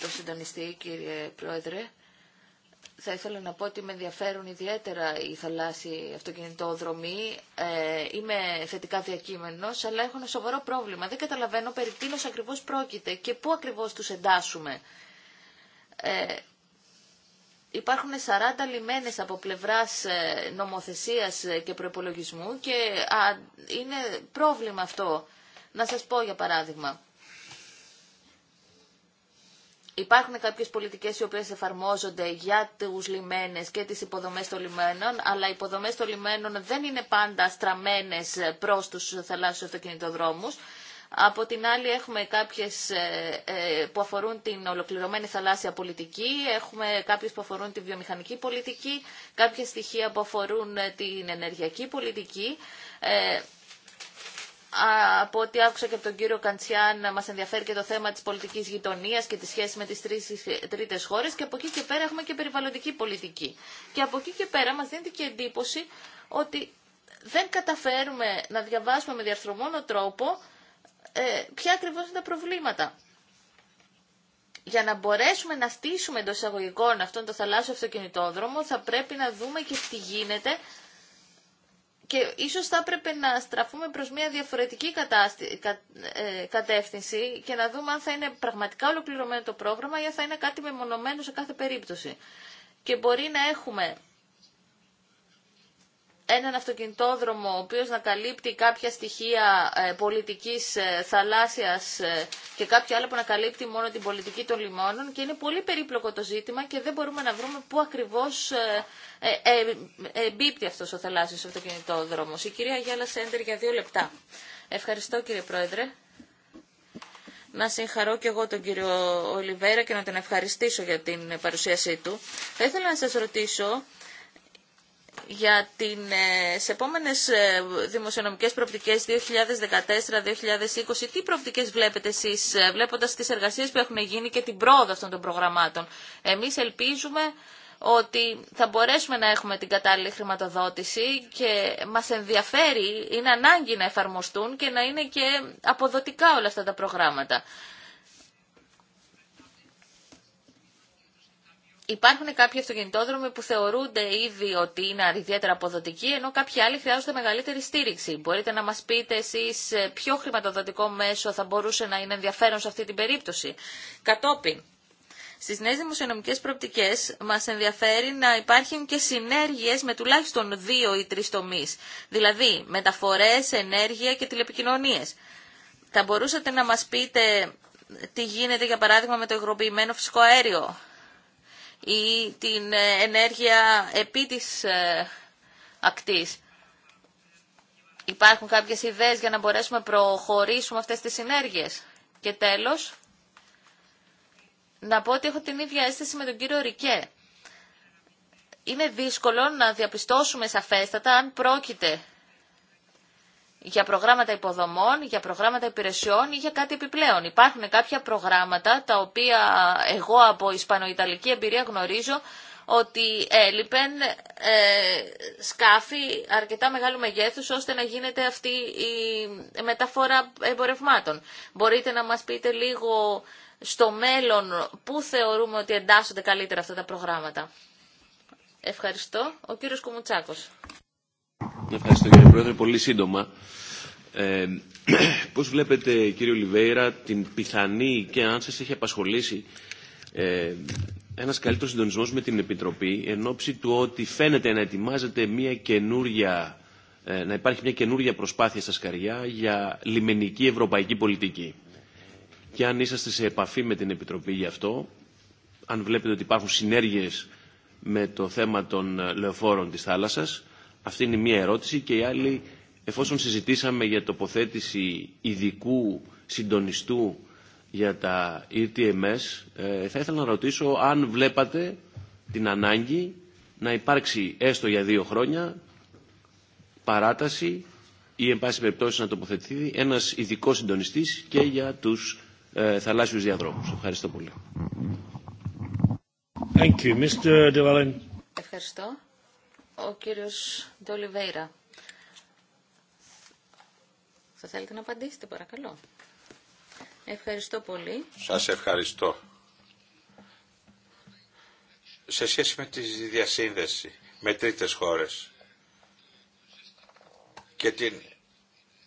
το συντονιστή κύριε Πρόεδρε. Θα ήθελα να πω ότι με ενδιαφέρουν ιδιαίτερα οι θαλάσσιοι αυτοκινητόδρομοι. Ε, είμαι θετικά διακείμενο, αλλά έχω ένα σοβαρό πρόβλημα. Δεν καταλαβαίνω περί τίνο ακριβώς πρόκειται και πού ακριβώς τους εντάσσουμε. Ε, υπάρχουν 40 λιμένες από πλευρά ε, νομοθεσία και προπολογισμού και α, είναι πρόβλημα αυτό. Να σας πω για παράδειγμα. Υπάρχουν κάποιες πολιτικές οι οποίες εφαρμόζονται για τους λιμένες και τις υποδομές των λιμένων, αλλά οι υποδομές των λιμένων δεν είναι πάντα στραμμένες προς τους θαλάσσιους αυτοκινητοδρόμους. Από την άλλη έχουμε κάποιες ε, ε, που αφορούν την ολοκληρωμένη θαλάσσια πολιτική, έχουμε κάποιες που αφορούν τη βιομηχανική πολιτική, κάποια στοιχεία που αφορούν ε, την ενεργειακή πολιτική από ό,τι άκουσα και από τον κύριο Καντσιάν μα ενδιαφέρει και το θέμα τη πολιτική γειτονία και τη σχέση με τι τρίτε χώρε και από εκεί και πέρα έχουμε και περιβαλλοντική πολιτική. Και από εκεί και πέρα μα δίνεται και εντύπωση ότι δεν καταφέρουμε να διαβάσουμε με διαρθρωμόνο τρόπο ε, ποια ακριβώ είναι τα προβλήματα. Για να μπορέσουμε να στήσουμε εντό εισαγωγικών αυτόν τον θαλάσσιο αυτοκινητόδρομο θα πρέπει να δούμε και τι γίνεται και ίσως θα έπρεπε να στραφούμε προς μια διαφορετική ε, κατεύθυνση και να δούμε αν θα είναι πραγματικά ολοκληρωμένο το πρόγραμμα ή αν θα είναι κάτι μεμονωμένο σε κάθε περίπτωση. Και μπορεί να έχουμε έναν αυτοκινητόδρομο ο οποίος να καλύπτει κάποια στοιχεία ε, πολιτικής ε, θαλάσσιας ε, και κάποια άλλα που να καλύπτει μόνο την πολιτική των λιμώνων και είναι πολύ περίπλοκο το ζήτημα και δεν μπορούμε να βρούμε πού ακριβώς εμπίπτει αυτός ο θαλάσσιος αυτοκινητόδρομος. Η κυρία Γιάλα Σέντερ για δύο λεπτά. Ευχαριστώ κύριε Πρόεδρε. Να συγχαρώ και εγώ τον κύριο Ολιβέρα και να τον ευχαριστήσω για την παρουσίασή του. Θα ήθελα να σας ρωτήσω για τις ε, επόμενες ε, δημοσιονομικές προοπτικές 2014-2020 τι προοπτικές βλέπετε εσείς ε, βλέποντας τις εργασίες που έχουν γίνει και την πρόοδο αυτών των προγραμμάτων. Εμείς ελπίζουμε ότι θα μπορέσουμε να έχουμε την κατάλληλη χρηματοδότηση και μας ενδιαφέρει, είναι ανάγκη να εφαρμοστούν και να είναι και αποδοτικά όλα αυτά τα προγράμματα. Υπάρχουν κάποιοι αυτοκινητόδρομοι που θεωρούνται ήδη ότι είναι ιδιαίτερα αποδοτικοί, ενώ κάποιοι άλλοι χρειάζονται μεγαλύτερη στήριξη. Μπορείτε να μας πείτε εσείς ε, ποιο χρηματοδοτικό μέσο θα μπορούσε να είναι ενδιαφέρον σε αυτή την περίπτωση. Κατόπιν, Στι νέε δημοσιονομικέ προοπτικέ, μα ενδιαφέρει να υπάρχουν και συνέργειε με τουλάχιστον δύο ή τρει τομείς, δηλαδή μεταφορέ, ενέργεια και τηλεπικοινωνίε. Θα μπορούσατε να μα πείτε τι γίνεται για παράδειγμα με το υγροποιημένο φυσικό αέριο, ή την ε, ενέργεια επί της ε, ακτής. Υπάρχουν κάποιες ιδέες για να μπορέσουμε να προχωρήσουμε αυτές τις συνέργειες. Και τέλος, να πω ότι έχω την ίδια αίσθηση με τον κύριο Ρικέ. Είναι δύσκολο να διαπιστώσουμε σαφέστατα αν πρόκειται για προγράμματα υποδομών, για προγράμματα υπηρεσιών ή για κάτι επιπλέον. Υπάρχουν κάποια προγράμματα τα οποία εγώ από ισπανοϊταλική εμπειρία γνωρίζω ότι έλειπεν ε, σκάφη αρκετά μεγάλου μεγέθους ώστε να γίνεται αυτή η μεταφορά εμπορευμάτων. Μπορείτε να μας πείτε λίγο στο μέλλον πού θεωρούμε ότι εντάσσονται καλύτερα αυτά τα προγράμματα. Ευχαριστώ. Ο κύριος Κουμουτσάκος. Ευχαριστώ κύριε Πρόεδρε. Πολύ σύντομα. Ε, [clears throat] πώς βλέπετε κύριε Ολιβέηρα την πιθανή και αν σας έχει απασχολήσει ε, ένας καλύτερος συντονισμός με την Επιτροπή εν ώψη του ότι φαίνεται να ετοιμάζεται μια ε, να υπάρχει μια καινούρια προσπάθεια στα Σκαριά για λιμενική ευρωπαϊκή πολιτική. Και αν είσαστε σε επαφή με την Επιτροπή γι' αυτό, αν βλέπετε ότι υπάρχουν συνέργειες με το θέμα των λεωφόρων της θάλασσας, αυτή είναι μία ερώτηση και η άλλη, εφόσον συζητήσαμε για τοποθέτηση ειδικού συντονιστού για τα ETMS, ε, θα ήθελα να ρωτήσω αν βλέπατε την ανάγκη να υπάρξει έστω για δύο χρόνια παράταση ή εν πάση περιπτώσει να τοποθετηθεί ένας ειδικό συντονιστής και για τους ε, θαλάσσιους διαδρόμους. Ευχαριστώ πολύ. Thank you, Mr. Ευχαριστώ ο κύριος Ντολιβέιρα. Θα θέλετε να απαντήσετε, παρακαλώ. Ευχαριστώ πολύ. Σας ευχαριστώ. Σε σχέση με τη διασύνδεση με τρίτες χώρες και την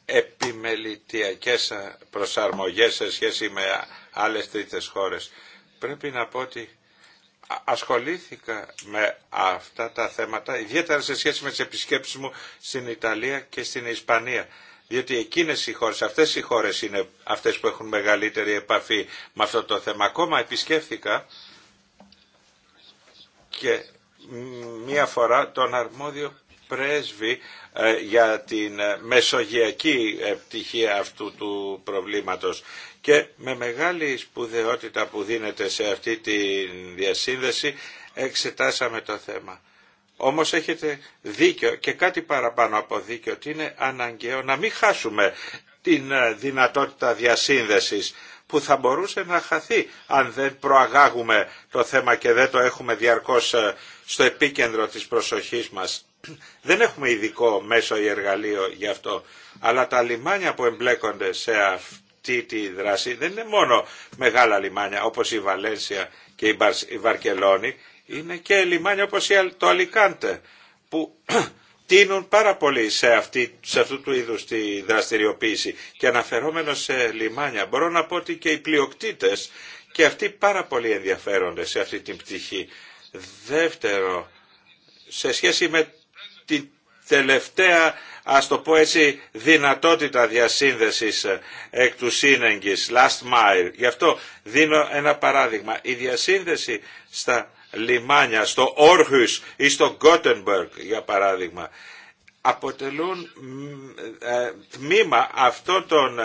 επιμελητιακές προσαρμογές σε σχέση με άλλες τρίτες χώρες, πρέπει να πω ότι ασχολήθηκα με αυτά τα θέματα, ιδιαίτερα σε σχέση με τις επισκέψεις μου στην Ιταλία και στην Ισπανία. Διότι εκείνες οι χώρες, αυτές οι χώρες είναι αυτές που έχουν μεγαλύτερη επαφή με αυτό το θέμα. Ακόμα επισκέφθηκα και μία φορά τον αρμόδιο πρέσβη ε, για την ε, μεσογειακή ε, πτυχία αυτού του προβλήματος και με μεγάλη σπουδαιότητα που δίνεται σε αυτή τη διασύνδεση εξετάσαμε το θέμα. Όμως έχετε δίκιο και κάτι παραπάνω από δίκιο ότι είναι αναγκαίο να μην χάσουμε την ε, δυνατότητα διασύνδεσης που θα μπορούσε να χαθεί αν δεν προαγάγουμε το θέμα και δεν το έχουμε διαρκώς ε, στο επίκεντρο της προσοχής μας. Δεν έχουμε ειδικό μέσο ή εργαλείο γι' αυτό, αλλά τα λιμάνια που εμπλέκονται σε αυτό τη δράση δεν είναι μόνο μεγάλα λιμάνια όπως η Βαλένσια και η Βαρκελόνη, είναι και λιμάνια όπως το Αλικάντε που [clears throat] τίνουν πάρα πολύ σε, αυτή, σε αυτού του είδους τη δραστηριοποίηση και αναφερόμενο σε λιμάνια μπορώ να πω ότι και οι πλειοκτήτες και αυτοί πάρα πολύ ενδιαφέρονται σε αυτή την πτυχή. Δεύτερο, σε σχέση με την τελευταία ας το πω έτσι, δυνατότητα διασύνδεσης ε, εκ του σύνεγγης, last mile. Γι' αυτό δίνω ένα παράδειγμα. Η διασύνδεση στα λιμάνια, στο Όρχους ή στο Γκότεμπεργκ, για παράδειγμα, αποτελούν ε, τμήμα αυτών των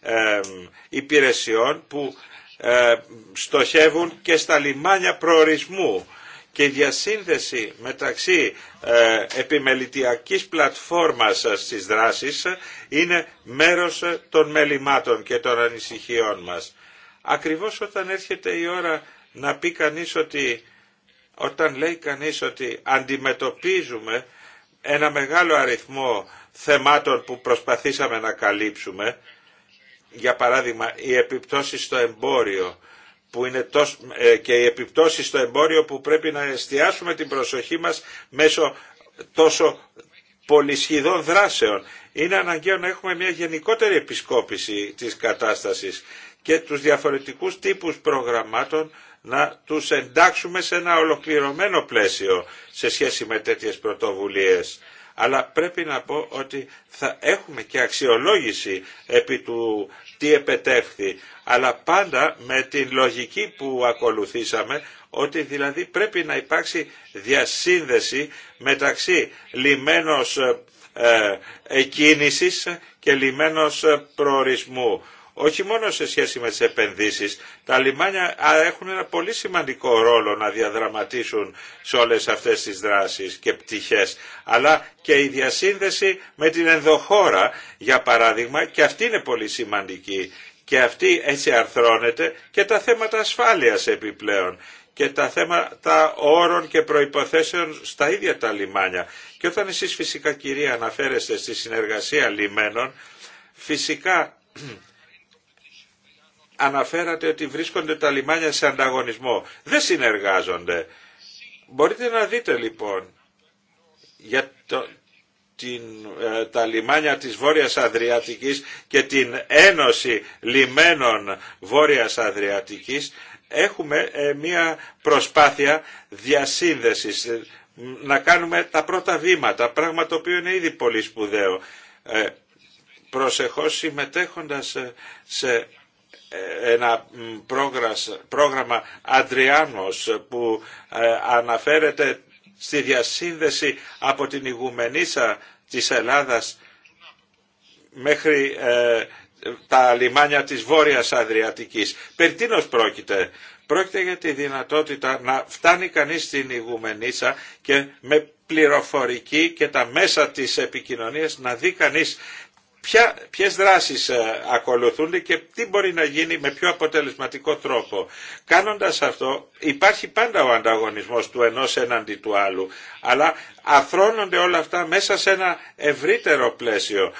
ε, υπηρεσιών που στοχεύουν και στα λιμάνια προορισμού και η διασύνδεση μεταξύ ε, επιμελητιακής πλατφόρμας ε, στις δράσεις ε, είναι μέρος των μελημάτων και των ανησυχιών μας. Ακριβώς όταν έρχεται η ώρα να πει κανείς ότι, όταν λέει κανείς ότι αντιμετωπίζουμε ένα μεγάλο αριθμό θεμάτων που προσπαθήσαμε να καλύψουμε, για παράδειγμα οι επιπτώσεις στο εμπόριο, που είναι ε, και οι επιπτώσεις στο εμπόριο που πρέπει να εστιάσουμε την προσοχή μας μέσω τόσο πολυσχηδών δράσεων. Είναι αναγκαίο να έχουμε μια γενικότερη επισκόπηση της κατάστασης και τους διαφορετικούς τύπους προγραμμάτων να τους εντάξουμε σε ένα ολοκληρωμένο πλαίσιο σε σχέση με τέτοιες πρωτοβουλίες. Αλλά πρέπει να πω ότι θα έχουμε και αξιολόγηση επί του τι αλλά πάντα με την λογική που ακολουθήσαμε, ότι δηλαδή πρέπει να υπάρξει διασύνδεση μεταξύ λιμένος ε, ε εκκίνησης και λιμένος προορισμού όχι μόνο σε σχέση με τις επενδύσεις, τα λιμάνια έχουν ένα πολύ σημαντικό ρόλο να διαδραματίσουν σε όλες αυτές τις δράσεις και πτυχές, αλλά και η διασύνδεση με την ενδοχώρα, για παράδειγμα, και αυτή είναι πολύ σημαντική. Και αυτή έτσι αρθρώνεται και τα θέματα ασφάλειας επιπλέον και τα θέματα όρων και προϋποθέσεων στα ίδια τα λιμάνια. Και όταν εσείς φυσικά κυρία αναφέρεστε στη συνεργασία λιμένων, φυσικά αναφέρατε ότι βρίσκονται τα λιμάνια σε ανταγωνισμό. Δεν συνεργάζονται. Μπορείτε να δείτε λοιπόν για την, ε, τα λιμάνια της Βόρειας Αδριατικής και την Ένωση Λιμένων Βόρειας Αδριατικής έχουμε ε, μία προσπάθεια διασύνδεσης, ε, να κάνουμε τα πρώτα βήματα, πράγμα το οποίο είναι ήδη πολύ σπουδαίο. Ε, προσεχώς σε ένα πρόγραμμα Αντριάνος που ε, αναφέρεται στη διασύνδεση από την Ιγουμενίσα της Ελλάδας μέχρι ε, τα λιμάνια της Βόρειας Αδριατικής. Περί τίνος πρόκειται. Πρόκειται για τη δυνατότητα να φτάνει κανείς στην Ιγουμενίσα και με πληροφορική και τα μέσα της επικοινωνίας να δει κανείς Ποιε ποιες δράσεις ε, ακολουθούνται και τι μπορεί να γίνει με πιο αποτελεσματικό τρόπο. Κάνοντας αυτό υπάρχει πάντα ο ανταγωνισμός του ενός έναντι του άλλου, αλλά αφρώνονται όλα αυτά μέσα σε ένα ευρύτερο πλαίσιο.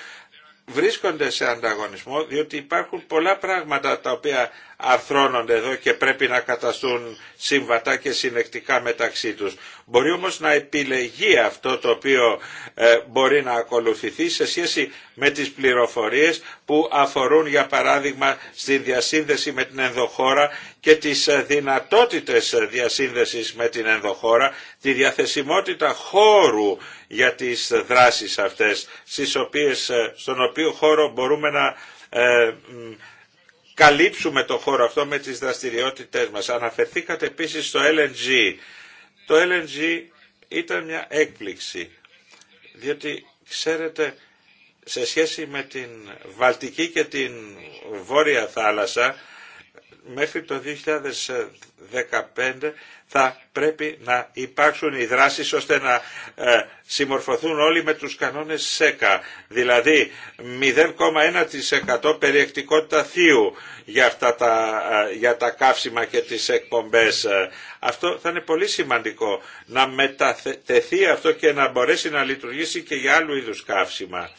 Βρίσκονται σε ανταγωνισμό διότι υπάρχουν πολλά πράγματα τα οποία αρθρώνονται εδώ και πρέπει να καταστούν συμβατά και συνεκτικά μεταξύ τους. Μπορεί όμως να επιλεγεί αυτό το οποίο ε, μπορεί να ακολουθηθεί σε σχέση με τις πληροφορίες που αφορούν για παράδειγμα στη διασύνδεση με την ενδοχώρα και τις ε, δυνατότητες ε, διασύνδεσης με την ενδοχώρα, τη διαθεσιμότητα χώρου για τις δράσεις αυτές, στις οποίες, στον οποίο χώρο μπορούμε να καλύψουμε το χώρο αυτό με τις δραστηριότητές μας. Αναφερθήκατε επίσης στο LNG. Το LNG ήταν μια έκπληξη, διότι ξέρετε σε σχέση με την Βαλτική και την Βόρεια Θάλασσα μέχρι το 2015 θα πρέπει να υπάρξουν οι δράσεις ώστε να ε, συμμορφωθούν όλοι με τους κανόνες ΣΕΚΑ. Δηλαδή 0,1% περιεκτικότητα θείου για, αυτά τα, ε, για τα καύσιμα και τις εκπομπές. Ε, αυτό θα είναι πολύ σημαντικό να μετατεθεί αυτό και να μπορέσει να λειτουργήσει και για άλλου είδους καύσιμα.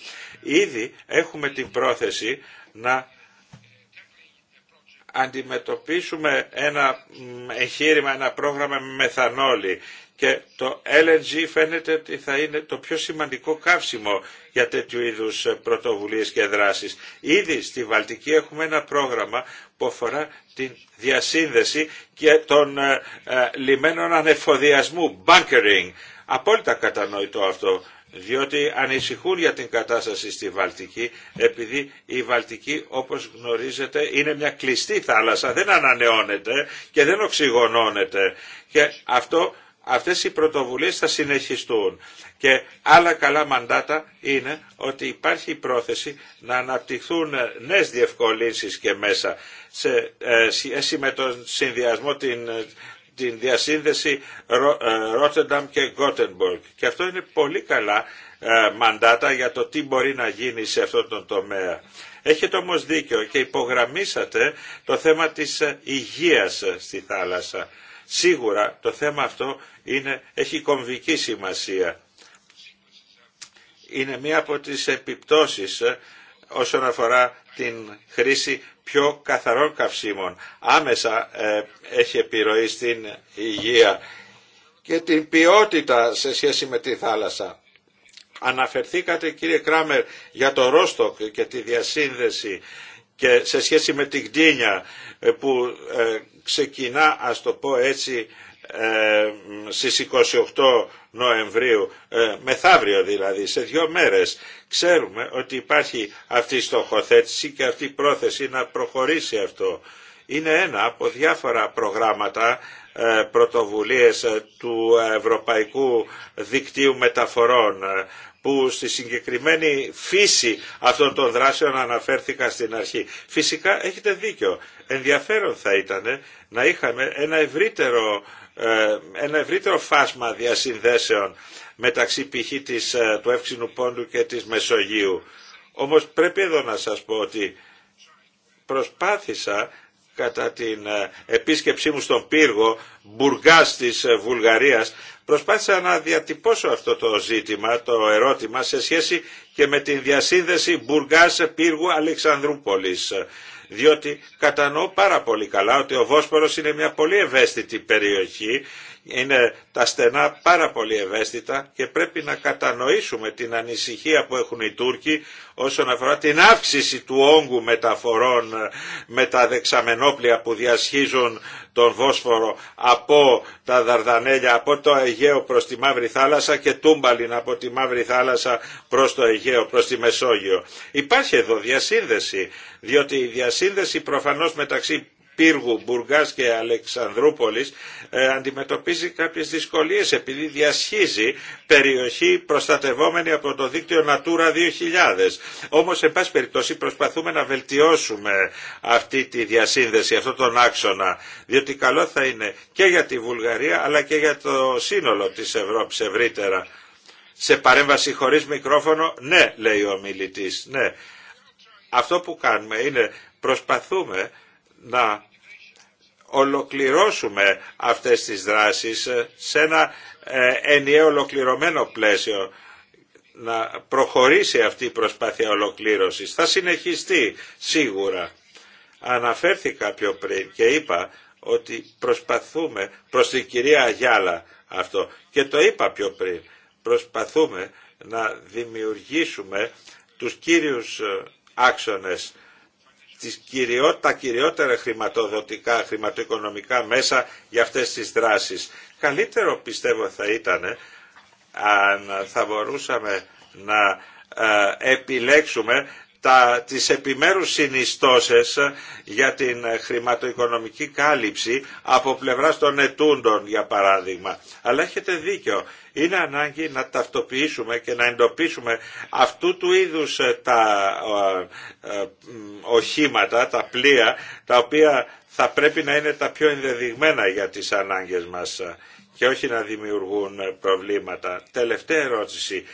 Ήδη έχουμε την πρόθεση να αντιμετωπίσουμε ένα εγχείρημα, ένα πρόγραμμα με μεθανόλη και το LNG φαίνεται ότι θα είναι το πιο σημαντικό καύσιμο για τέτοιου είδους πρωτοβουλίες και δράσεις. Ήδη στη Βαλτική έχουμε ένα πρόγραμμα που αφορά την διασύνδεση και των ε, ε, λιμένων ανεφοδιασμού, bunkering. Απόλυτα κατανοητό αυτό διότι ανησυχούν για την κατάσταση στη Βαλτική, επειδή η Βαλτική όπως γνωρίζετε είναι μια κλειστή θάλασσα, δεν ανανεώνεται και δεν οξυγονώνεται και αυτό, αυτές οι πρωτοβουλίες θα συνεχιστούν. Και άλλα καλά μαντάτα είναι ότι υπάρχει η πρόθεση να αναπτυχθούν νέες διευκολύνσεις και μέσα σε, ε, ε με τον συνδυασμό την, την διασύνδεση ε, Ρότερνταμ και Γκότεμπορκ. Και αυτό είναι πολύ καλά ε, μαντάτα για το τι μπορεί να γίνει σε αυτόν τον τομέα. Έχετε όμως δίκιο και υπογραμμίσατε το θέμα της ε, υγείας στη θάλασσα. Σίγουρα το θέμα αυτό είναι, έχει κομβική σημασία. Είναι μία από τις επιπτώσεις όσον αφορά την χρήση πιο καθαρών καυσίμων. Άμεσα ε, έχει επιρροή στην υγεία και την ποιότητα σε σχέση με τη θάλασσα. Αναφερθήκατε κύριε Κράμερ για το Ρόστοκ και τη διασύνδεση και σε σχέση με την Κτίνια ε, που ε, ξεκινά ας το πω έτσι ε, στις 28 Νοεμβρίου, ε, μεθαύριο δηλαδή, σε δύο μέρες. Ξέρουμε ότι υπάρχει αυτή η στοχοθέτηση και αυτή η πρόθεση να προχωρήσει αυτό. Είναι ένα από διάφορα προγράμματα ε, πρωτοβουλίες του Ευρωπαϊκού Δικτύου Μεταφορών που στη συγκεκριμένη φύση αυτών των δράσεων αναφέρθηκα στην αρχή. Φυσικά έχετε δίκιο. Ενδιαφέρον θα ήταν να είχαμε ένα ευρύτερο ε, ένα ευρύτερο φάσμα διασυνδέσεων μεταξύ π.χ. Ε, του εύξηνου πόντου και της Μεσογείου. Όμως πρέπει εδώ να σας πω ότι προσπάθησα κατά την ε, επίσκεψή μου στον πύργο Μπουργκάς της Βουλγαρίας προσπάθησα να διατυπώσω αυτό το ζήτημα, το ερώτημα σε σχέση και με την διασύνδεση Μπουργκάς πύργου Αλεξανδρούπολης διότι κατανοώ πάρα πολύ καλά ότι ο Βόσπορος είναι μια πολύ ευαίσθητη περιοχή είναι τα στενά πάρα πολύ ευαίσθητα και πρέπει να κατανοήσουμε την ανησυχία που έχουν οι Τούρκοι όσον αφορά την αύξηση του όγκου μεταφορών με τα δεξαμενόπλια που διασχίζουν τον Βόσφορο από τα Δαρδανέλια, από το Αιγαίο προς τη Μαύρη Θάλασσα και τούμπαλιν από τη Μαύρη Θάλασσα προς το Αιγαίο, προς τη Μεσόγειο. Υπάρχει εδώ διασύνδεση, διότι η διασύνδεση προφανώς μεταξύ πύργου Μπουργάς και Αλεξανδρούπολης ε, αντιμετωπίζει κάποιες δυσκολίες επειδή διασχίζει περιοχή προστατευόμενη από το δίκτυο Natura 2000. Όμως, εν πάση περιπτώσει, προσπαθούμε να βελτιώσουμε αυτή τη διασύνδεση, αυτόν τον άξονα, διότι καλό θα είναι και για τη Βουλγαρία αλλά και για το σύνολο της Ευρώπης ευρύτερα. Σε παρέμβαση χωρίς μικρόφωνο, ναι, λέει ο μιλητής, ναι. Αυτό που κάνουμε είναι προσπαθούμε να ολοκληρώσουμε αυτές τις δράσεις σε ένα ε, ενιαίο ολοκληρωμένο πλαίσιο να προχωρήσει αυτή η προσπάθεια ολοκλήρωσης. Θα συνεχιστεί σίγουρα. Αναφέρθηκα πιο πριν και είπα ότι προσπαθούμε προς την κυρία Αγιάλα αυτό και το είπα πιο πριν. Προσπαθούμε να δημιουργήσουμε τους κύριους ε, άξονες τις τα κυριότερα χρηματοδοτικά, χρηματοοικονομικά μέσα για αυτές τις δράσεις. Καλύτερο πιστεύω θα ήταν αν θα μπορούσαμε να ε, επιλέξουμε τα, τις επιμέρους συνιστώσεις για την χρηματοοικονομική κάλυψη από πλευράς των ετούντων για παράδειγμα. Αλλά έχετε δίκιο. Είναι ανάγκη να ταυτοποιήσουμε και να εντοπίσουμε αυτού του είδους ε, τα ε, οχήματα, τα πλοία, τα οποία θα πρέπει να είναι τα πιο ενδεδειγμένα για τις ανάγκες μας και όχι να δημιουργούν ε, προβλήματα. Τελευταία ερώτηση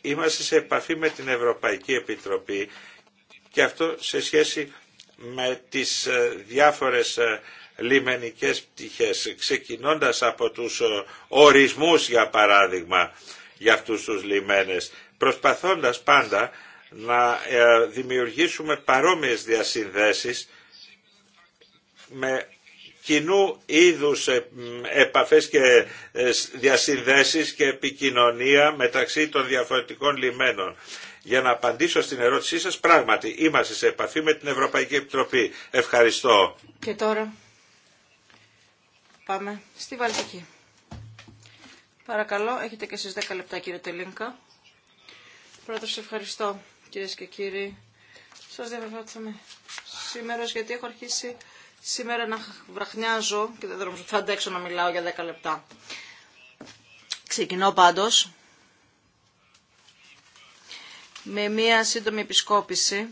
είμαστε σε επαφή με την Ευρωπαϊκή Επιτροπή και αυτό σε σχέση με τις ε, διάφορες ε, λιμενικές πτυχές, ξεκινώντας από τους ε, ορισμούς για παράδειγμα για αυτούς τους λιμένες, προσπαθώντας πάντα να δημιουργήσουμε παρόμοιες διασυνδέσεις με κοινού είδους ε, επαφές και ε, διασυνδέσεις και επικοινωνία μεταξύ των διαφορετικών λιμένων. Για να απαντήσω στην ερώτησή σας, πράγματι είμαστε σε επαφή με την Ευρωπαϊκή Επιτροπή. Ευχαριστώ. Και τώρα πάμε στη Βαλτική. Παρακαλώ, έχετε και εσείς 10 λεπτά κύριε Τελίνκα. Πρώτα ευχαριστώ κυρίες και κύριοι. Σας διαβεβαιώθαμε σήμερα γιατί έχω αρχίσει σήμερα να βραχνιάζω και δεν θα αντέξω να μιλάω για 10 λεπτά. Ξεκινώ πάντως με μία σύντομη επισκόπηση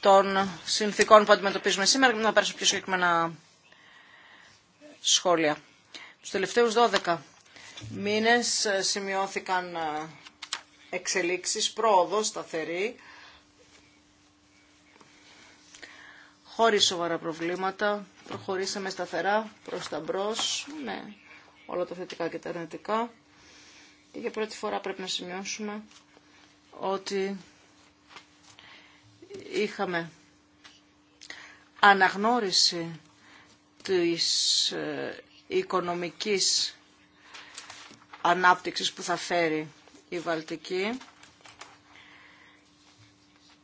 των συνθήκων που αντιμετωπίζουμε σήμερα και να πέρασω πιο συγκεκριμένα σχόλια. Τους τελευταίους 12 μήνες ε, σημειώθηκαν ε, εξελίξεις, πρόοδο σταθερή, χωρίς σοβαρά προβλήματα. Προχωρήσαμε σταθερά προς τα μπρος, με όλα τα θετικά και τα αρνητικά. Και για πρώτη φορά πρέπει να σημειώσουμε ότι είχαμε αναγνώριση της ε, οικονομικής ανάπτυξης που θα φέρει η Βαλτική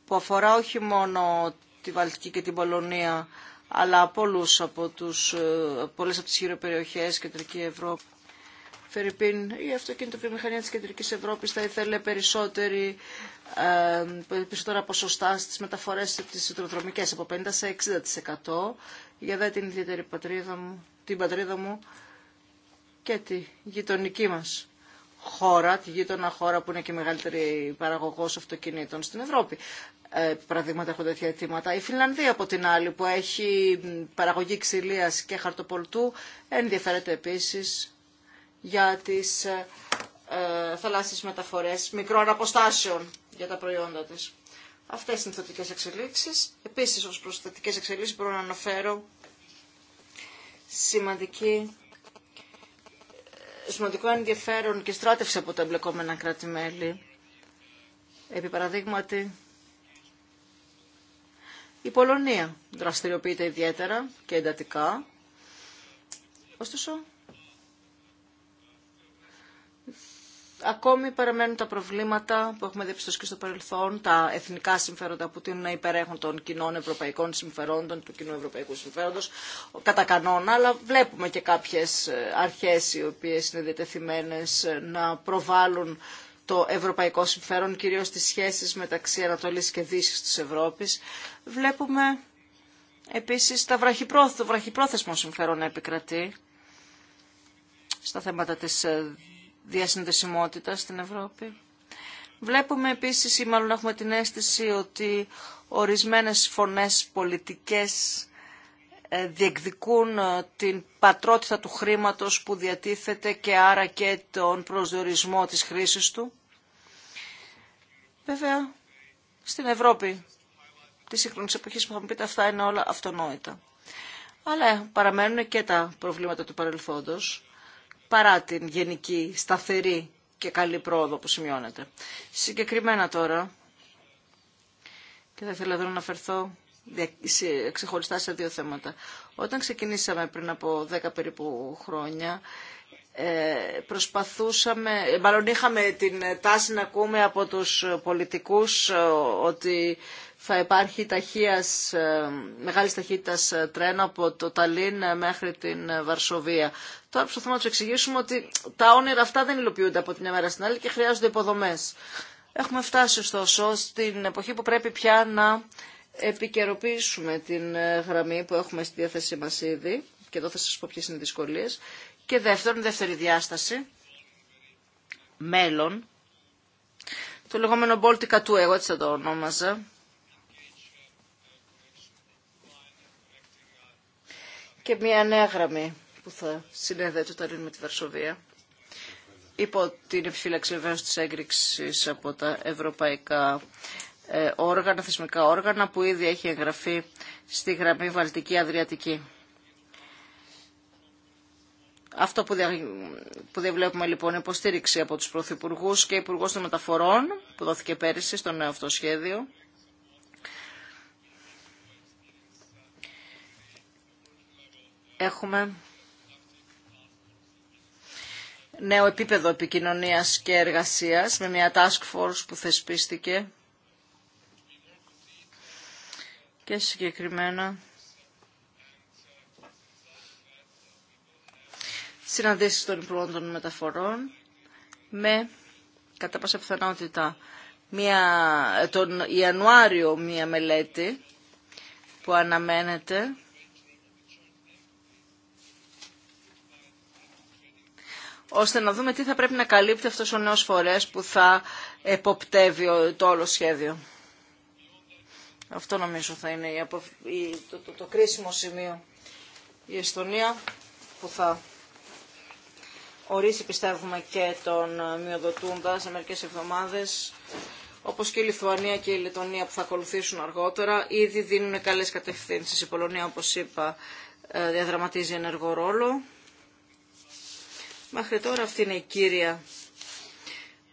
που αφορά όχι μόνο τη Βαλτική και την Πολωνία, αλλά από, από τους, ε, πολλές από τις χειροπεριοχές, κεντρική Ευρώπη. Φερρυπίν, η αυτοκινητοβιομηχανία της κεντρικής Ευρώπης θα ήθελε περισσότερη, ε, περισσότερα ποσοστά στις μεταφορές της υδροδρομικές, από 50% σε 60%. Για δε την ιδιαίτερη πατρίδα μου, την πατρίδα μου και τη γειτονική μας χώρα, τη γείτονα χώρα που είναι και μεγαλύτερη παραγωγός αυτοκινήτων στην Ευρώπη. Ε, παραδείγματα έχουν τέτοια αιτήματα. Η Φιλανδία, από την άλλη που έχει παραγωγή ξυλίας και χαρτοπολτού ενδιαφέρεται επίσης για τις ε, ε, θαλάσσιες μεταφορές μικρών αποστάσεων για τα προϊόντα της. Αυτές είναι οι θετικές εξελίξεις. Επίσης ως προς θετικές εξελίξεις μπορώ να αναφέρω σημαντική σημαντικό ενδιαφέρον και στράτευση από τα εμπλεκόμενα κράτη-μέλη. Επί παραδείγματι, η Πολωνία δραστηριοποιείται ιδιαίτερα και εντατικά. Ωστόσο, Ακόμη παραμένουν τα προβλήματα που έχουμε διαπιστώσει και στο παρελθόν, τα εθνικά συμφέροντα που τείνουν να υπερέχουν των κοινών ευρωπαϊκών συμφερόντων, του κοινού ευρωπαϊκού συμφέροντος, κατά κανόνα, αλλά βλέπουμε και κάποιες ε, αρχές οι οποίες είναι διατεθειμένες ε, να προβάλλουν το ευρωπαϊκό συμφέρον, κυρίως στις σχέσεις μεταξύ Ανατολής και Δύσης της Ευρώπης. Βλέπουμε επίσης τα βραχυπρόθεσμο συμφέρον να επικρατεί στα θέματα της ε, διασυνδεσιμότητα στην Ευρώπη. Βλέπουμε επίσης ή μάλλον έχουμε την αίσθηση ότι ορισμένες φωνές πολιτικές ε, διεκδικούν ε, την πατρότητα του χρήματος που διατίθεται και άρα και τον προσδιορισμό της χρήσης του. Βέβαια, στην Ευρώπη τη σύγχρονη εποχή που έχουμε πει, αυτά είναι όλα αυτονόητα. Αλλά παραμένουν και τα προβλήματα του παρελθόντος παρά την γενική σταθερή και καλή πρόοδο που σημειώνεται. Συγκεκριμένα τώρα, και θα ήθελα εδώ να αναφερθώ ξεχωριστά σε δύο θέματα. Όταν ξεκινήσαμε πριν από δέκα περίπου χρόνια, ε, προσπαθούσαμε, ε, μάλλον είχαμε την τάση να ακούμε από τους πολιτικούς ε, ότι θα υπάρχει ταχείας, ε, μεγάλης ταχύτητας ε, τρένο από το Ταλίν ε, μέχρι την Βαρσοβία. Τώρα προσπαθούμε να του εξηγήσουμε ότι τα όνειρα αυτά δεν υλοποιούνται από την μια μέρα στην άλλη και χρειάζονται υποδομές. Έχουμε φτάσει ωστόσο στην εποχή που πρέπει πια να επικαιροποιήσουμε την γραμμή που έχουμε στη διάθεσή μας ήδη και εδώ θα σας πω ποιες είναι οι δυσκολίες. Και δεύτερον, δεύτερη διάσταση, μέλλον, το λεγόμενο Baltica 2, εγώ έτσι θα το ονόμαζα, και μια νέα γραμμή που θα συνέδεται το Ταλίν με τη Βαρσοβία. Υπό την επιφύλαξη βεβαίω τη έγκριξη από τα ευρωπαϊκά ε, όργανα, θεσμικά όργανα που ήδη έχει εγγραφεί στη γραμμή Βαλτική-Αδριατική. Αυτό που, διαβλέπουμε λοιπόν είναι υποστήριξη από τους Πρωθυπουργούς και Υπουργό των Μεταφορών που δόθηκε πέρυσι στο νέο αυτό σχέδιο έχουμε νέο επίπεδο επικοινωνίας και εργασίας με μια task force που θεσπίστηκε και συγκεκριμένα συναντήσεις των υπουργών των μεταφορών με κατά πάσα πιθανότητα μια, τον Ιανουάριο μια μελέτη που αναμένεται ώστε να δούμε τι θα πρέπει να καλύπτει αυτός ο νέος φορέας που θα εποπτεύει το όλο σχέδιο. Αυτό νομίζω θα είναι η απο... Το, το, το κρίσιμο σημείο. Η Εστονία που θα ορίσει πιστεύουμε και τον μειοδοτούντα σε μερικές εβδομάδες όπως και η Λιθουανία και η Λετωνία που θα ακολουθήσουν αργότερα, ήδη δίνουν καλές κατευθύνσεις. Η Πολωνία, όπως είπα, ε, διαδραματίζει ενεργό ρόλο. Μέχρι τώρα αυτή είναι η κύρια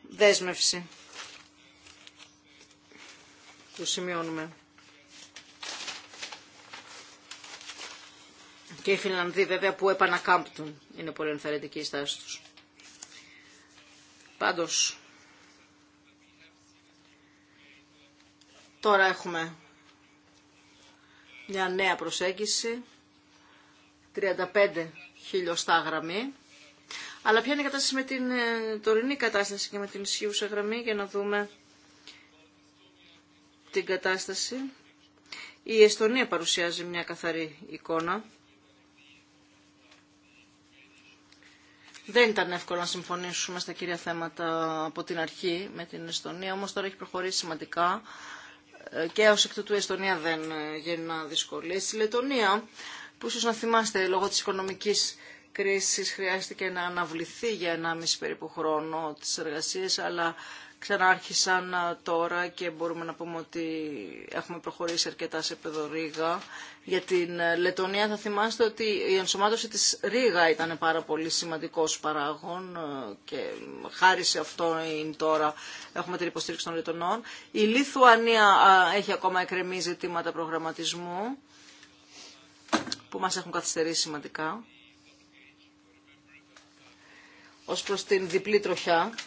δέσμευση που σημειώνουμε. Και οι Φιλανδοί βέβαια που επανακάμπτουν. Είναι πολύ ενθαρρυντική η στάση τους. Πάντως, τώρα έχουμε μια νέα προσέγγιση, 35 χιλιοστά γραμμή. Αλλά ποια είναι η κατάσταση με την ε, τωρινή κατάσταση και με την ισχύουσα γραμμή για να δούμε την κατάσταση. Η Εστονία παρουσιάζει μια καθαρή εικόνα. Δεν ήταν εύκολο να συμφωνήσουμε στα κύρια θέματα από την αρχή με την Εστονία, όμως τώρα έχει προχωρήσει σημαντικά ε, και ως εκ τούτου η Εστονία δεν ε, να δυσκολεί. Η Λετωνία, που ίσως να θυμάστε λόγω της οικονομικής κρίσης χρειάστηκε να αναβληθεί για 1,5 περίπου χρόνο τις εργασίες, αλλά ξανάρχισαν τώρα και μπορούμε να πούμε ότι έχουμε προχωρήσει αρκετά σε επίπεδο Ρήγα. Για την ε, Λετωνία θα θυμάστε ότι η ενσωμάτωση της Ρήγα ήταν πάρα πολύ σημαντικός παράγων ε, και χάρη σε αυτό τώρα έχουμε την υποστήριξη των Λετωνών. Η Λιθουανία έχει ακόμα εκρεμεί ζητήματα προγραμματισμού που μας έχουν καθυστερήσει σημαντικά ως προς την διπλή τροχιά.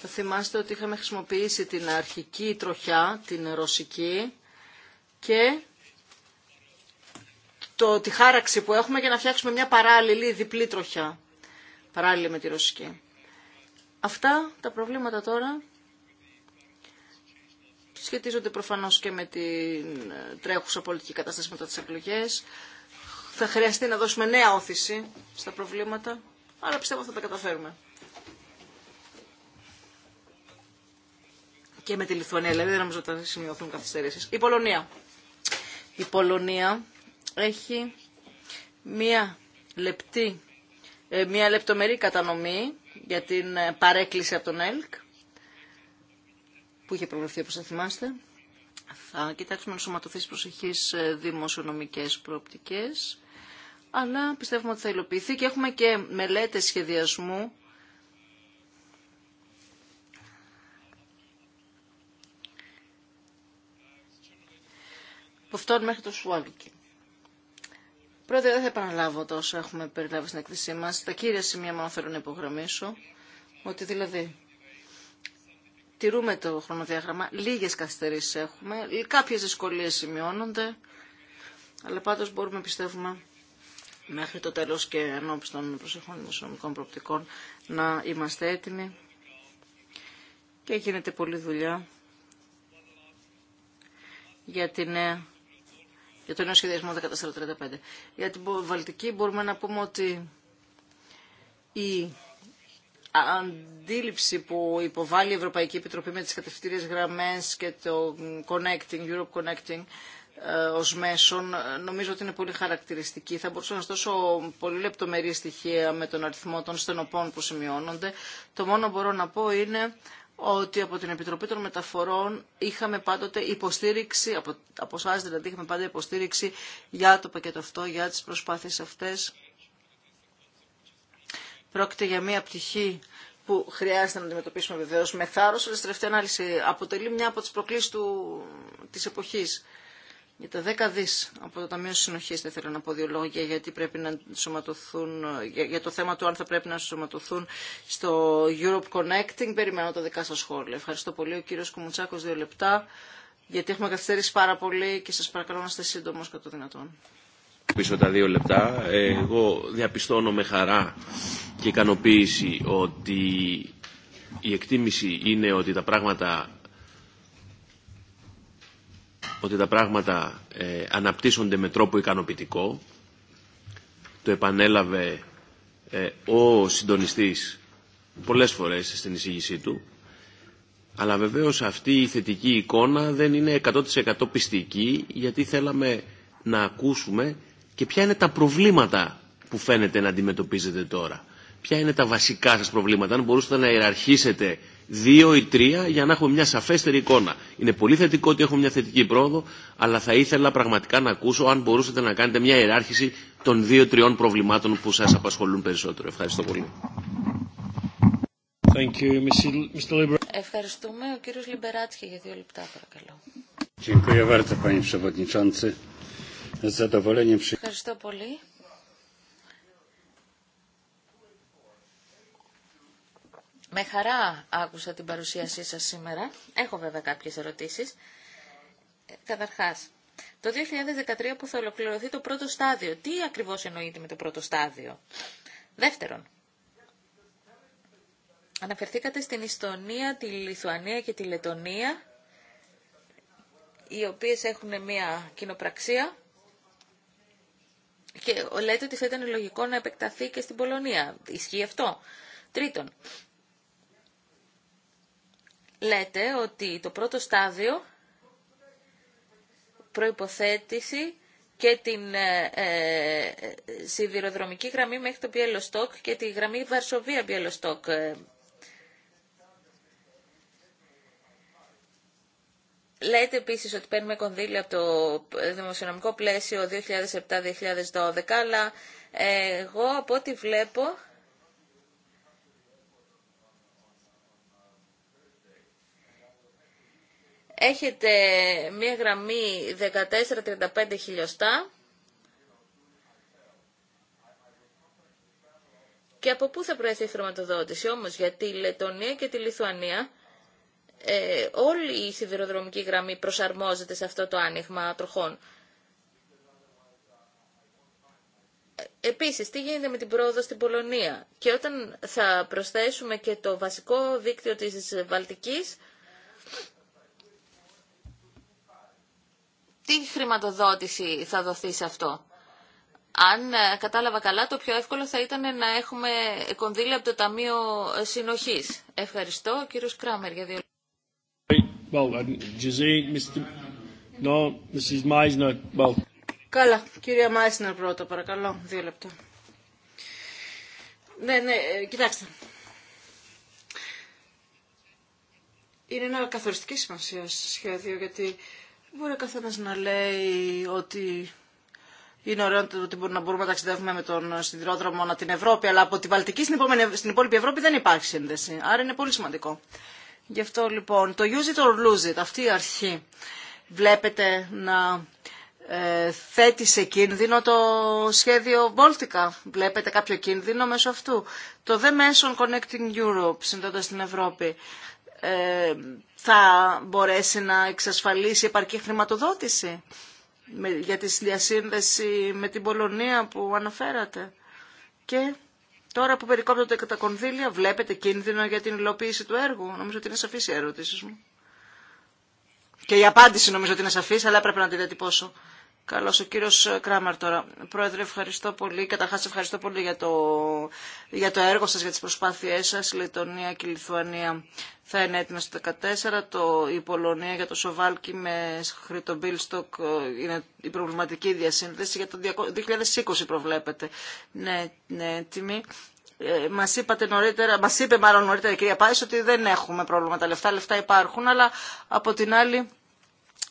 Θα θυμάστε ότι είχαμε χρησιμοποιήσει την αρχική τροχιά, την ρωσική, και το, τη χάραξη που έχουμε για να φτιάξουμε μια παράλληλη διπλή τροχιά, παράλληλη με τη ρωσική. Αυτά τα προβλήματα τώρα σχετίζονται προφανώς και με την τρέχουσα πολιτική κατάσταση μετά τις εκλογές θα χρειαστεί να δώσουμε νέα όθηση στα προβλήματα, αλλά πιστεύω θα τα καταφέρουμε. Και με τη Λιθουανία, δηλαδή δεν νομίζω ότι θα σημειωθούν καθυστερήσει. Η Πολωνία. Η Πολωνία έχει μία λεπτή, ε, μία λεπτομερή κατανομή για την ε, παρέκκληση από τον ΕΛΚ που είχε προβληθεί όπως θα θυμάστε. Θα κοιτάξουμε να σωματωθεί στις ε, δημοσιονομικές προοπτικές αλλά πιστεύουμε ότι θα υλοποιηθεί και έχουμε και μελέτες σχεδιασμού που φτώνει μέχρι το Σουάλκι. Πρώτα δεν θα επαναλάβω τόσο έχουμε περιλάβει στην εκθεσή μα. Τα κύρια σημεία μόνο θέλω να υπογραμμίσω. Ότι δηλαδή τηρούμε το χρονοδιάγραμμα, Λίγες καθυστερήσει έχουμε, κάποιε δυσκολίε σημειώνονται, αλλά πάντω μπορούμε πιστεύουμε μέχρι το τέλος και ενώπιση των προσεχών δημοσιονομικών προοπτικών να είμαστε έτοιμοι και γίνεται πολλή δουλειά για, την, για το νέο σχεδιασμό 1435. Για την Βαλτική μπορούμε να πούμε ότι η αντίληψη που υποβάλλει η Ευρωπαϊκή Επιτροπή με τις κατευθυντήριες γραμμές και το Connecting, Europe Connecting ε, ως μέσον, ε, νομίζω ότι είναι πολύ χαρακτηριστική. Θα μπορούσα να σας δώσω πολύ λεπτομερή στοιχεία με τον αριθμό των στενοπών που σημειώνονται. Το μόνο μπορώ να πω είναι ότι από την Επιτροπή των Μεταφορών είχαμε πάντοτε υποστήριξη, από, από εσάς δηλαδή είχαμε πάντα υποστήριξη για το πακέτο αυτό, για τις προσπάθειες αυτές. Πρόκειται για μια πτυχή που χρειάζεται να αντιμετωπίσουμε βεβαίως με θάρρος, αλλά στη τελευταία ανάλυση αποτελεί μια από τις προκλήσεις του, της εποχής. Για τα 10 δις από το Ταμείο Συνοχής δεν θέλω να πω δύο λόγια γιατί πρέπει να σωματωθούν, για, το θέμα του αν θα πρέπει να σωματωθούν στο Europe Connecting. Περιμένω τα δικά σας σχόλια. Ευχαριστώ πολύ. Ο κύριος Κουμουτσάκος δύο λεπτά γιατί έχουμε καθυστερήσει πάρα πολύ και σας παρακαλώ να είστε σύντομος κατά το δυνατόν. Πίσω τα δύο λεπτά. Ε, εγώ διαπιστώνω με χαρά και ικανοποίηση ότι η εκτίμηση είναι ότι τα πράγματα ότι τα πράγματα ε, αναπτύσσονται με τρόπο ικανοποιητικό. Το επανέλαβε ε, ο συντονιστής πολλές φορές στην εισήγησή του. Αλλά βεβαίως αυτή η θετική εικόνα δεν είναι 100% πιστική γιατί θέλαμε να ακούσουμε και ποια είναι τα προβλήματα που φαίνεται να αντιμετωπίζετε τώρα. Ποια είναι τα βασικά σας προβλήματα. Αν μπορούσατε να ιεραρχήσετε δύο ή τρία για να έχουμε μια σαφέστερη εικόνα. Είναι πολύ θετικό ότι έχουμε μια θετική πρόοδο, αλλά θα ήθελα πραγματικά να ακούσω αν μπορούσατε να κάνετε μια ιεράρχηση των δύο-τριών προβλημάτων που σας απασχολούν περισσότερο. Ευχαριστώ πολύ. Thank you, Mr. Ευχαριστούμε. Ο κύριος Λιμπεράτσχη για δύο λεπτά, παρακαλώ. Ευχαριστώ πολύ. Με χαρά άκουσα την παρουσίασή σας σήμερα. Έχω βέβαια κάποιες ερωτήσεις. Ε, καταρχάς, το 2013 που θα ολοκληρωθεί το πρώτο στάδιο. Τι ακριβώς εννοείται με το πρώτο στάδιο. Δεύτερον, αναφερθήκατε στην Ιστονία, τη Λιθουανία και τη Λετωνία, οι οποίες έχουν μια κοινοπραξία και λέτε ότι θα ήταν λογικό να επεκταθεί και στην Πολωνία. Ισχύει αυτό. Τρίτον, λέτε ότι το πρώτο στάδιο προϋποθέτηση και την ε, ε σιδηροδρομική γραμμή μέχρι το Πιελοστόκ και τη γραμμή Βαρσοβία-Πιελοστόκ. Λέτε επίσης ότι παίρνουμε κονδύλια από το δημοσιονομικό πλαίσιο 2007-2012, αλλά εγώ από ό,τι βλέπω Έχετε μία γραμμή 14-35 χιλιοστά και από πού θα προέρχεται η χρηματοδότηση όμως για τη Λετωνία και τη Λιθουανία ε, όλη η σιδηροδρομική γραμμή προσαρμόζεται σε αυτό το άνοιγμα τροχών. Επίσης, τι γίνεται με την πρόοδο στην Πολωνία και όταν θα προσθέσουμε και το βασικό δίκτυο της Βαλτικής, τι χρηματοδότηση θα δοθεί σε αυτό. Αν ε, κατάλαβα καλά, το πιο εύκολο θα ήταν να έχουμε κονδύλια από το Ταμείο Συνοχής. Ευχαριστώ, κύριος Κράμερ, για δύο λεπτά. Um, καλά, κυρία Μάισνερ πρώτα, παρακαλώ, δύο λεπτά. Ναι, ναι, ε, κοιτάξτε. Είναι ένα καθοριστική σημασία σχέδιο, γιατί Μπορεί ο καθένα να λέει ότι είναι ωραίο ότι μπορούμε να μπορούμε να ταξιδεύουμε με τον σιδηρόδρομο να την Ευρώπη, αλλά από τη Βαλτική στην, υπόλοιπη Ευρώπη δεν υπάρχει σύνδεση. Άρα είναι πολύ σημαντικό. Γι' αυτό λοιπόν το use it or lose it, αυτή η αρχή βλέπετε να ε, θέτει σε κίνδυνο το σχέδιο Baltica. Βλέπετε κάποιο κίνδυνο μέσω αυτού. Το The Mason Connecting Europe, συνδέοντας την Ευρώπη. Ε, θα μπορέσει να εξασφαλίσει επαρκή χρηματοδότηση για τη διασύνδεση με την Πολωνία που αναφέρατε. Και τώρα που περικόπτονται τα κονδύλια βλέπετε κίνδυνο για την υλοποίηση του έργου. Νομίζω ότι είναι σαφής η ερώτηση μου. Και η απάντηση νομίζω ότι είναι σαφής, αλλά έπρεπε να τη διατυπώσω. Καλώ, ο κύριο Κράμαρ τώρα. Πρόεδρε, ευχαριστώ πολύ. Καταρχά, ευχαριστώ πολύ για το, για το έργο σα, για τι προσπάθειέ σα. Η Λετωνία και η Λιθουανία θα είναι έτοιμε στο 2014. Το, η Πολωνία για το Σοβάλκι με Χρυτομπίλστοκ ε, είναι η προβληματική διασύνδεση. Για το 2020 προβλέπεται. Ναι, ναι, έτοιμη. Ε, μα είπατε νωρίτερα, μα είπε μάλλον νωρίτερα η κυρία Πάη ότι δεν έχουμε πρόβλημα τα λεφτά. Λεφτά υπάρχουν, αλλά από την άλλη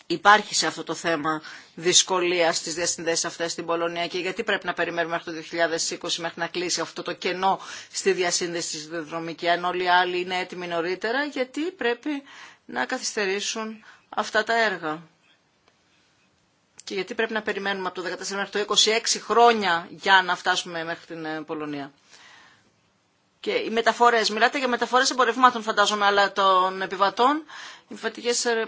Υπάρχει σε αυτό το θέμα δυσκολία στι διασυνδέσει αυτέ στην Πολωνία και γιατί πρέπει να περιμένουμε μέχρι το 2020 μέχρι να κλείσει αυτό το κενό στη διασύνδεση στη δεδρομική αν όλοι οι άλλοι είναι έτοιμοι νωρίτερα, γιατί πρέπει να καθυστερήσουν αυτά τα έργα. Και γιατί πρέπει να περιμένουμε από το 2014 μέχρι το 26 χρόνια για να φτάσουμε μέχρι την ε, Πολωνία και οι μεταφορές, μιλάτε για μεταφορές εμπορευμάτων φαντάζομαι, αλλά των επιβατών. Οι επιβατικές ε,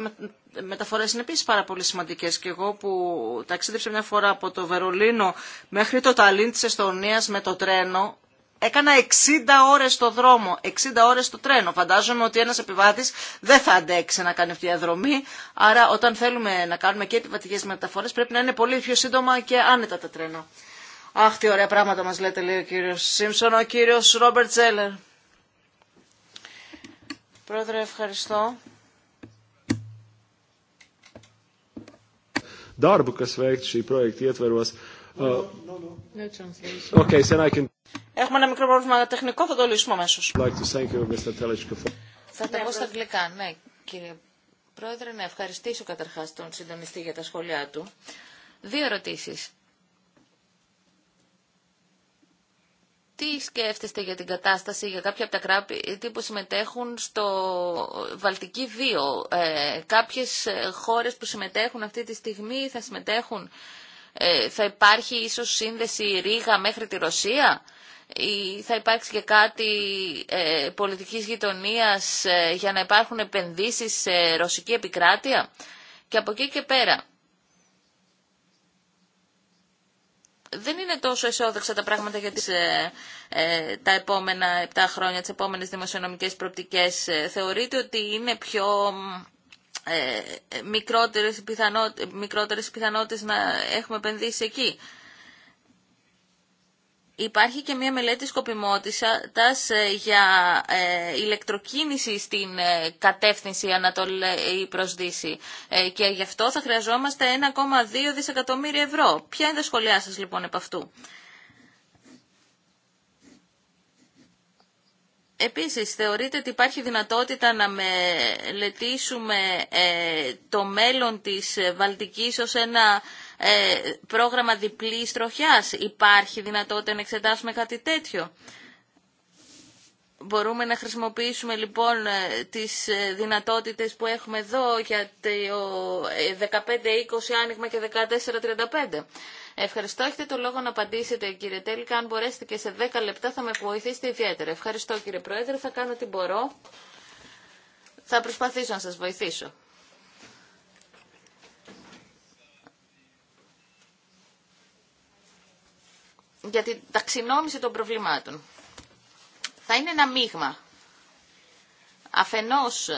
μεταφορές είναι επίσης πάρα πολύ σημαντικέ. και εγώ που ταξίδεψα μια φορά από το Βερολίνο μέχρι το Ταλίν της Εστονία με το τρένο, Έκανα 60 ώρες το δρόμο, 60 ώρες το τρένο. Φαντάζομαι ότι ένας επιβάτη δεν θα αντέξει να κάνει αυτή τη διαδρομή. Άρα όταν θέλουμε να κάνουμε και επιβατικές μεταφορέ, πρέπει να είναι πολύ πιο σύντομα και άνετα τα τρένα. Αχ, τι ωραία πράγματα μας λέτε, λέει ο κύριος Σίμψον, ο κύριος Ρόμπερτ Τζέλερ. Πρόεδρε, ευχαριστώ. šī projekta ietveros. Έχουμε ένα μικρό πρόβλημα τεχνικό, θα το λύσουμε αμέσω. Θα τα πω στα αγγλικά, ναι, κύριε Πρόεδρε, να ευχαριστήσω καταρχάς τον συντονιστή για τα σχόλιά του. Δύο ερωτήσεις. Τι σκέφτεστε για την κατάσταση για κάποια από τα κράτη που συμμετέχουν στο Βαλτική 2. Ε, κάποιες ε, χώρες που συμμετέχουν αυτή τη στιγμή θα συμμετέχουν. Ε, θα υπάρχει ίσως σύνδεση Ρήγα μέχρι τη Ρωσία ή θα υπάρξει και κάτι ε, πολιτικής γειτονίας για να υπάρχουν επενδύσεις σε ρωσική επικράτεια. Και από εκεί και πέρα δεν είναι τόσο αισιόδοξα τα πράγματα για τις, ε, ε, τα επόμενα 7 χρόνια, τις επόμενες δημοσιονομικές προπτικές. Ε, θεωρείτε ότι είναι πιο ε, μικρότερες, πιθανότητες, μικρότερες πιθανότητες να έχουμε επενδύσει εκεί. Υπάρχει και μια μελέτη σκοπιμότητας ε, για ε, ηλεκτροκίνηση στην ε, κατεύθυνση Ανατολή προς Δύση και γι' αυτό θα χρειαζόμαστε 1,2 δισεκατομμύρια ευρώ. Ποια είναι τα σχολιά σας λοιπόν επ' αυτού. Επίσης, θεωρείτε ότι υπάρχει δυνατότητα να μελετήσουμε το μέλλον της Βαλτικής ως ένα ε, πρόγραμμα διπλής τροχιάς. Υπάρχει δυνατότητα να εξετάσουμε κάτι τέτοιο. Μπορούμε να χρησιμοποιήσουμε λοιπόν ε, τις ε, δυνατότητες που έχουμε εδώ για το 15-20 άνοιγμα και 14-35. Ευχαριστώ. Έχετε το λόγο να απαντήσετε κύριε Τέλικα. Αν μπορέσετε και σε 10 λεπτά θα με βοηθήσετε ιδιαίτερα. Ευχαριστώ κύριε Πρόεδρε. Θα κάνω τι μπορώ. Θα προσπαθήσω να σας βοηθήσω. για την ταξινόμηση των προβλημάτων. Θα είναι ένα μείγμα. Αφενός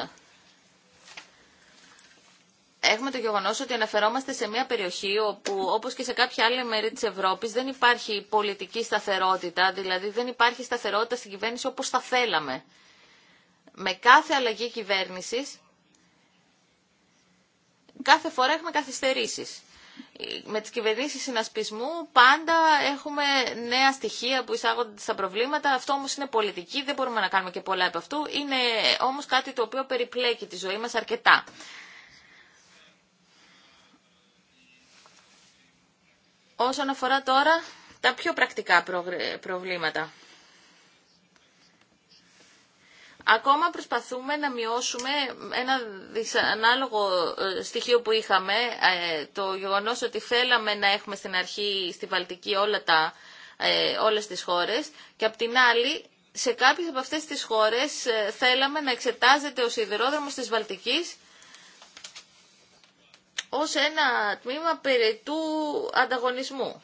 έχουμε το γεγονός ότι αναφερόμαστε σε μια περιοχή όπου, όπως και σε κάποια άλλη μέρη της Ευρώπης, δεν υπάρχει πολιτική σταθερότητα, δηλαδή δεν υπάρχει σταθερότητα στην κυβέρνηση όπως θα θέλαμε. Με κάθε αλλαγή κυβέρνησης, κάθε φορά έχουμε καθυστερήσει με τις κυβερνήσεις συνασπισμού πάντα έχουμε νέα στοιχεία που εισάγονται στα προβλήματα. Αυτό όμως είναι πολιτική, δεν μπορούμε να κάνουμε και πολλά από αυτού. Είναι όμως κάτι το οποίο περιπλέκει τη ζωή μας αρκετά. Όσον αφορά τώρα τα πιο πρακτικά προβλήματα. Ακόμα προσπαθούμε να μειώσουμε ένα δυσανάλογο ε, στοιχείο που είχαμε, ε, το γεγονός ότι θέλαμε να έχουμε στην αρχή στη Βαλτική όλα τα, ε, όλες τις χώρες και απ' την άλλη σε κάποιες από αυτές τις χώρες θέλαμε να εξετάζεται ο σιδηρόδρομος της Βαλτικής ως ένα τμήμα περαιτού ανταγωνισμού.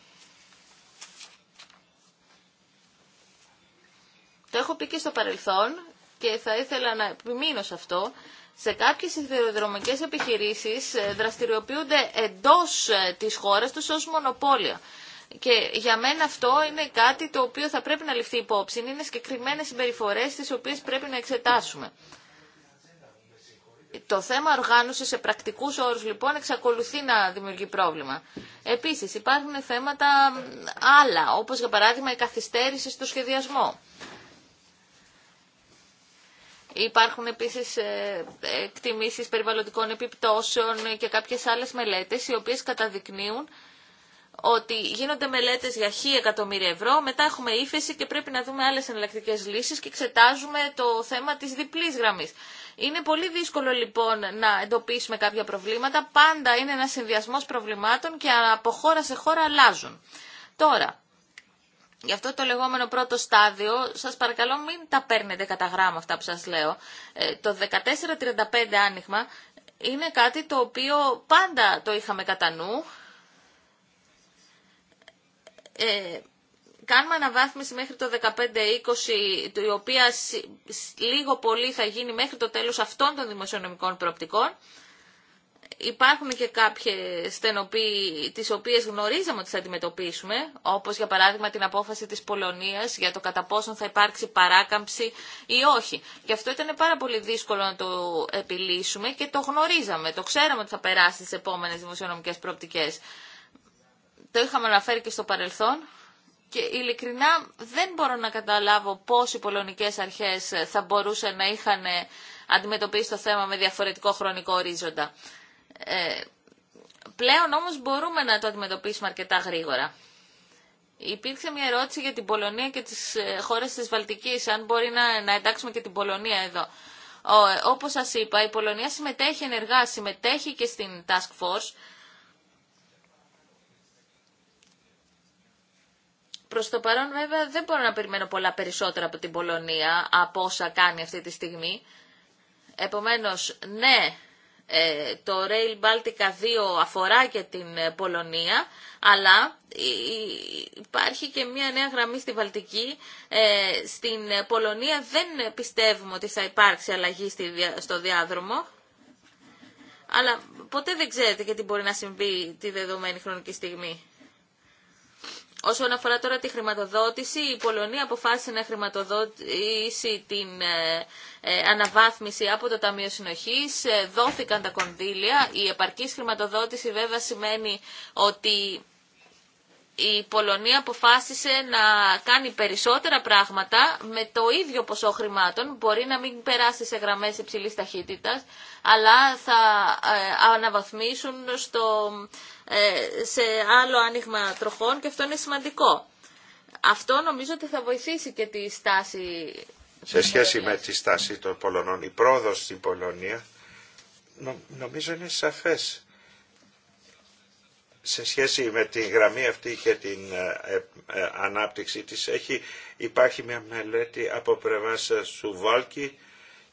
Το έχω πει και στο παρελθόν και θα ήθελα να επιμείνω σε αυτό, σε κάποιες ιδεοδρομικές επιχειρήσεις ε, δραστηριοποιούνται εντός ε, της χώρας τους ως μονοπόλια. Και για μένα αυτό είναι κάτι το οποίο θα πρέπει να ληφθεί υπόψη. Είναι συγκεκριμένε συμπεριφορέ τι οποίε πρέπει να εξετάσουμε. Το θέμα οργάνωση σε πρακτικού όρου λοιπόν εξακολουθεί να δημιουργεί πρόβλημα. Επίση υπάρχουν θέματα άλλα, όπω για παράδειγμα η καθυστέρηση στο σχεδιασμό. Υπάρχουν επίσης ε, εκτιμήσεις περιβαλλοντικών επιπτώσεων και κάποιες άλλες μελέτες οι οποίες καταδεικνύουν ότι γίνονται μελέτες για χι εκατομμύρια ευρώ, μετά έχουμε ύφεση και πρέπει να δούμε άλλες εναλλακτικές λύσεις και εξετάζουμε το θέμα της διπλής γραμμής. Είναι πολύ δύσκολο λοιπόν να εντοπίσουμε κάποια προβλήματα. Πάντα είναι ένα συνδυασμό προβλημάτων και από χώρα σε χώρα αλλάζουν. Τώρα, Γι' αυτό το λεγόμενο πρώτο στάδιο, σας παρακαλώ μην τα παίρνετε κατά γράμμα αυτά που σας λέω. Ε, το 1435 άνοιγμα είναι κάτι το οποίο πάντα το είχαμε κατά νου. Ε, κάνουμε αναβάθμιση μέχρι το 15-20, η οποία λίγο πολύ θα γίνει μέχρι το τέλος αυτών των δημοσιονομικών προοπτικών υπάρχουν και κάποιες στενοποί τις οποίες γνωρίζαμε ότι θα αντιμετωπίσουμε, όπως για παράδειγμα την απόφαση της Πολωνίας για το κατά πόσον θα υπάρξει παράκαμψη ή όχι. Και αυτό ήταν πάρα πολύ δύσκολο να το επιλύσουμε και το γνωρίζαμε, το ξέραμε ότι θα περάσει στις επόμενες δημοσιονομικές προοπτικές. Το είχαμε αναφέρει και στο παρελθόν. Και ειλικρινά δεν μπορώ να καταλάβω πώς οι πολωνικές αρχές θα μπορούσαν να είχαν αντιμετωπίσει το θέμα με διαφορετικό χρονικό ορίζοντα. Ε, πλέον όμως μπορούμε να το αντιμετωπίσουμε αρκετά γρήγορα. Υπήρξε μια ερώτηση για την Πολωνία και τις ε, χώρες της Βαλτικής, αν μπορεί να, να εντάξουμε και την Πολωνία εδώ. Ο, ε, όπως σας είπα, η Πολωνία συμμετέχει ενεργά, συμμετέχει και στην Task Force. Προς το παρόν βέβαια δεν μπορώ να περιμένω πολλά περισσότερα από την Πολωνία από όσα κάνει αυτή τη στιγμή. Επομένως, ναι, ε, το Rail Baltica 2 αφορά και την ε, Πολωνία, αλλά υπάρχει και μια νέα γραμμή στη Βαλτική. Ε, στην Πολωνία δεν πιστεύουμε ότι θα υπάρξει αλλαγή στο διάδρομο, αλλά ποτέ δεν ξέρετε και τι μπορεί να συμβεί τη δεδομένη χρονική στιγμή. Όσον αφορά τώρα τη χρηματοδότηση, η Πολωνία αποφάσισε να χρηματοδότησει την ε, ε, αναβάθμιση από το Ταμείο Συνοχής. Ε, δόθηκαν τα κονδύλια. Η επαρκής χρηματοδότηση βέβαια σημαίνει ότι η Πολωνία αποφάσισε να κάνει περισσότερα πράγματα με το ίδιο ποσό χρημάτων. Μπορεί να μην περάσει σε γραμμές υψηλής ταχύτητας, αλλά θα αναβαθμίσουν στο ε, σε άλλο άνοιγμα τροχών και αυτό είναι σημαντικό. Αυτό νομίζω ότι θα βοηθήσει και τη στάση... Σε σχέση με τη στάση των Πολωνών, η πρόοδος στην Πολωνία νομίζω είναι σαφές. Σε σχέση με τη γραμμή αυτή και την ε, ε, ανάπτυξη της έχει, υπάρχει μια μελέτη από πρεβάς Σουβάλκη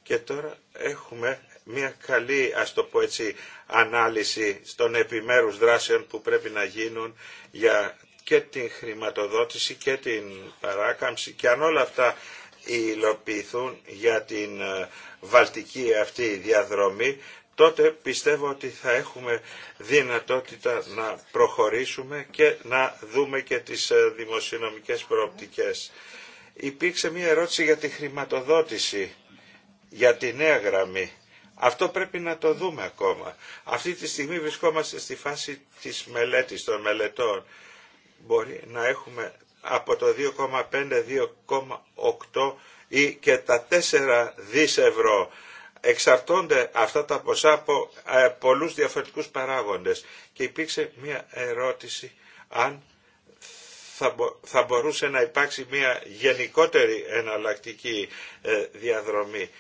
και τώρα έχουμε μια καλή, ας το πω έτσι, ανάλυση των επιμέρους δράσεων που πρέπει να γίνουν για και την χρηματοδότηση και την παράκαμψη και αν όλα αυτά υλοποιηθούν για την ε, βαλτική αυτή διαδρομή τότε πιστεύω ότι θα έχουμε δυνατότητα να προχωρήσουμε και να δούμε και τις ε, δημοσιονομικές προοπτικές. Υπήρξε μια ερώτηση για τη χρηματοδότηση, για τη νέα γραμμή. Αυτό πρέπει να το δούμε ακόμα. Αυτή τη στιγμή βρισκόμαστε στη φάση της μελέτης των μελετών. Μπορεί να έχουμε από το 2,5-2,8 ή και τα 4 δις ευρώ. Εξαρτώνται αυτά τα ποσά από ε, πολλούς διαφορετικούς παράγοντες. Και υπήρξε μια ερώτηση αν θα μπορούσε να υπάρξει μια γενικότερη εναλλακτική ε, διαδρομή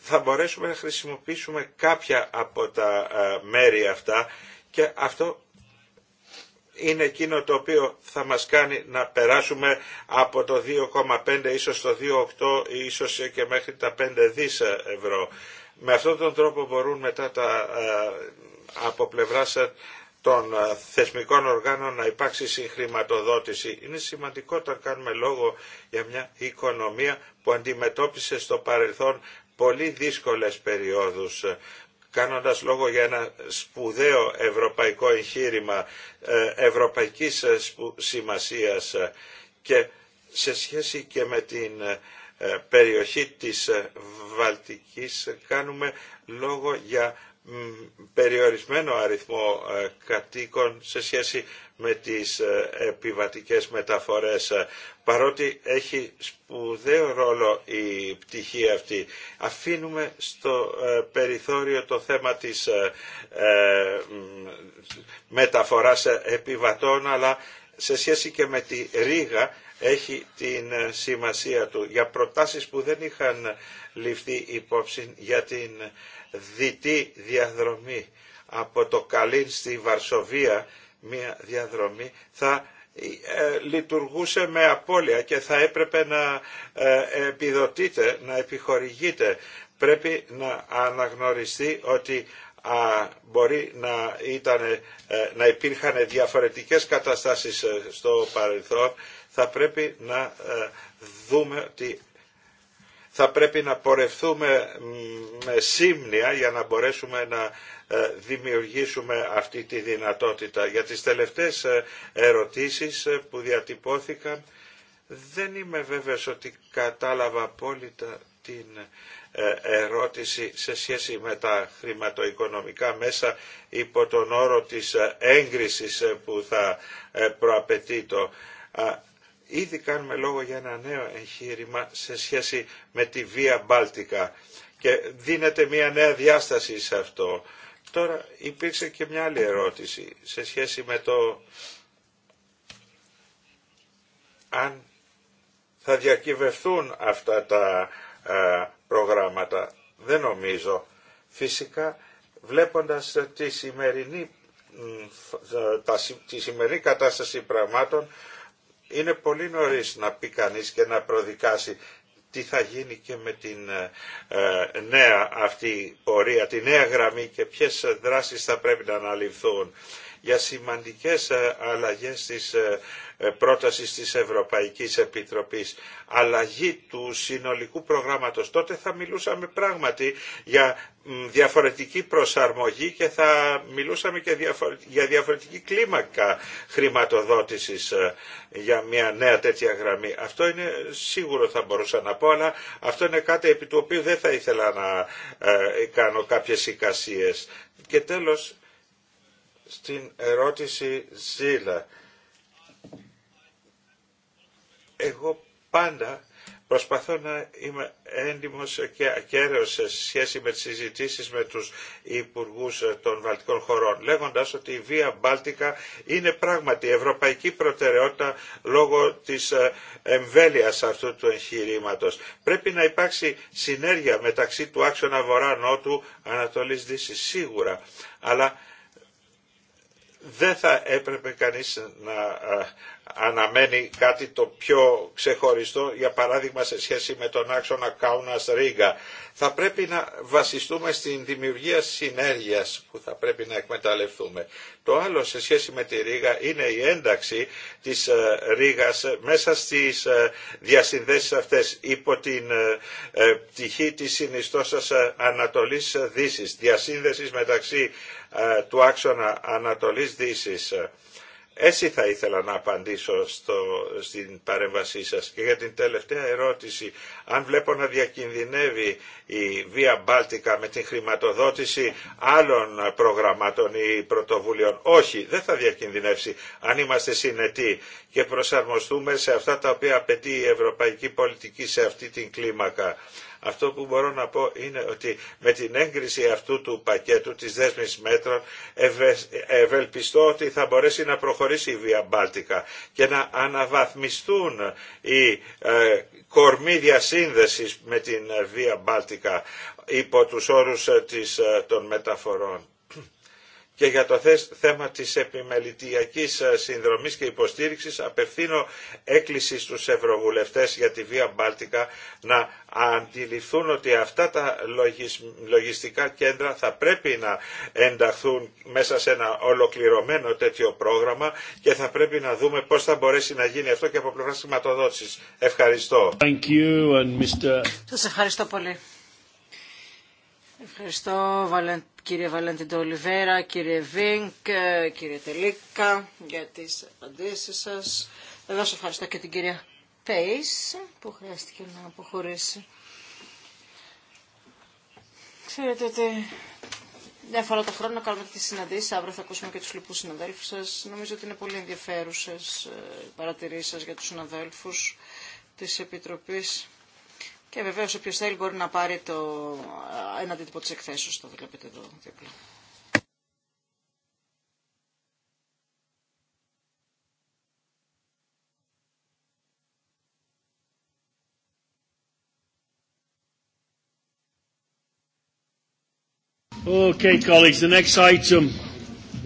θα μπορέσουμε να χρησιμοποιήσουμε κάποια από τα ε, μέρη αυτά και αυτό είναι εκείνο το οποίο θα μας κάνει να περάσουμε από το 2,5 ίσως το 2,8 ίσως και μέχρι τα 5 δις ευρώ. Με αυτόν τον τρόπο μπορούν μετά τα, ε, από πλευράς των ε, θεσμικών οργάνων να υπάρξει συγχρηματοδότηση. Είναι σημαντικό όταν κάνουμε λόγο για μια οικονομία που αντιμετώπισε στο παρελθόν πολύ δύσκολες περιόδους ε, κάνοντας λόγο για ένα σπουδαίο ευρωπαϊκό εγχείρημα ε, ευρωπαϊκής ε, σημασίας και σε σχέση και με την περιοχή της Βαλτικής κάνουμε λόγο για περιορισμένο αριθμό ε, κατοίκων σε σχέση με τις ε, επιβατικές μεταφορές ε, παρότι έχει σπουδαίο ρόλο η πτυχή αυτή. Αφήνουμε στο περιθώριο το θέμα της μεταφοράς επιβατών αλλά σε σχέση και με τη Ρήγα έχει την σημασία του για προτάσεις που δεν είχαν ληφθεί υπόψη για την Δυτή διαδρομή από το Καλίν στη Βαρσοβία, μια διαδρομή, θα ε, λειτουργούσε με απώλεια και θα έπρεπε να ε, επιδοτείτε, να επιχορηγείτε. Πρέπει να αναγνωριστεί ότι μπορεί να, ήταν, ε, να υπήρχαν διαφορετικές καταστάσεις στο παρελθόν. Θα πρέπει να δούμε ότι θα πρέπει να πορευθούμε με σύμνοια για να μπορέσουμε να ε, δημιουργήσουμε αυτή τη δυνατότητα. Για τις τελευταίες ε, ερωτήσεις ε, που διατυπώθηκαν δεν είμαι βέβαιος ότι κατάλαβα απόλυτα την ερώτηση σε σχέση με τα χρηματοοικονομικά μέσα υπό τον όρο της έγκρισης που θα προαπαιτεί το Ήδη κάνουμε λόγο για ένα νέο εγχείρημα σε σχέση με τη Βία Μπάλτικα και δίνεται μια νέα διάσταση σε αυτό. Τώρα υπήρξε και μια άλλη ερώτηση σε σχέση με το αν θα διακυβευτούν αυτά τα προγράμματα. Δεν νομίζω. Φυσικά βλέποντας τη σημερινή, τη σημερινή κατάσταση πραγμάτων είναι πολύ νωρίς να πει κανείς και να προδικάσει τι θα γίνει και με την ε, ε, νέα αυτή πορεία, τη νέα γραμμή και ποιες δράσεις θα πρέπει να αναλυθούν για σημαντικές ε, αλλαγές της ε, ε, πρότασης της Ευρωπαϊκής Επιτροπής, αλλαγή του συνολικού προγράμματος, τότε θα μιλούσαμε πράγματι για διαφορετική προσαρμογή και θα μιλούσαμε και για διαφορετική κλίμακα χρηματοδότησης για μια νέα τέτοια γραμμή. Αυτό είναι σίγουρο θα μπορούσα να πω, αλλά αυτό είναι κάτι επί του οποίου δεν θα ήθελα να κάνω κάποιες εικασίες. Και τέλος, στην ερώτηση Ζήλα. Εγώ πάντα Προσπαθώ να είμαι έντιμος και ακέραιος σε σχέση με τις συζητήσεις με τους υπουργούς των βαλτικών χωρών, λέγοντας ότι η Βία Μπάλτικα είναι πράγματι ευρωπαϊκή προτεραιότητα λόγω της ε, εμβέλειας αυτού του εγχειρήματος. Πρέπει να υπάρξει συνέργεια μεταξύ του άξονα βορρά-νότου, ανατολής-δύσης, σίγουρα. Αλλά δεν θα έπρεπε κανείς να αναμένει κάτι το πιο ξεχωριστό, για παράδειγμα σε σχέση με τον άξονα Κάουνας Ρίγα. Θα πρέπει να βασιστούμε στην δημιουργία συνέργειας που θα πρέπει να εκμεταλλευτούμε. Το άλλο σε σχέση με τη Ρίγα είναι η ένταξη της ε, Ρίγας μέσα στις ε, διασυνδέσεις αυτές υπό την ε, πτυχή της συνιστώσας Ανατολής Δύσης, διασύνδεσης μεταξύ του άξονα Ανατολής Δύσης. Έτσι θα ήθελα να απαντήσω στο, στην παρέμβασή σας. Και για την τελευταία ερώτηση, αν βλέπω να διακινδυνεύει η βία Μπάλτικα με την χρηματοδότηση άλλων προγραμμάτων ή πρωτοβουλίων. Όχι, δεν θα διακινδυνεύσει αν είμαστε συνετοί και προσαρμοστούμε σε αυτά τα οποία απαιτεί η ευρωπαϊκή πολιτική σε αυτή την κλίμακα. Αυτό που μπορώ να πω είναι ότι με την έγκριση αυτού του πακέτου της δέσμης μέτρων ευελπιστώ ότι θα μπορέσει να προχωρήσει η Βία Μπάλτικα και να αναβαθμιστούν οι ε, κορμοί διασύνδεσης με την Βία Μπάλτικα υπό τους όρους ε, ε, των μεταφορών και για το θέμα της επιμελητιακής ε, συνδρομής και υποστήριξης απευθύνω έκκληση στους ευρωβουλευτές για τη Βία Μπάλτικα να αντιληφθούν ότι αυτά τα λογιστικά κέντρα θα πρέπει να ενταχθούν μέσα σε ένα ολοκληρωμένο τέτοιο πρόγραμμα και θα πρέπει να δούμε πώς θα μπορέσει να γίνει αυτό και από πλευρά χρηματοδότηση. Ευχαριστώ. ευχαριστώ πολύ. Ευχαριστώ κύριε Βαλέντιντο Ολιβέρα, κύριε Βίνκ, ε, κύριε Τελίκα για τις απαντήσεις σας. Εδώ σε ευχαριστώ και την κυρία Πέις που χρειάστηκε να αποχωρήσει. Ξέρετε ότι μια φορά το χρόνο κάνουμε τις συναντήσεις, αύριο θα ακούσουμε και τους λοιπούς συναδέλφους σας. Νομίζω ότι είναι πολύ ενδιαφέρουσες ε, οι παρατηρήσεις σας για τους συναδέλφους της Επιτροπής. Και βεβαίω όποιο θέλει μπορεί να πάρει το, ε, ένα αντίτυπο τη εκθέσεω, το βλέπετε εδώ δίπλα. Okay, colleagues, the next item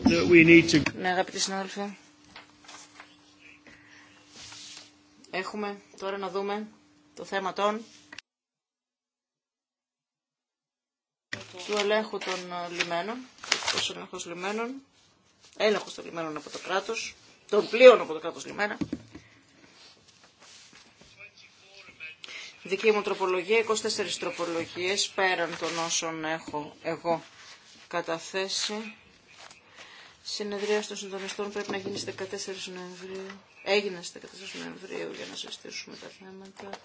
that we need to... Ναι, αγαπητοί συνάδελφοι, έχουμε τώρα να δούμε το θέμα των του ελέγχου των ε, λιμένων, εκτός ελέγχος λιμένων, έλεγχος των λιμένων από το κράτος, των πλοίων από το κράτος λιμένα. Δική μου τροπολογία, 24 τροπολογίες πέραν των όσων έχω εγώ καταθέσει. Συνεδρία των συντονιστών πρέπει να γίνει στις 14 Νοεμβρίου. Έγινε στις 14 Νοεμβρίου για να συζητήσουμε τα θέματα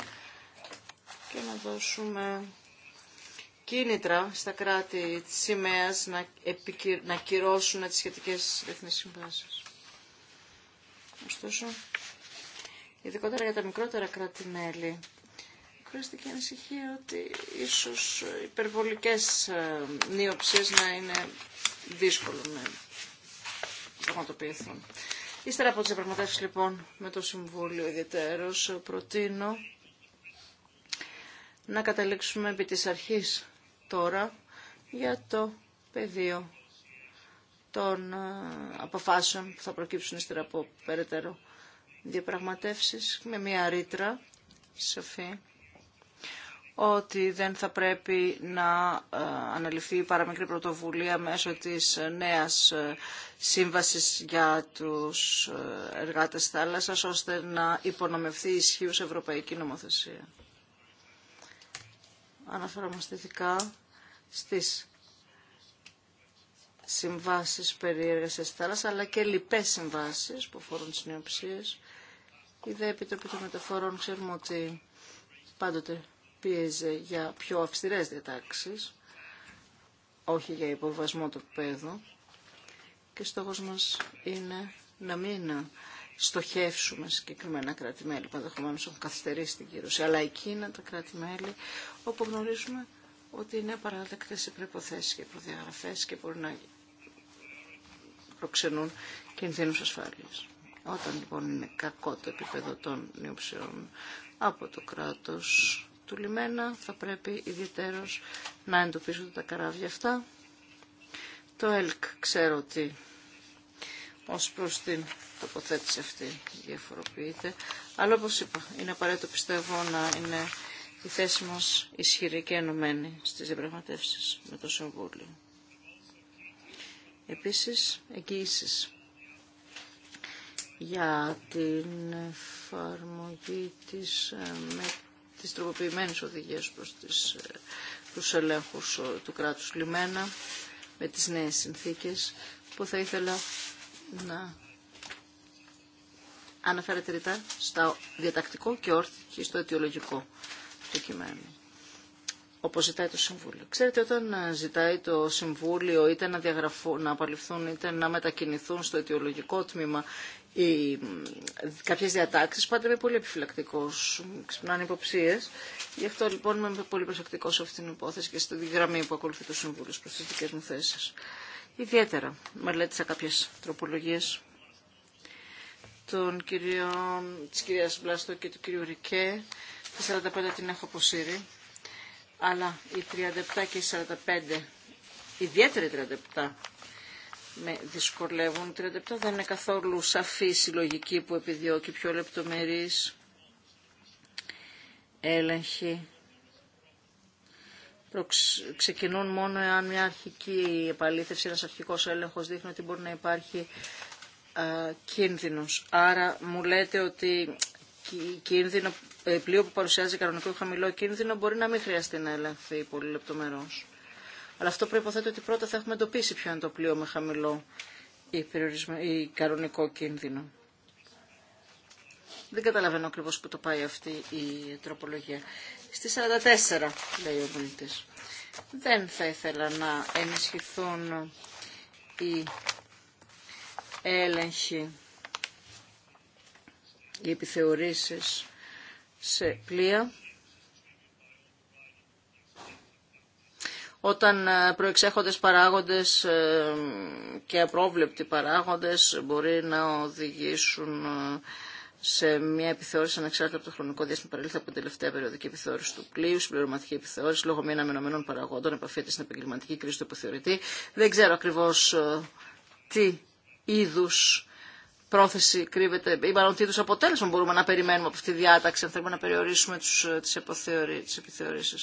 και να δώσουμε κίνητρα στα κράτη τη σημαία να, να κυρώσουν τις σχετικές διεθνεί συμβάσεις. Ωστόσο, ειδικότερα για τα μικρότερα κράτη-μέλη, και ανησυχία ότι ίσως υπερβολικέ νίωψει ε, να είναι δύσκολο να πραγματοποιηθούν. Ύστερα από τις διαπραγματεύσεις λοιπόν με το Συμβούλιο ιδιαίτερος προτείνω να καταλήξουμε επί της αρχής τώρα για το πεδίο των ε, αποφάσεων που θα προκύψουν ύστερα από περαιτέρω διαπραγματεύσεις με μια ρήτρα σοφή ότι δεν θα πρέπει να ε, αναλυθεί η παραμικρή πρωτοβουλία μέσω της νέας ε, σύμβασης για τους εργάτες θάλασσας ώστε να υπονομευθεί η ισχύους ευρωπαϊκή νομοθεσία αναφερόμαστε ειδικά στις συμβάσεις περί εργασίας θάλασσα, αλλά και λοιπές συμβάσεις που αφορούν τις νεοψίες. Η ΔΕ Επιτροπή των Μεταφορών ξέρουμε ότι πάντοτε πίεζε για πιο αυστηρές διατάξεις, όχι για υποβασμό του παιδού. Και στόχος μας είναι να μην στοχεύσουμε συγκεκριμένα κράτη-μέλη που ενδεχομένω έχουν καθυστερήσει την κύρωση, αλλά εκείνα τα κράτη-μέλη όπου γνωρίζουμε ότι είναι παράδεκτε οι προποθέσει και προδιαγραφέ και μπορεί να προξενούν κινδύνου ασφάλειας. Όταν λοιπόν είναι κακό το επίπεδο των νιουψιών από το κράτο του λιμένα, θα πρέπει ιδιαίτερω να εντοπίζονται τα καράβια αυτά. Το ΕΛΚ ξέρω ότι ως προς την τοποθέτηση αυτή διαφοροποιείται. Αλλά όπως είπα, είναι απαραίτητο πιστεύω να είναι η θέση μας ισχυρή και ενωμένη στις διαπραγματεύσει με το Συμβούλιο. Επίσης, εγγύησεις για την εφαρμογή της, ε, με, της τροποποιημένης οδηγίας προς τις, ε, τους ελέγχους ε, του κράτους λιμένα με τις νέες συνθήκες που θα ήθελα να αναφέρεται ρητά στο διατακτικό και όρθιο στο αιτιολογικό του κειμένου. Όπως ζητάει το Συμβούλιο. Ξέρετε, όταν ε, ζητάει το Συμβούλιο είτε να, διαγραφούν, να απαλληφθούν είτε να μετακινηθούν στο αιτιολογικό τμήμα οι, κάποιες διατάξεις, πάντα είμαι πολύ επιφυλακτικός, ξυπνάνε υποψίες. Γι' αυτό λοιπόν είμαι πολύ προσεκτικός σε αυτή την υπόθεση και στη γραμμή που ακολουθεί το Συμβούλιο προ τι δικές μου θέσεις ιδιαίτερα. Μελέτησα κάποιες τροπολογίες των κυρίων, της κυρίας Μπλάστο και του κυρίου Ρικέ. Τη 45 την έχω αποσύρει, αλλά οι 37 και οι 45, ιδιαίτερα οι 37, με δυσκολεύουν. 37 δεν είναι καθόλου σαφή η λογική που επιδιώκει πιο λεπτομερής έλεγχη ξεκινούν μόνο εάν μια αρχική επαλήθευση, ένας αρχικός έλεγχος δείχνει ότι μπορεί να υπάρχει α, κίνδυνος. Άρα μου λέτε ότι κίνδυνο, ε, πλοίο που παρουσιάζει κανονικό χαμηλό κίνδυνο μπορεί να μην χρειαστεί να ελεγχθεί πολύ λεπτομερώς. Αλλά αυτό προϋποθέτει ότι πρώτα θα έχουμε εντοπίσει ποιο είναι το πλοίο με χαμηλό ή, ή κανονικό κίνδυνο. Δεν καταλαβαίνω ακριβώ που το πάει αυτή η τροπολογία. Στη 44, λέει ο πολιτής. Δεν θα ήθελα να ενισχυθούν οι έλεγχοι, οι επιθεωρήσεις σε πλοία. όταν ε, προεξέχοντες παράγοντες ε, και απρόβλεπτοι παράγοντες μπορεί να οδηγήσουν ε, σε μια επιθεώρηση ανεξάρτητα από το χρονικό διάστημα παρελθόν από την τελευταία περιοδική επιθεώρηση του πλοίου, συμπληρωματική επιθεώρηση λόγω μη αναμενωμένων παραγόντων, επαφείται στην επαγγελματική κρίση του υποθεωρητή. Δεν ξέρω ακριβώ ε, τι είδου πρόθεση κρύβεται, ή μάλλον τι είδου αποτέλεσμα μπορούμε να περιμένουμε από αυτή τη διάταξη, αν θέλουμε να περιορίσουμε ε, τι επιθεωρήσει.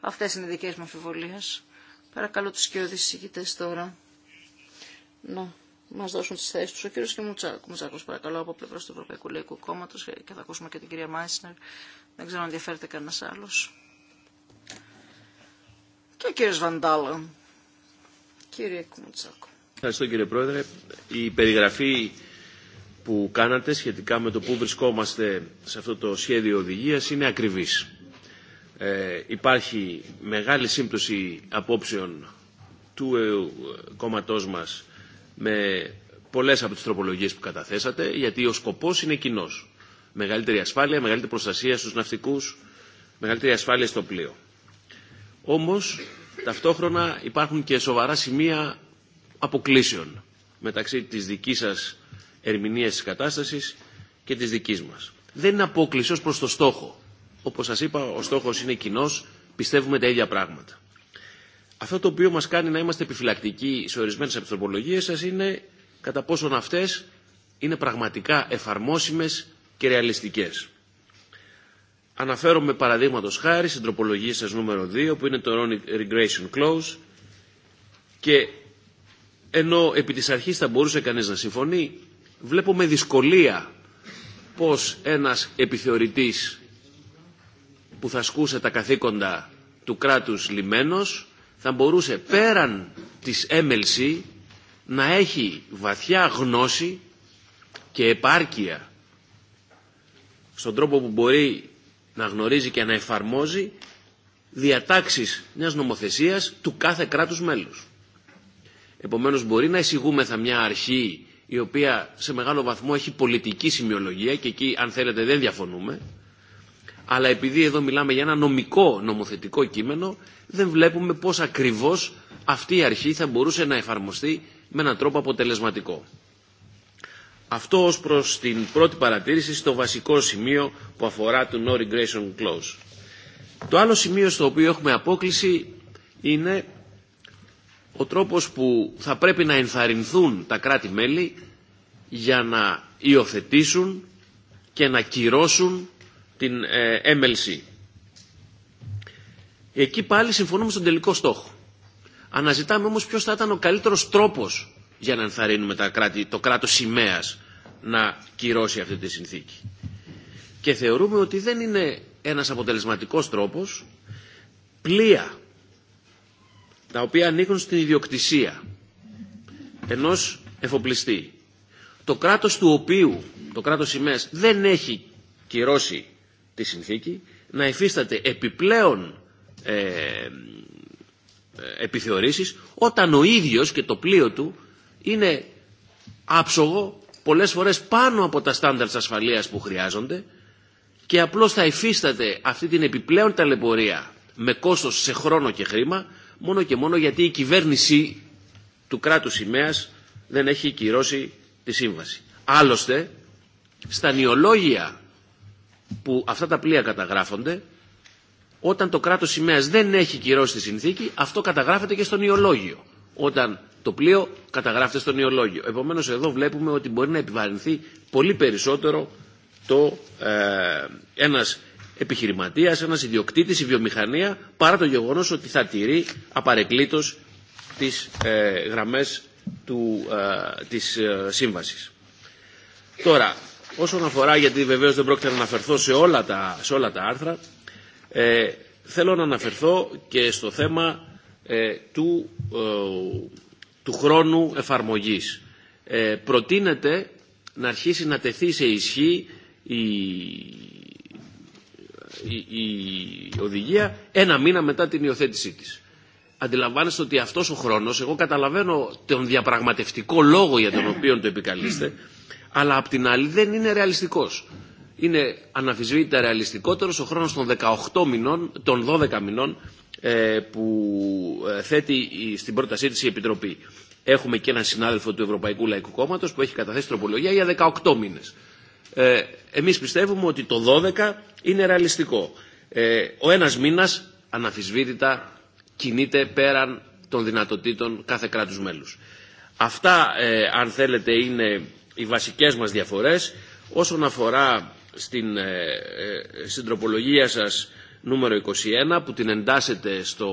Αυτέ είναι οι δικέ μου αμφιβολίε. Παρακαλώ του και οδηγητέ τώρα μα δώσουν τι θέσει του. Ο κύριο Κιμουτσάκο, παρακαλώ, από πλευρά του Ευρωπαϊκού Λαϊκού Κόμματο ε, και θα ακούσουμε και την κυρία Μάισνερ. Δεν ξέρω αν ενδιαφέρεται κανένα άλλο. Και ο κύριο Βαντάλα. Κύριε Κιμουτσάκο. Ευχαριστώ κύριε Πρόεδρε. Η περιγραφή που κάνατε σχετικά με το που βρισκόμαστε σε αυτό το σχέδιο οδηγίας είναι ακριβής. Ε, υπάρχει μεγάλη σύμπτωση απόψεων του ε, κόμματός μας με πολλές από τις τροπολογίες που καταθέσατε, γιατί ο σκοπός είναι κοινό. Μεγαλύτερη ασφάλεια, μεγαλύτερη προστασία στους ναυτικούς, μεγαλύτερη ασφάλεια στο πλοίο. Όμως, ταυτόχρονα υπάρχουν και σοβαρά σημεία αποκλήσεων μεταξύ της δικής σας ερμηνείας της κατάστασης και της δικής μας. Δεν είναι απόκληση προς το στόχο. Όπως σας είπα, ο στόχος είναι κοινό, πιστεύουμε τα ίδια πράγματα. Αυτό το οποίο μας κάνει να είμαστε επιφυλακτικοί σε ορισμένες από σας είναι κατά πόσον αυτές είναι πραγματικά εφαρμόσιμες και ρεαλιστικές. Αναφέρομαι παραδείγματος χάρη στην τροπολογία σας νούμερο 2 που είναι το Regression Clause και ενώ επί της αρχής θα μπορούσε κανείς να συμφωνεί βλέπω με δυσκολία πως ένας επιθεωρητής που θα σκούσε τα καθήκοντα του κράτους λιμένος θα μπορούσε πέραν της MLC να έχει βαθιά γνώση και επάρκεια στον τρόπο που μπορεί να γνωρίζει και να εφαρμόζει διατάξεις μιας νομοθεσίας του κάθε κράτους μέλους. Επομένως μπορεί να εισηγούμεθα μια αρχή η οποία σε μεγάλο βαθμό έχει πολιτική σημειολογία και εκεί αν θέλετε δεν διαφωνούμε αλλά επειδή εδώ μιλάμε για ένα νομικό νομοθετικό κείμενο, δεν βλέπουμε πώς ακριβώς αυτή η αρχή θα μπορούσε να εφαρμοστεί με έναν τρόπο αποτελεσματικό. Αυτό ως προς την πρώτη παρατήρηση στο βασικό σημείο που αφορά το No Regression Clause. Το άλλο σημείο στο οποίο έχουμε απόκληση είναι ο τρόπος που θα πρέπει να ενθαρρυνθούν τα κράτη-μέλη για να υιοθετήσουν και να κυρώσουν την ε, MLC. Εκεί πάλι συμφωνούμε στον τελικό στόχο. Αναζητάμε όμως ποιος θα ήταν ο καλύτερος τρόπος για να ενθαρρύνουμε κράτη, το κράτος σημαία να κυρώσει αυτή τη συνθήκη. Και θεωρούμε ότι δεν είναι ένας αποτελεσματικός τρόπος πλοία τα οποία ανήκουν στην ιδιοκτησία ενός εφοπλιστή. Το κράτος του οποίου, το κράτος σημαίας, δεν έχει κυρώσει τη συνθήκη να υφίσταται επιπλέον ε, ε, επιθεωρήσεις όταν ο ίδιος και το πλοίο του είναι άψογο πολλές φορές πάνω από τα στάνταρτς ασφαλείας που χρειάζονται και απλώς θα υφίσταται αυτή την επιπλέον ταλαιπωρία με κόστος σε χρόνο και χρήμα μόνο και μόνο γιατί η κυβέρνηση του κράτους σημαίας δεν έχει κυρώσει τη σύμβαση. Άλλωστε, στα νιολόγια που αυτά τα πλοία καταγράφονται, όταν το κράτος σημαία δεν έχει κυρώσει τη συνθήκη, αυτό καταγράφεται και στον ιολόγιο. Όταν το πλοίο καταγράφεται στον ιολόγιο. Επομένως εδώ βλέπουμε ότι μπορεί να επιβαρυνθεί πολύ περισσότερο το, ε, ένας επιχειρηματίας, ένας ιδιοκτήτης, η βιομηχανία, παρά το γεγονός ότι θα τηρεί απαρεκλήτω τι ε, γραμμές ε, της ε, σύμβασης. Τώρα, Όσον αφορά, γιατί βεβαίως δεν πρόκειται να αναφερθώ σε όλα τα, σε όλα τα άρθρα, ε, θέλω να αναφερθώ και στο θέμα ε, του, ε, του χρόνου εφαρμογής. Ε, προτείνεται να αρχίσει να τεθεί σε ισχύ η, η, η οδηγία ένα μήνα μετά την υιοθέτησή της αντιλαμβάνεστε ότι αυτός ο χρόνος, εγώ καταλαβαίνω τον διαπραγματευτικό λόγο για τον οποίο το επικαλείστε, αλλά απ' την άλλη δεν είναι ρεαλιστικός. Είναι αναφυσβήτητα ρεαλιστικότερος ο χρόνος των 18 μηνών, των 12 μηνών ε, που ε, θέτει στην πρότασή της η Επιτροπή. Έχουμε και έναν συνάδελφο του Ευρωπαϊκού Λαϊκού Κόμματος που έχει καταθέσει τροπολογία για 18 μήνες. Ε, εμείς πιστεύουμε ότι το 12 είναι ρεαλιστικό. Ε, ο ένας μήνας αναφυσβήτητα κινείται πέραν των δυνατοτήτων κάθε κράτους μέλους. Αυτά, ε, αν θέλετε, είναι οι βασικές μας διαφορές. Όσον αφορά στην, ε, ε τροπολογία σας νούμερο 21 που την εντάσσεται στο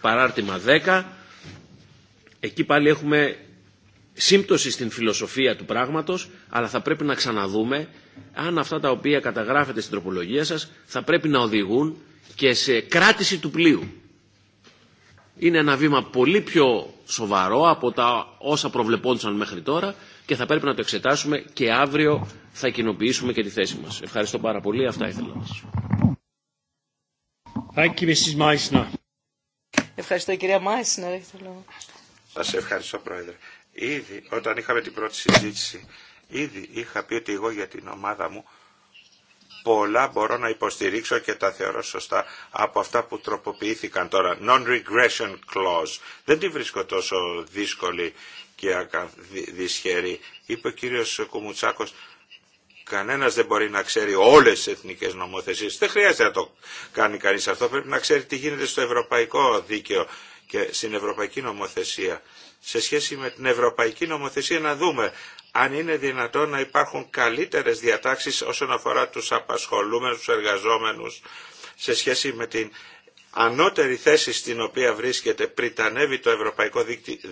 παράρτημα 10 εκεί πάλι έχουμε σύμπτωση στην φιλοσοφία του πράγματος αλλά θα πρέπει να ξαναδούμε αν αυτά τα οποία καταγράφεται στην τροπολογία σας θα πρέπει να οδηγούν και σε κράτηση του πλοίου είναι ένα βήμα πολύ πιο σοβαρό από τα όσα προβλεπόντουσαν μέχρι τώρα και θα πρέπει να το εξετάσουμε και αύριο θα κοινοποιήσουμε και τη θέση μας. Ευχαριστώ πάρα πολύ. Αυτά ήθελα να σας. Ευχαριστώ κυρία Μάισνερ. Σας ευχαριστώ πρόεδρε. Ήδη όταν είχαμε την πρώτη συζήτηση, ήδη είχα πει ότι εγώ για την ομάδα μου πολλά μπορώ να υποστηρίξω και τα θεωρώ σωστά από αυτά που τροποποιήθηκαν τώρα. Non-regression clause. Δεν τη βρίσκω τόσο δύσκολη και δυσχερή. Είπε ο κύριος Κουμουτσάκος, κανένας δεν μπορεί να ξέρει όλες τις εθνικές νομοθεσίες. Δεν χρειάζεται να το κάνει κανείς αυτό. Πρέπει να ξέρει τι γίνεται στο ευρωπαϊκό δίκαιο και στην ευρωπαϊκή νομοθεσία. Σε σχέση με την ευρωπαϊκή νομοθεσία να δούμε αν είναι δυνατόν να υπάρχουν καλύτερες διατάξεις όσον αφορά τους απασχολούμενους, τους εργαζόμενους σε σχέση με την ανώτερη θέση στην οποία βρίσκεται ανέβει το ευρωπαϊκό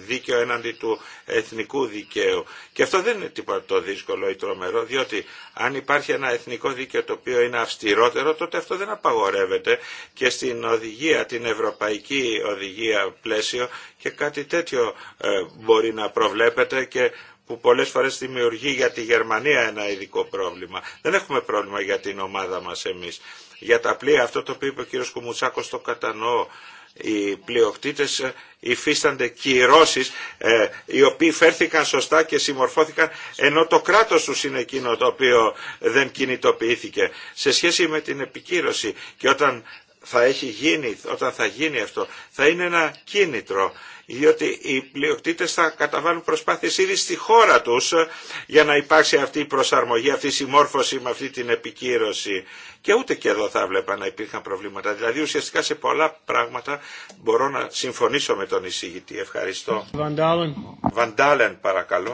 δίκαιο έναντι του εθνικού δικαίου. Και αυτό δεν είναι τίποτα το δύσκολο ή τρομερό, διότι αν υπάρχει ένα εθνικό δίκαιο το οποίο είναι αυστηρότερο, τότε αυτό δεν απαγορεύεται και στην οδηγία, την ευρωπαϊκή οδηγία πλαίσιο και κάτι τέτοιο ε, μπορεί να προβλέπεται και που πολλές φορές δημιουργεί για τη Γερμανία ένα ειδικό πρόβλημα. Δεν έχουμε πρόβλημα για την ομάδα μας εμείς. Για τα πλοία, αυτό το οποίο είπε ο κύριος Κουμουτσάκος το κατανοώ, οι πλειοκτήτες ε, υφίστανται κυρώσει, ε, οι οποίοι φέρθηκαν σωστά και συμμορφώθηκαν ενώ το κράτος του είναι εκείνο το οποίο δεν κινητοποιήθηκε σε σχέση με την επικύρωση και όταν θα έχει γίνει, όταν θα γίνει αυτό, θα είναι ένα κίνητρο, διότι οι πλειοκτήτες θα καταβάλουν προσπάθειες ήδη στη χώρα τους ε, για να υπάρξει αυτή η προσαρμογή, αυτή η συμμόρφωση με αυτή την επικύρωση. Και ούτε και εδώ θα βλέπα να υπήρχαν προβλήματα. Δηλαδή ουσιαστικά σε πολλά πράγματα μπορώ να συμφωνήσω με τον εισηγητή. Ευχαριστώ. Βαντάλεν. Βαντάλεν παρακαλώ.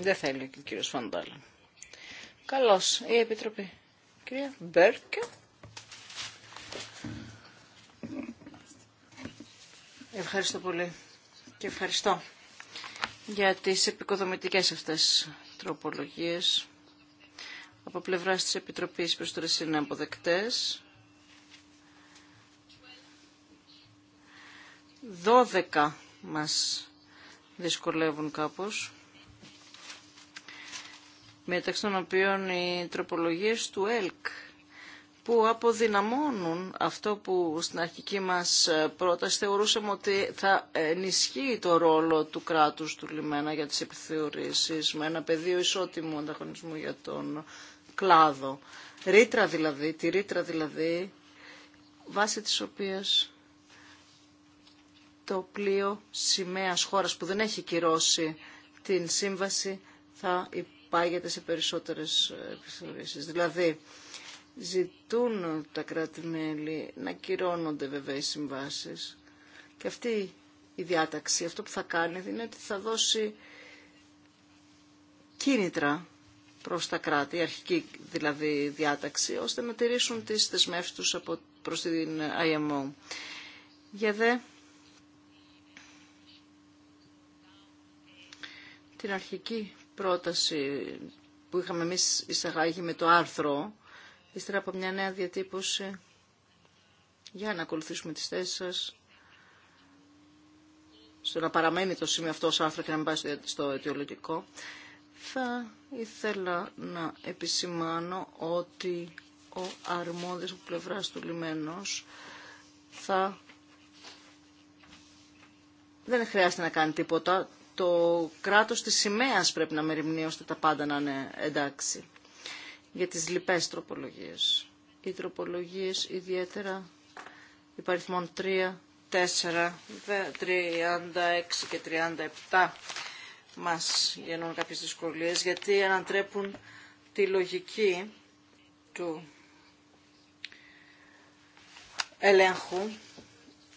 Δεν θέλει ο κύριος Βαντάλεν. Καλώς. Η Επιτροπή. Ευχαριστώ πολύ και ευχαριστώ για τις επικοδομητικές αυτές τροπολογίες. Από πλευράς της Επιτροπής προς είναι αποδεκτές. Δώδεκα μας δυσκολεύουν κάπως μεταξύ των οποίων οι τροπολογίες του ΕΛΚ που αποδυναμώνουν αυτό που στην αρχική μας ε, πρόταση θεωρούσαμε ότι θα ενισχύει το ρόλο του κράτους του Λιμένα για τις επιθεωρήσεις με ένα πεδίο ισότιμου ανταγωνισμού για τον κλάδο. Ρήτρα δηλαδή, τη ρήτρα δηλαδή, βάσει της οποίας το πλοίο σημαία χώρας που δεν έχει κυρώσει την σύμβαση θα υπάρχει πάγεται σε περισσότερες επιθεωρήσεις. Δηλαδή, ζητούν τα κράτη-μέλη να κυρώνονται βέβαια οι συμβάσεις και αυτή η διάταξη, αυτό που θα κάνει είναι ότι θα δώσει κίνητρα προς τα κράτη, αρχική δηλαδή διάταξη, ώστε να τηρήσουν τις δεσμεύσεις τους από, προς την IMO. Για δε την αρχική πρόταση που είχαμε εμείς εισαγάγει με το άρθρο, ύστερα από μια νέα διατύπωση, για να ακολουθήσουμε τις θέσεις σας, στο να παραμένει το σημείο αυτό ως άρθρο και να μην πάει στο αιτιολογικό, θα ήθελα να επισημάνω ότι ο αρμόδιος από πλευράς του λιμένος θα δεν χρειάζεται να κάνει τίποτα το κράτος της σημαία πρέπει να μεριμνεί ώστε τα πάντα να είναι εντάξει. Για τις λοιπές τροπολογίες. Οι τροπολογίες ιδιαίτερα υπαριθμών 3, 4, 36 και 37 μας γεννούν κάποιες δυσκολίες γιατί ανατρέπουν τη λογική του ελέγχου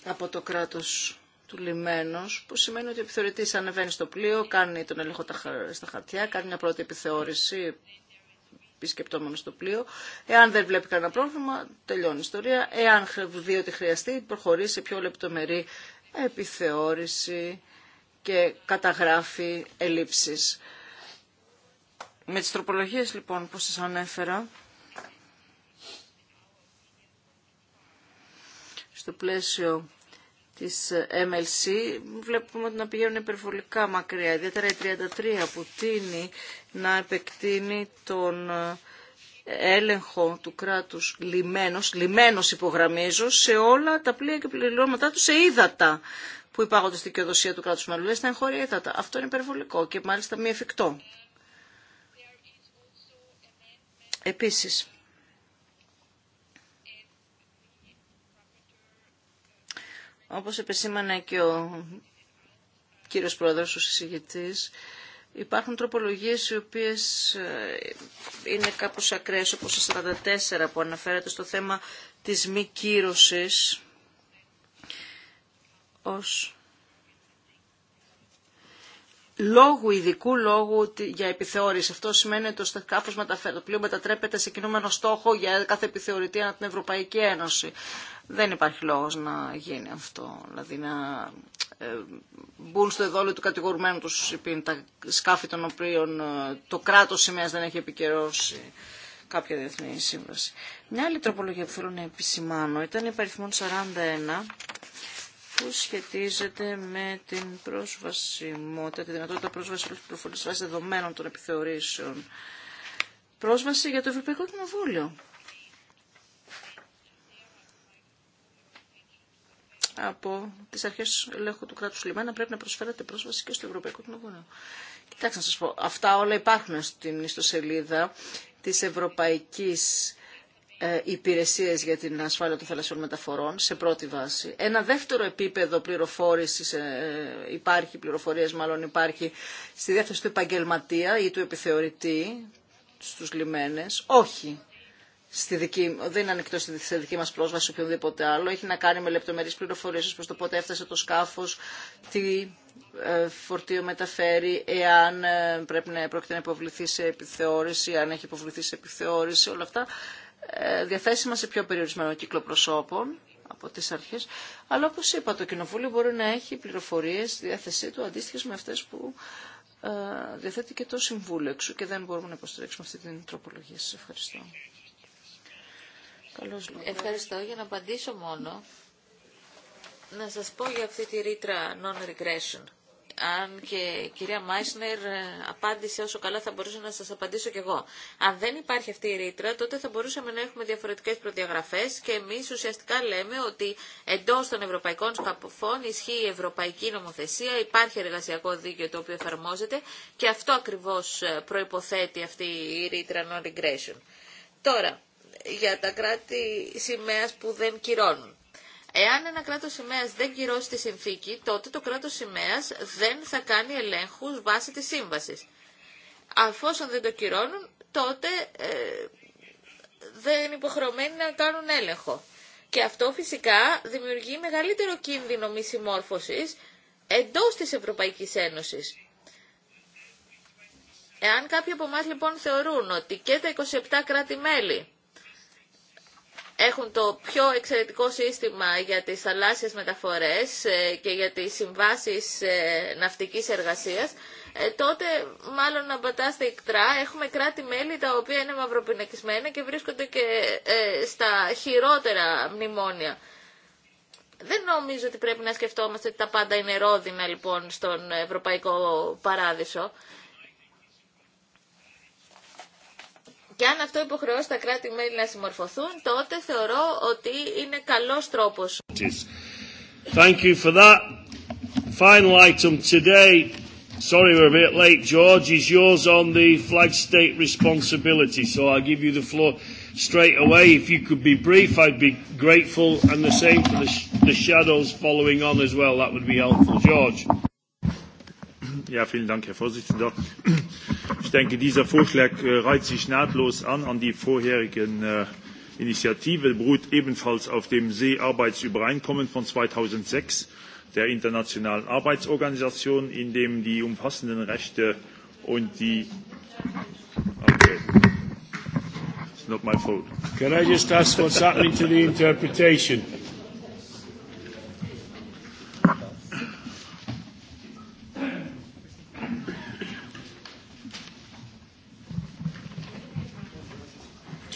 από το κράτος του λιμένου, που σημαίνει ότι ο επιθεωρητής ανεβαίνει στο πλοίο, κάνει τον έλεγχο στα χαρτιά, κάνει μια πρώτη επιθεώρηση επισκεπτόμενο στο πλοίο. Εάν δεν βλέπει κανένα πρόβλημα, τελειώνει η ιστορία. Εάν δει ότι χρειαστεί, προχωρεί σε πιο λεπτομερή επιθεώρηση και καταγράφει ελλείψεις. Με τις τροπολογίες λοιπόν που σας ανέφερα, στο πλαίσιο της MLC ε, βλέπουμε ότι να πηγαίνουν υπερβολικά μακριά, ιδιαίτερα η 33 που τίνει να επεκτείνει τον ε, έλεγχο του κράτους λιμένος, λιμένος υπογραμμίζω, σε όλα τα πλοία και πληρώματά του σε ύδατα που υπάγονται στη δικαιοδοσία του κράτους Μαλουλές, Στα εγχώρια ύδατα. Αυτό είναι υπερβολικό και μάλιστα μη εφικτό. Επίσης, Όπως επεσήμανε και ο κύριος Πρόεδρος, ο συζητητής, υπάρχουν τροπολογίες οι οποίες ε, είναι κάπως ακραίες, όπως η 44 που αναφέρεται στο θέμα της μη κύρωσης ως λόγου, ειδικού λόγου για επιθεώρηση. Αυτό σημαίνει ότι το, το πλοίο μετατρέπεται σε κινούμενο στόχο για κάθε επιθεωρητή ανά την Ευρωπαϊκή Ένωση. Δεν υπάρχει λόγος να γίνει αυτό, δηλαδή να ε, μπουν στο εδόλιο του κατηγορουμένου τους τα σκάφη των οποίων ε, το κράτος σημαία δεν έχει επικαιρώσει κάποια διεθνή σύμβαση. Μια άλλη τροπολογία που θέλω να επισημάνω ήταν η παριθμόν 41 που σχετίζεται με την πρόσβασιμότητα, τη δυνατότητα πρόσβαση όλη πληροφορία δεδομένων των επιθεωρήσεων. Πρόσβαση για το Ευρωπαϊκό Κοινοβούλιο. από τι αρχέ ελέγχου του κράτου λιμένα πρέπει να προσφέρετε πρόσβαση και στο Ευρωπαϊκό Κοινοβούλιο. Κοιτάξτε να σα πω, αυτά όλα υπάρχουν στην ιστοσελίδα τη Ευρωπαϊκή ε, υπηρεσίες για την ασφάλεια των θαλασσιών μεταφορών σε πρώτη βάση. Ένα δεύτερο επίπεδο πληροφόρησης ε, υπάρχει, πληροφορίες μάλλον υπάρχει, στη διάθεση του επαγγελματία ή του επιθεωρητή στους λιμένες. Όχι. Στη δική, δεν είναι ανοιχτό στη δική μας πρόσβαση οποιοδήποτε άλλο. Έχει να κάνει με λεπτομερεί πληροφορίε, προ το πότε έφτασε το σκάφο, τι ε, φορτίο μεταφέρει, εάν πρέπει να πρόκειται να υποβληθεί σε επιθεώρηση, αν έχει υποβληθεί σε επιθεώρηση, όλα αυτά ε, διαθέσιμα σε πιο περιορισμένο κύκλο προσώπων από τις αρχές. Αλλά όπως είπα, το Κοινοβούλιο μπορεί να έχει πληροφορίες στη διάθεσή του αντίστοιχες με αυτές που ε, διαθέτει και το Συμβούλιο εξού και δεν μπορούμε να υποστηρίξουμε αυτή την τροπολογία. Σας ευχαριστώ. ευχαριστώ. Για να απαντήσω μόνο, να σας πω για αυτή τη ρήτρα non-regression αν και η κυρία Μάισνερ ε, απάντησε όσο καλά θα μπορούσα να σας απαντήσω κι εγώ. Αν δεν υπάρχει αυτή η ρήτρα, τότε θα μπορούσαμε να έχουμε διαφορετικές προδιαγραφές και εμείς ουσιαστικά λέμε ότι εντός των ευρωπαϊκών σκαποφών ισχύει η ευρωπαϊκή νομοθεσία, υπάρχει εργασιακό δίκαιο το οποίο εφαρμόζεται και αυτό ακριβώς ε, προϋποθέτει αυτή η ρήτρα non-regression. Τώρα, για τα κράτη σημαία που δεν κυρώνουν. Εάν ένα κράτος σημαίας δεν κυρώσει τη συνθήκη, τότε το κράτος σημαίας δεν θα κάνει ελέγχους βάσει της σύμβασης. Αφόσον δεν το κυρώνουν, τότε ε, δεν είναι υποχρεωμένοι να κάνουν έλεγχο. Και αυτό φυσικά δημιουργεί μεγαλύτερο κίνδυνο μη συμμόρφωσης εντός της Ευρωπαϊκής Ένωσης. Εάν κάποιοι από εμά λοιπόν θεωρούν ότι και τα 27 κράτη-μέλη έχουν το πιο εξαιρετικό σύστημα για τις θαλάσσιες μεταφορές ε, και για τις συμβάσεις ε, ναυτικής εργασίας, ε, τότε μάλλον να πατάστε εκτρά έχουμε κράτη-μέλη τα οποία είναι μαυροπινακισμένα και βρίσκονται και στα χειρότερα μνημόνια. Δεν νομίζω ότι πρέπει να σκεφτόμαστε ότι τα πάντα είναι ρόδινα λοιπόν στον Ευρωπαϊκό Παράδεισο. Και αν αυτό υποχρεώσει τα κράτη-μέλη να συμμορφωθούν, τότε θεωρώ ότι είναι καλός τρόπος. Thank you for that. Final item today. Sorry we're a bit late, George. Is yours on the flag state responsibility. So I'll give you the floor straight away. If you could be brief, I'd be grateful. And the same for the, the shadows following on as well. That would be helpful. George vielen Dank, Herr Vorsitzender. Ich denke, dieser Vorschlag reiht sich nahtlos an an die vorherigen Initiative, beruht ebenfalls auf dem Seearbeitsübereinkommen von 2006 der Internationalen Arbeitsorganisation, in dem die umfassenden Rechte und die... interpretation?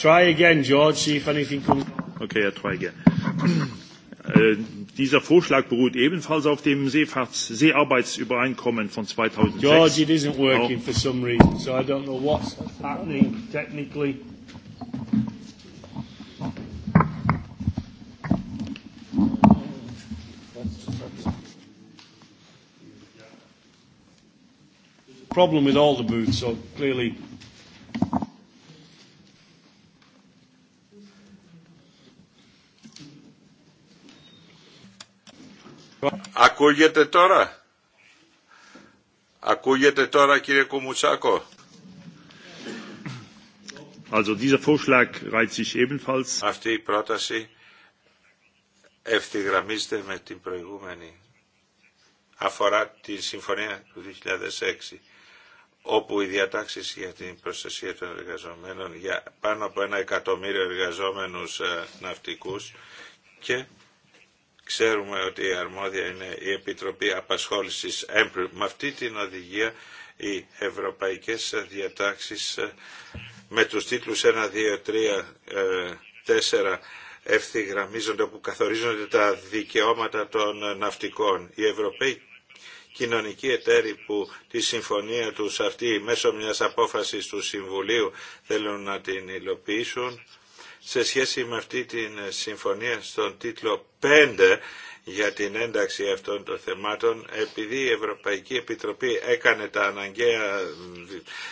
Try again, George, see if anything comes. Okay, I try again. Dieser Vorschlag beruht ebenfalls auf dem Seearbeitsübereinkommen von 2006. George, it isn't working for some reason, so I don't know what's happening technically. Problem with all the booths, so clearly Ακούγεται τώρα. Ακούγεται τώρα κύριε Κουμουτσάκο. Also dieser Vorschlag Αυτή η πρόταση ευθυγραμμίζεται με την προηγούμενη. Αφορά τη συμφωνία του 2006 όπου οι διατάξεις για την προστασία των εργαζομένων για πάνω από ένα εκατομμύριο εργαζόμενους ε, ναυτικούς και Ξέρουμε ότι η αρμόδια είναι η Επιτροπή Απασχόλησης ΕΜΠΛ. Με αυτή την οδηγία οι ευρωπαϊκές διατάξεις ε, με τους τίτλους 1, 2, 3, 4 ευθυγραμμίζονται που καθορίζονται τα δικαιώματα των ναυτικών. Οι Ευρωπαίοι κοινωνικοί εταίροι που τη συμφωνία τους αυτή μέσω μιας απόφασης του Συμβουλίου θέλουν να την υλοποιήσουν σε σχέση με αυτή την συμφωνία στον τίτλο 5 για την ένταξη αυτών των θεμάτων επειδή η Ευρωπαϊκή Επιτροπή έκανε τα αναγκαία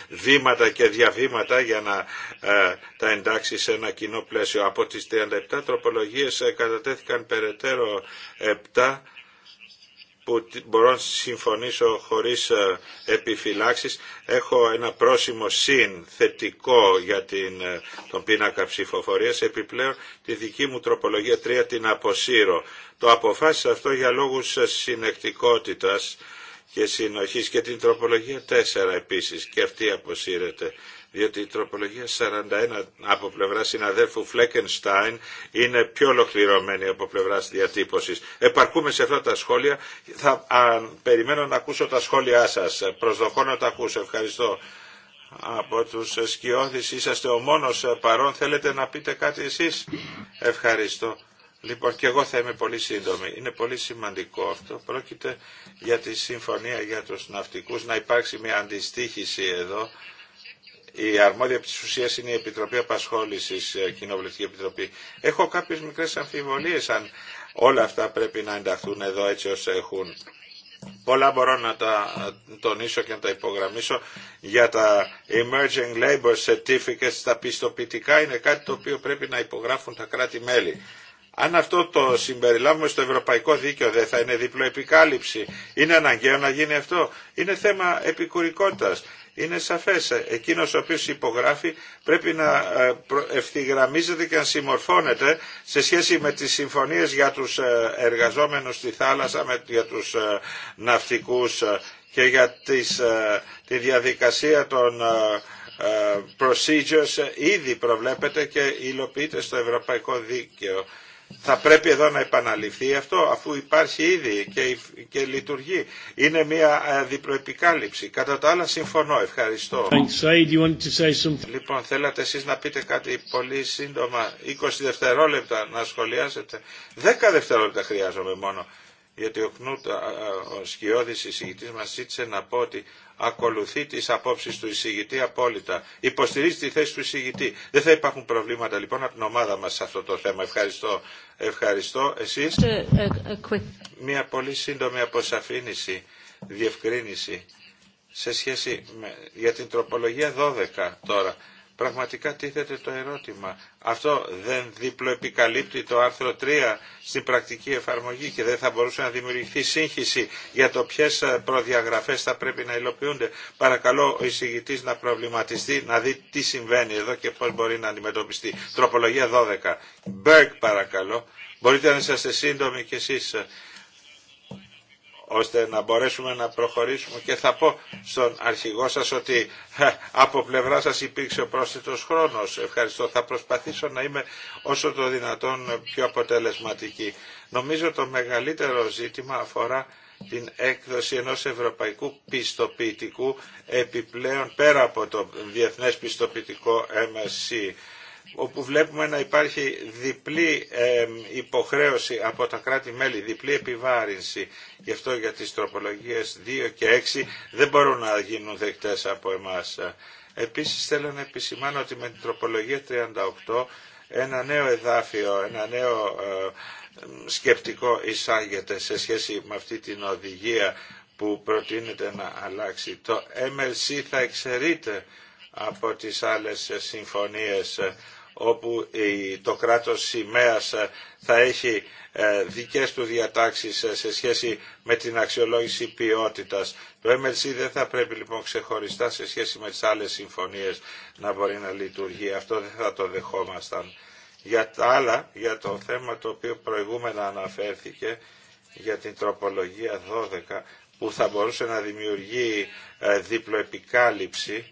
βήματα και διαβήματα για να ε, τα εντάξει σε ένα κοινό πλαίσιο. Από τις 37 τροπολογίες ε, κατατέθηκαν περαιτέρω 7 που μπορώ να συμφωνήσω χωρίς ε, επιφυλάξεις. Έχω ένα πρόσημο συν θετικό για την, ε, τον πίνακα ψηφοφορίας. Επιπλέον τη δική μου τροπολογία 3 την αποσύρω. Το αποφάσισα αυτό για λόγους ε, συνεκτικότητας και συνοχής και την τροπολογία 4 επίσης και αυτή αποσύρεται διότι η τροπολογία 41 από πλευρά συναδέλφου Φλέκενστάιν είναι πιο ολοκληρωμένη από πλευρά διατύπωση. Επαρκούμε σε αυτά τα σχόλια. Θα περιμένω να ακούσω τα σχόλιά σα. Προσδοκώ να τα ακούσω. Ευχαριστώ. Από του σκιώδη είσαστε ο μόνο παρόν. Θέλετε να πείτε κάτι εσεί. Ευχαριστώ. Λοιπόν, και εγώ θα είμαι πολύ σύντομη. Είναι πολύ σημαντικό αυτό. Πρόκειται για τη συμφωνία για τους ναυτικούς να υπάρξει μια αντιστοίχηση εδώ η αρμόδια τη ουσία είναι η Επιτροπή Απασχόληση, ε, Κοινοβουλευτική Επιτροπή. Έχω κάποιε μικρέ αμφιβολίε αν όλα αυτά πρέπει να ενταχθούν εδώ έτσι όσο έχουν. Πολλά μπορώ να τα τονίσω και να τα υπογραμμίσω για τα Emerging Labor Certificates, τα πιστοποιητικά είναι κάτι το οποίο πρέπει να υπογράφουν τα κράτη-μέλη. Αν αυτό το συμπεριλάβουμε στο ευρωπαϊκό δίκαιο δεν θα είναι διπλοεπικάλυψη. Είναι αναγκαίο να γίνει αυτό. Είναι θέμα επικουρικότητας είναι σαφές. Εκείνος ο οποίος υπογράφει πρέπει να ε, ευθυγραμμίζεται και να συμμορφώνεται σε σχέση με τις συμφωνίες για τους ε, εργαζόμενους στη θάλασσα, για τους ε, ναυτικούς και για τις, τη διαδικασία των procedures ήδη προβλέπεται και υλοποιείται στο ευρωπαϊκό δίκαιο θα πρέπει εδώ να επαναληφθεί αυτό αφού υπάρχει ήδη και, και λειτουργεί. Είναι μια ε, διπροεπικάλυψη. Κατά τα άλλα συμφωνώ. Ευχαριστώ. Λοιπόν, θέλατε εσείς να πείτε κάτι πολύ σύντομα, 20 δευτερόλεπτα να σχολιάσετε. 10 δευτερόλεπτα χρειάζομαι μόνο γιατί ο Κνούτ, ο σκιώδης εισηγητής μας ζήτησε να πω ότι ακολουθεί τις απόψει του εισηγητή απόλυτα. Υποστηρίζει τη θέση του εισηγητή. Δεν θα υπάρχουν προβλήματα λοιπόν από την ομάδα μα σε αυτό το θέμα. Ευχαριστώ. Ευχαριστώ εσείς. Μια πολύ σύντομη αποσαφήνιση, διευκρίνηση σε σχέση με, για την τροπολογία 12 τώρα πραγματικά τίθεται το ερώτημα. Αυτό δεν διπλοεπικαλύπτει το άρθρο 3 στην πρακτική εφαρμογή και δεν θα μπορούσε να δημιουργηθεί σύγχυση για το ποιε προδιαγραφέ θα πρέπει να υλοποιούνται. Παρακαλώ ο εισηγητή να προβληματιστεί, να δει τι συμβαίνει εδώ και πώ μπορεί να αντιμετωπιστεί. Τροπολογία 12. Μπέρκ παρακαλώ. Μπορείτε να είσαστε σύντομοι κι εσείς. Ε, ώστε να μπορέσουμε να προχωρήσουμε και θα πω στον αρχηγό σας ότι ε, από πλευρά σας υπήρξε ο πρόσθετος χρόνος. Ευχαριστώ. Θα προσπαθήσω να είμαι όσο το δυνατόν πιο αποτελεσματική. Νομίζω το μεγαλύτερο ζήτημα αφορά την έκδοση ενός ευρωπαϊκού πιστοποιητικού επιπλέον πέρα από το διεθνές πιστοποιητικό MSC όπου βλέπουμε να υπάρχει διπλή υποχρέωση από τα κράτη-μέλη, διπλή επιβάρυνση. Γι' αυτό για τις τροπολογίες 2 και 6 δεν μπορούν να γίνουν δεκτές από εμάς. Επίσης θέλω να επισημάνω ότι με την τροπολογία 38 ένα νέο εδάφιο, ένα νέο σκεπτικό εισάγεται σε σχέση με αυτή την οδηγία που προτείνεται να αλλάξει. Το MLC θα εξαιρείται από τις άλλες συμφωνίες όπου το κράτος σημαίας ε, θα έχει ε, δικές του διατάξεις ε, σε σχέση με την αξιολόγηση ποιότητας. Το MLC δεν θα πρέπει λοιπόν ξεχωριστά σε σχέση με τις άλλες συμφωνίες να μπορεί να λειτουργεί. Αυτό δεν θα το δεχόμασταν. Για τα άλλα, για το θέμα το οποίο προηγούμενα αναφέρθηκε, για την τροπολογία 12, που θα μπορούσε να δημιουργεί διπλοεπικάλυψη,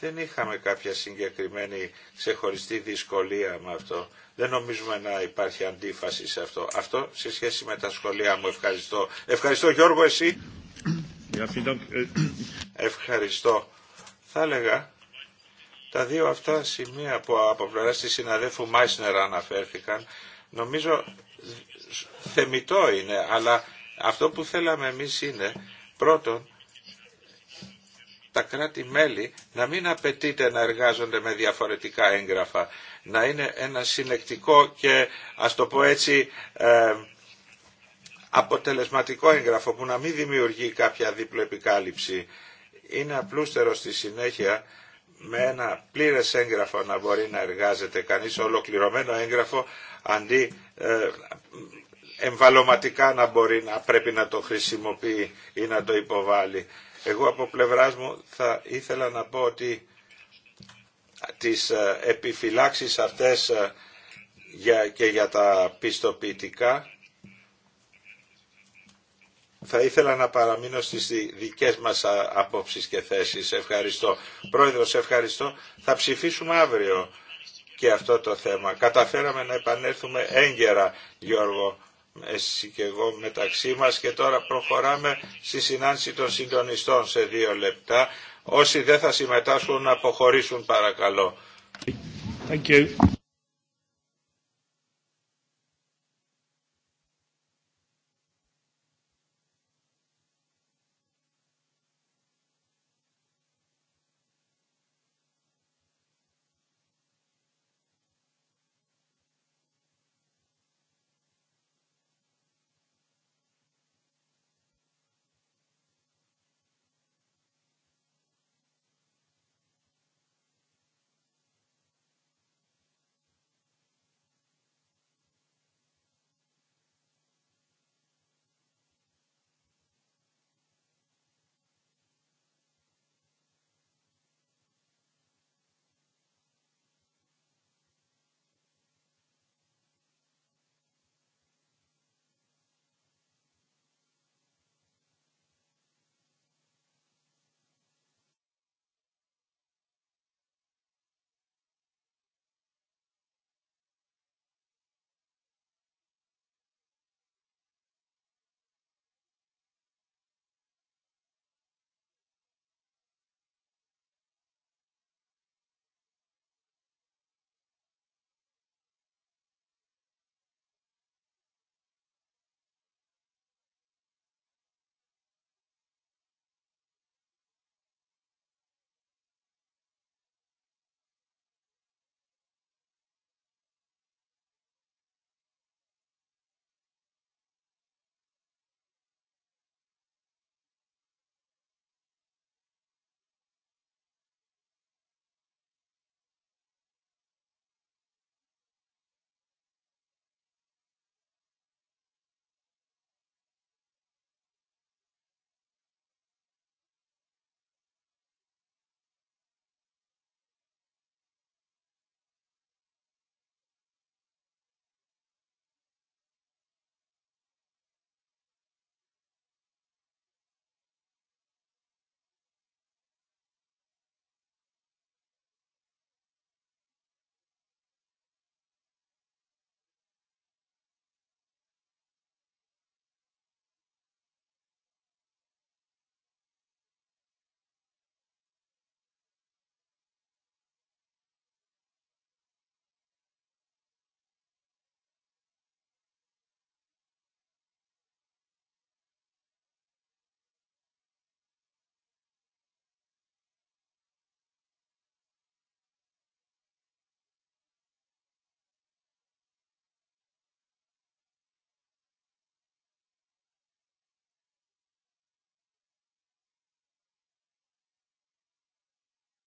δεν είχαμε κάποια συγκεκριμένη ξεχωριστή δυσκολία με αυτό. Δεν νομίζουμε να υπάρχει αντίφαση σε αυτό. Αυτό σε σχέση με τα σχολεία μου. Ευχαριστώ. Ευχαριστώ Γιώργο εσύ. Euh, Ευχαριστώ. Θα έλεγα τα δύο αυτά σημεία που από πλευρά τη συναδέλφου Μάισνερ αναφέρθηκαν νομίζω θεμητό είναι αλλά αυτό που θέλαμε εμείς είναι πρώτον τα κράτη-μέλη να μην απαιτείται να εργάζονται με διαφορετικά έγγραφα, να είναι ένα συνεκτικό και ας το πω έτσι ε, αποτελεσματικό έγγραφο που να μην δημιουργεί κάποια επικάλυψη. Είναι απλούστερο στη συνέχεια με ένα πλήρες έγγραφο να μπορεί να εργάζεται κανείς, ολοκληρωμένο έγγραφο, αντί ε, εμβαλωματικά να μπορεί να πρέπει να το χρησιμοποιεί ή να το υποβάλει. Εγώ από πλευράς μου θα ήθελα να πω ότι τις ε, επιφυλάξεις αυτές ε, και για τα πιστοποιητικά θα ήθελα να παραμείνω στις δικές μας ε, απόψεις και θέσεις. Ευχαριστώ. πρόεδρο. ευχαριστώ. Θα ψηφίσουμε αύριο και αυτό το θέμα. Καταφέραμε να επανέλθουμε έγκαιρα, Γιώργο, εσύ και εγώ μεταξύ μας και τώρα προχωράμε στη συνάντηση των συντονιστών σε δύο λεπτά. Όσοι δεν θα συμμετάσχουν να αποχωρήσουν παρακαλώ.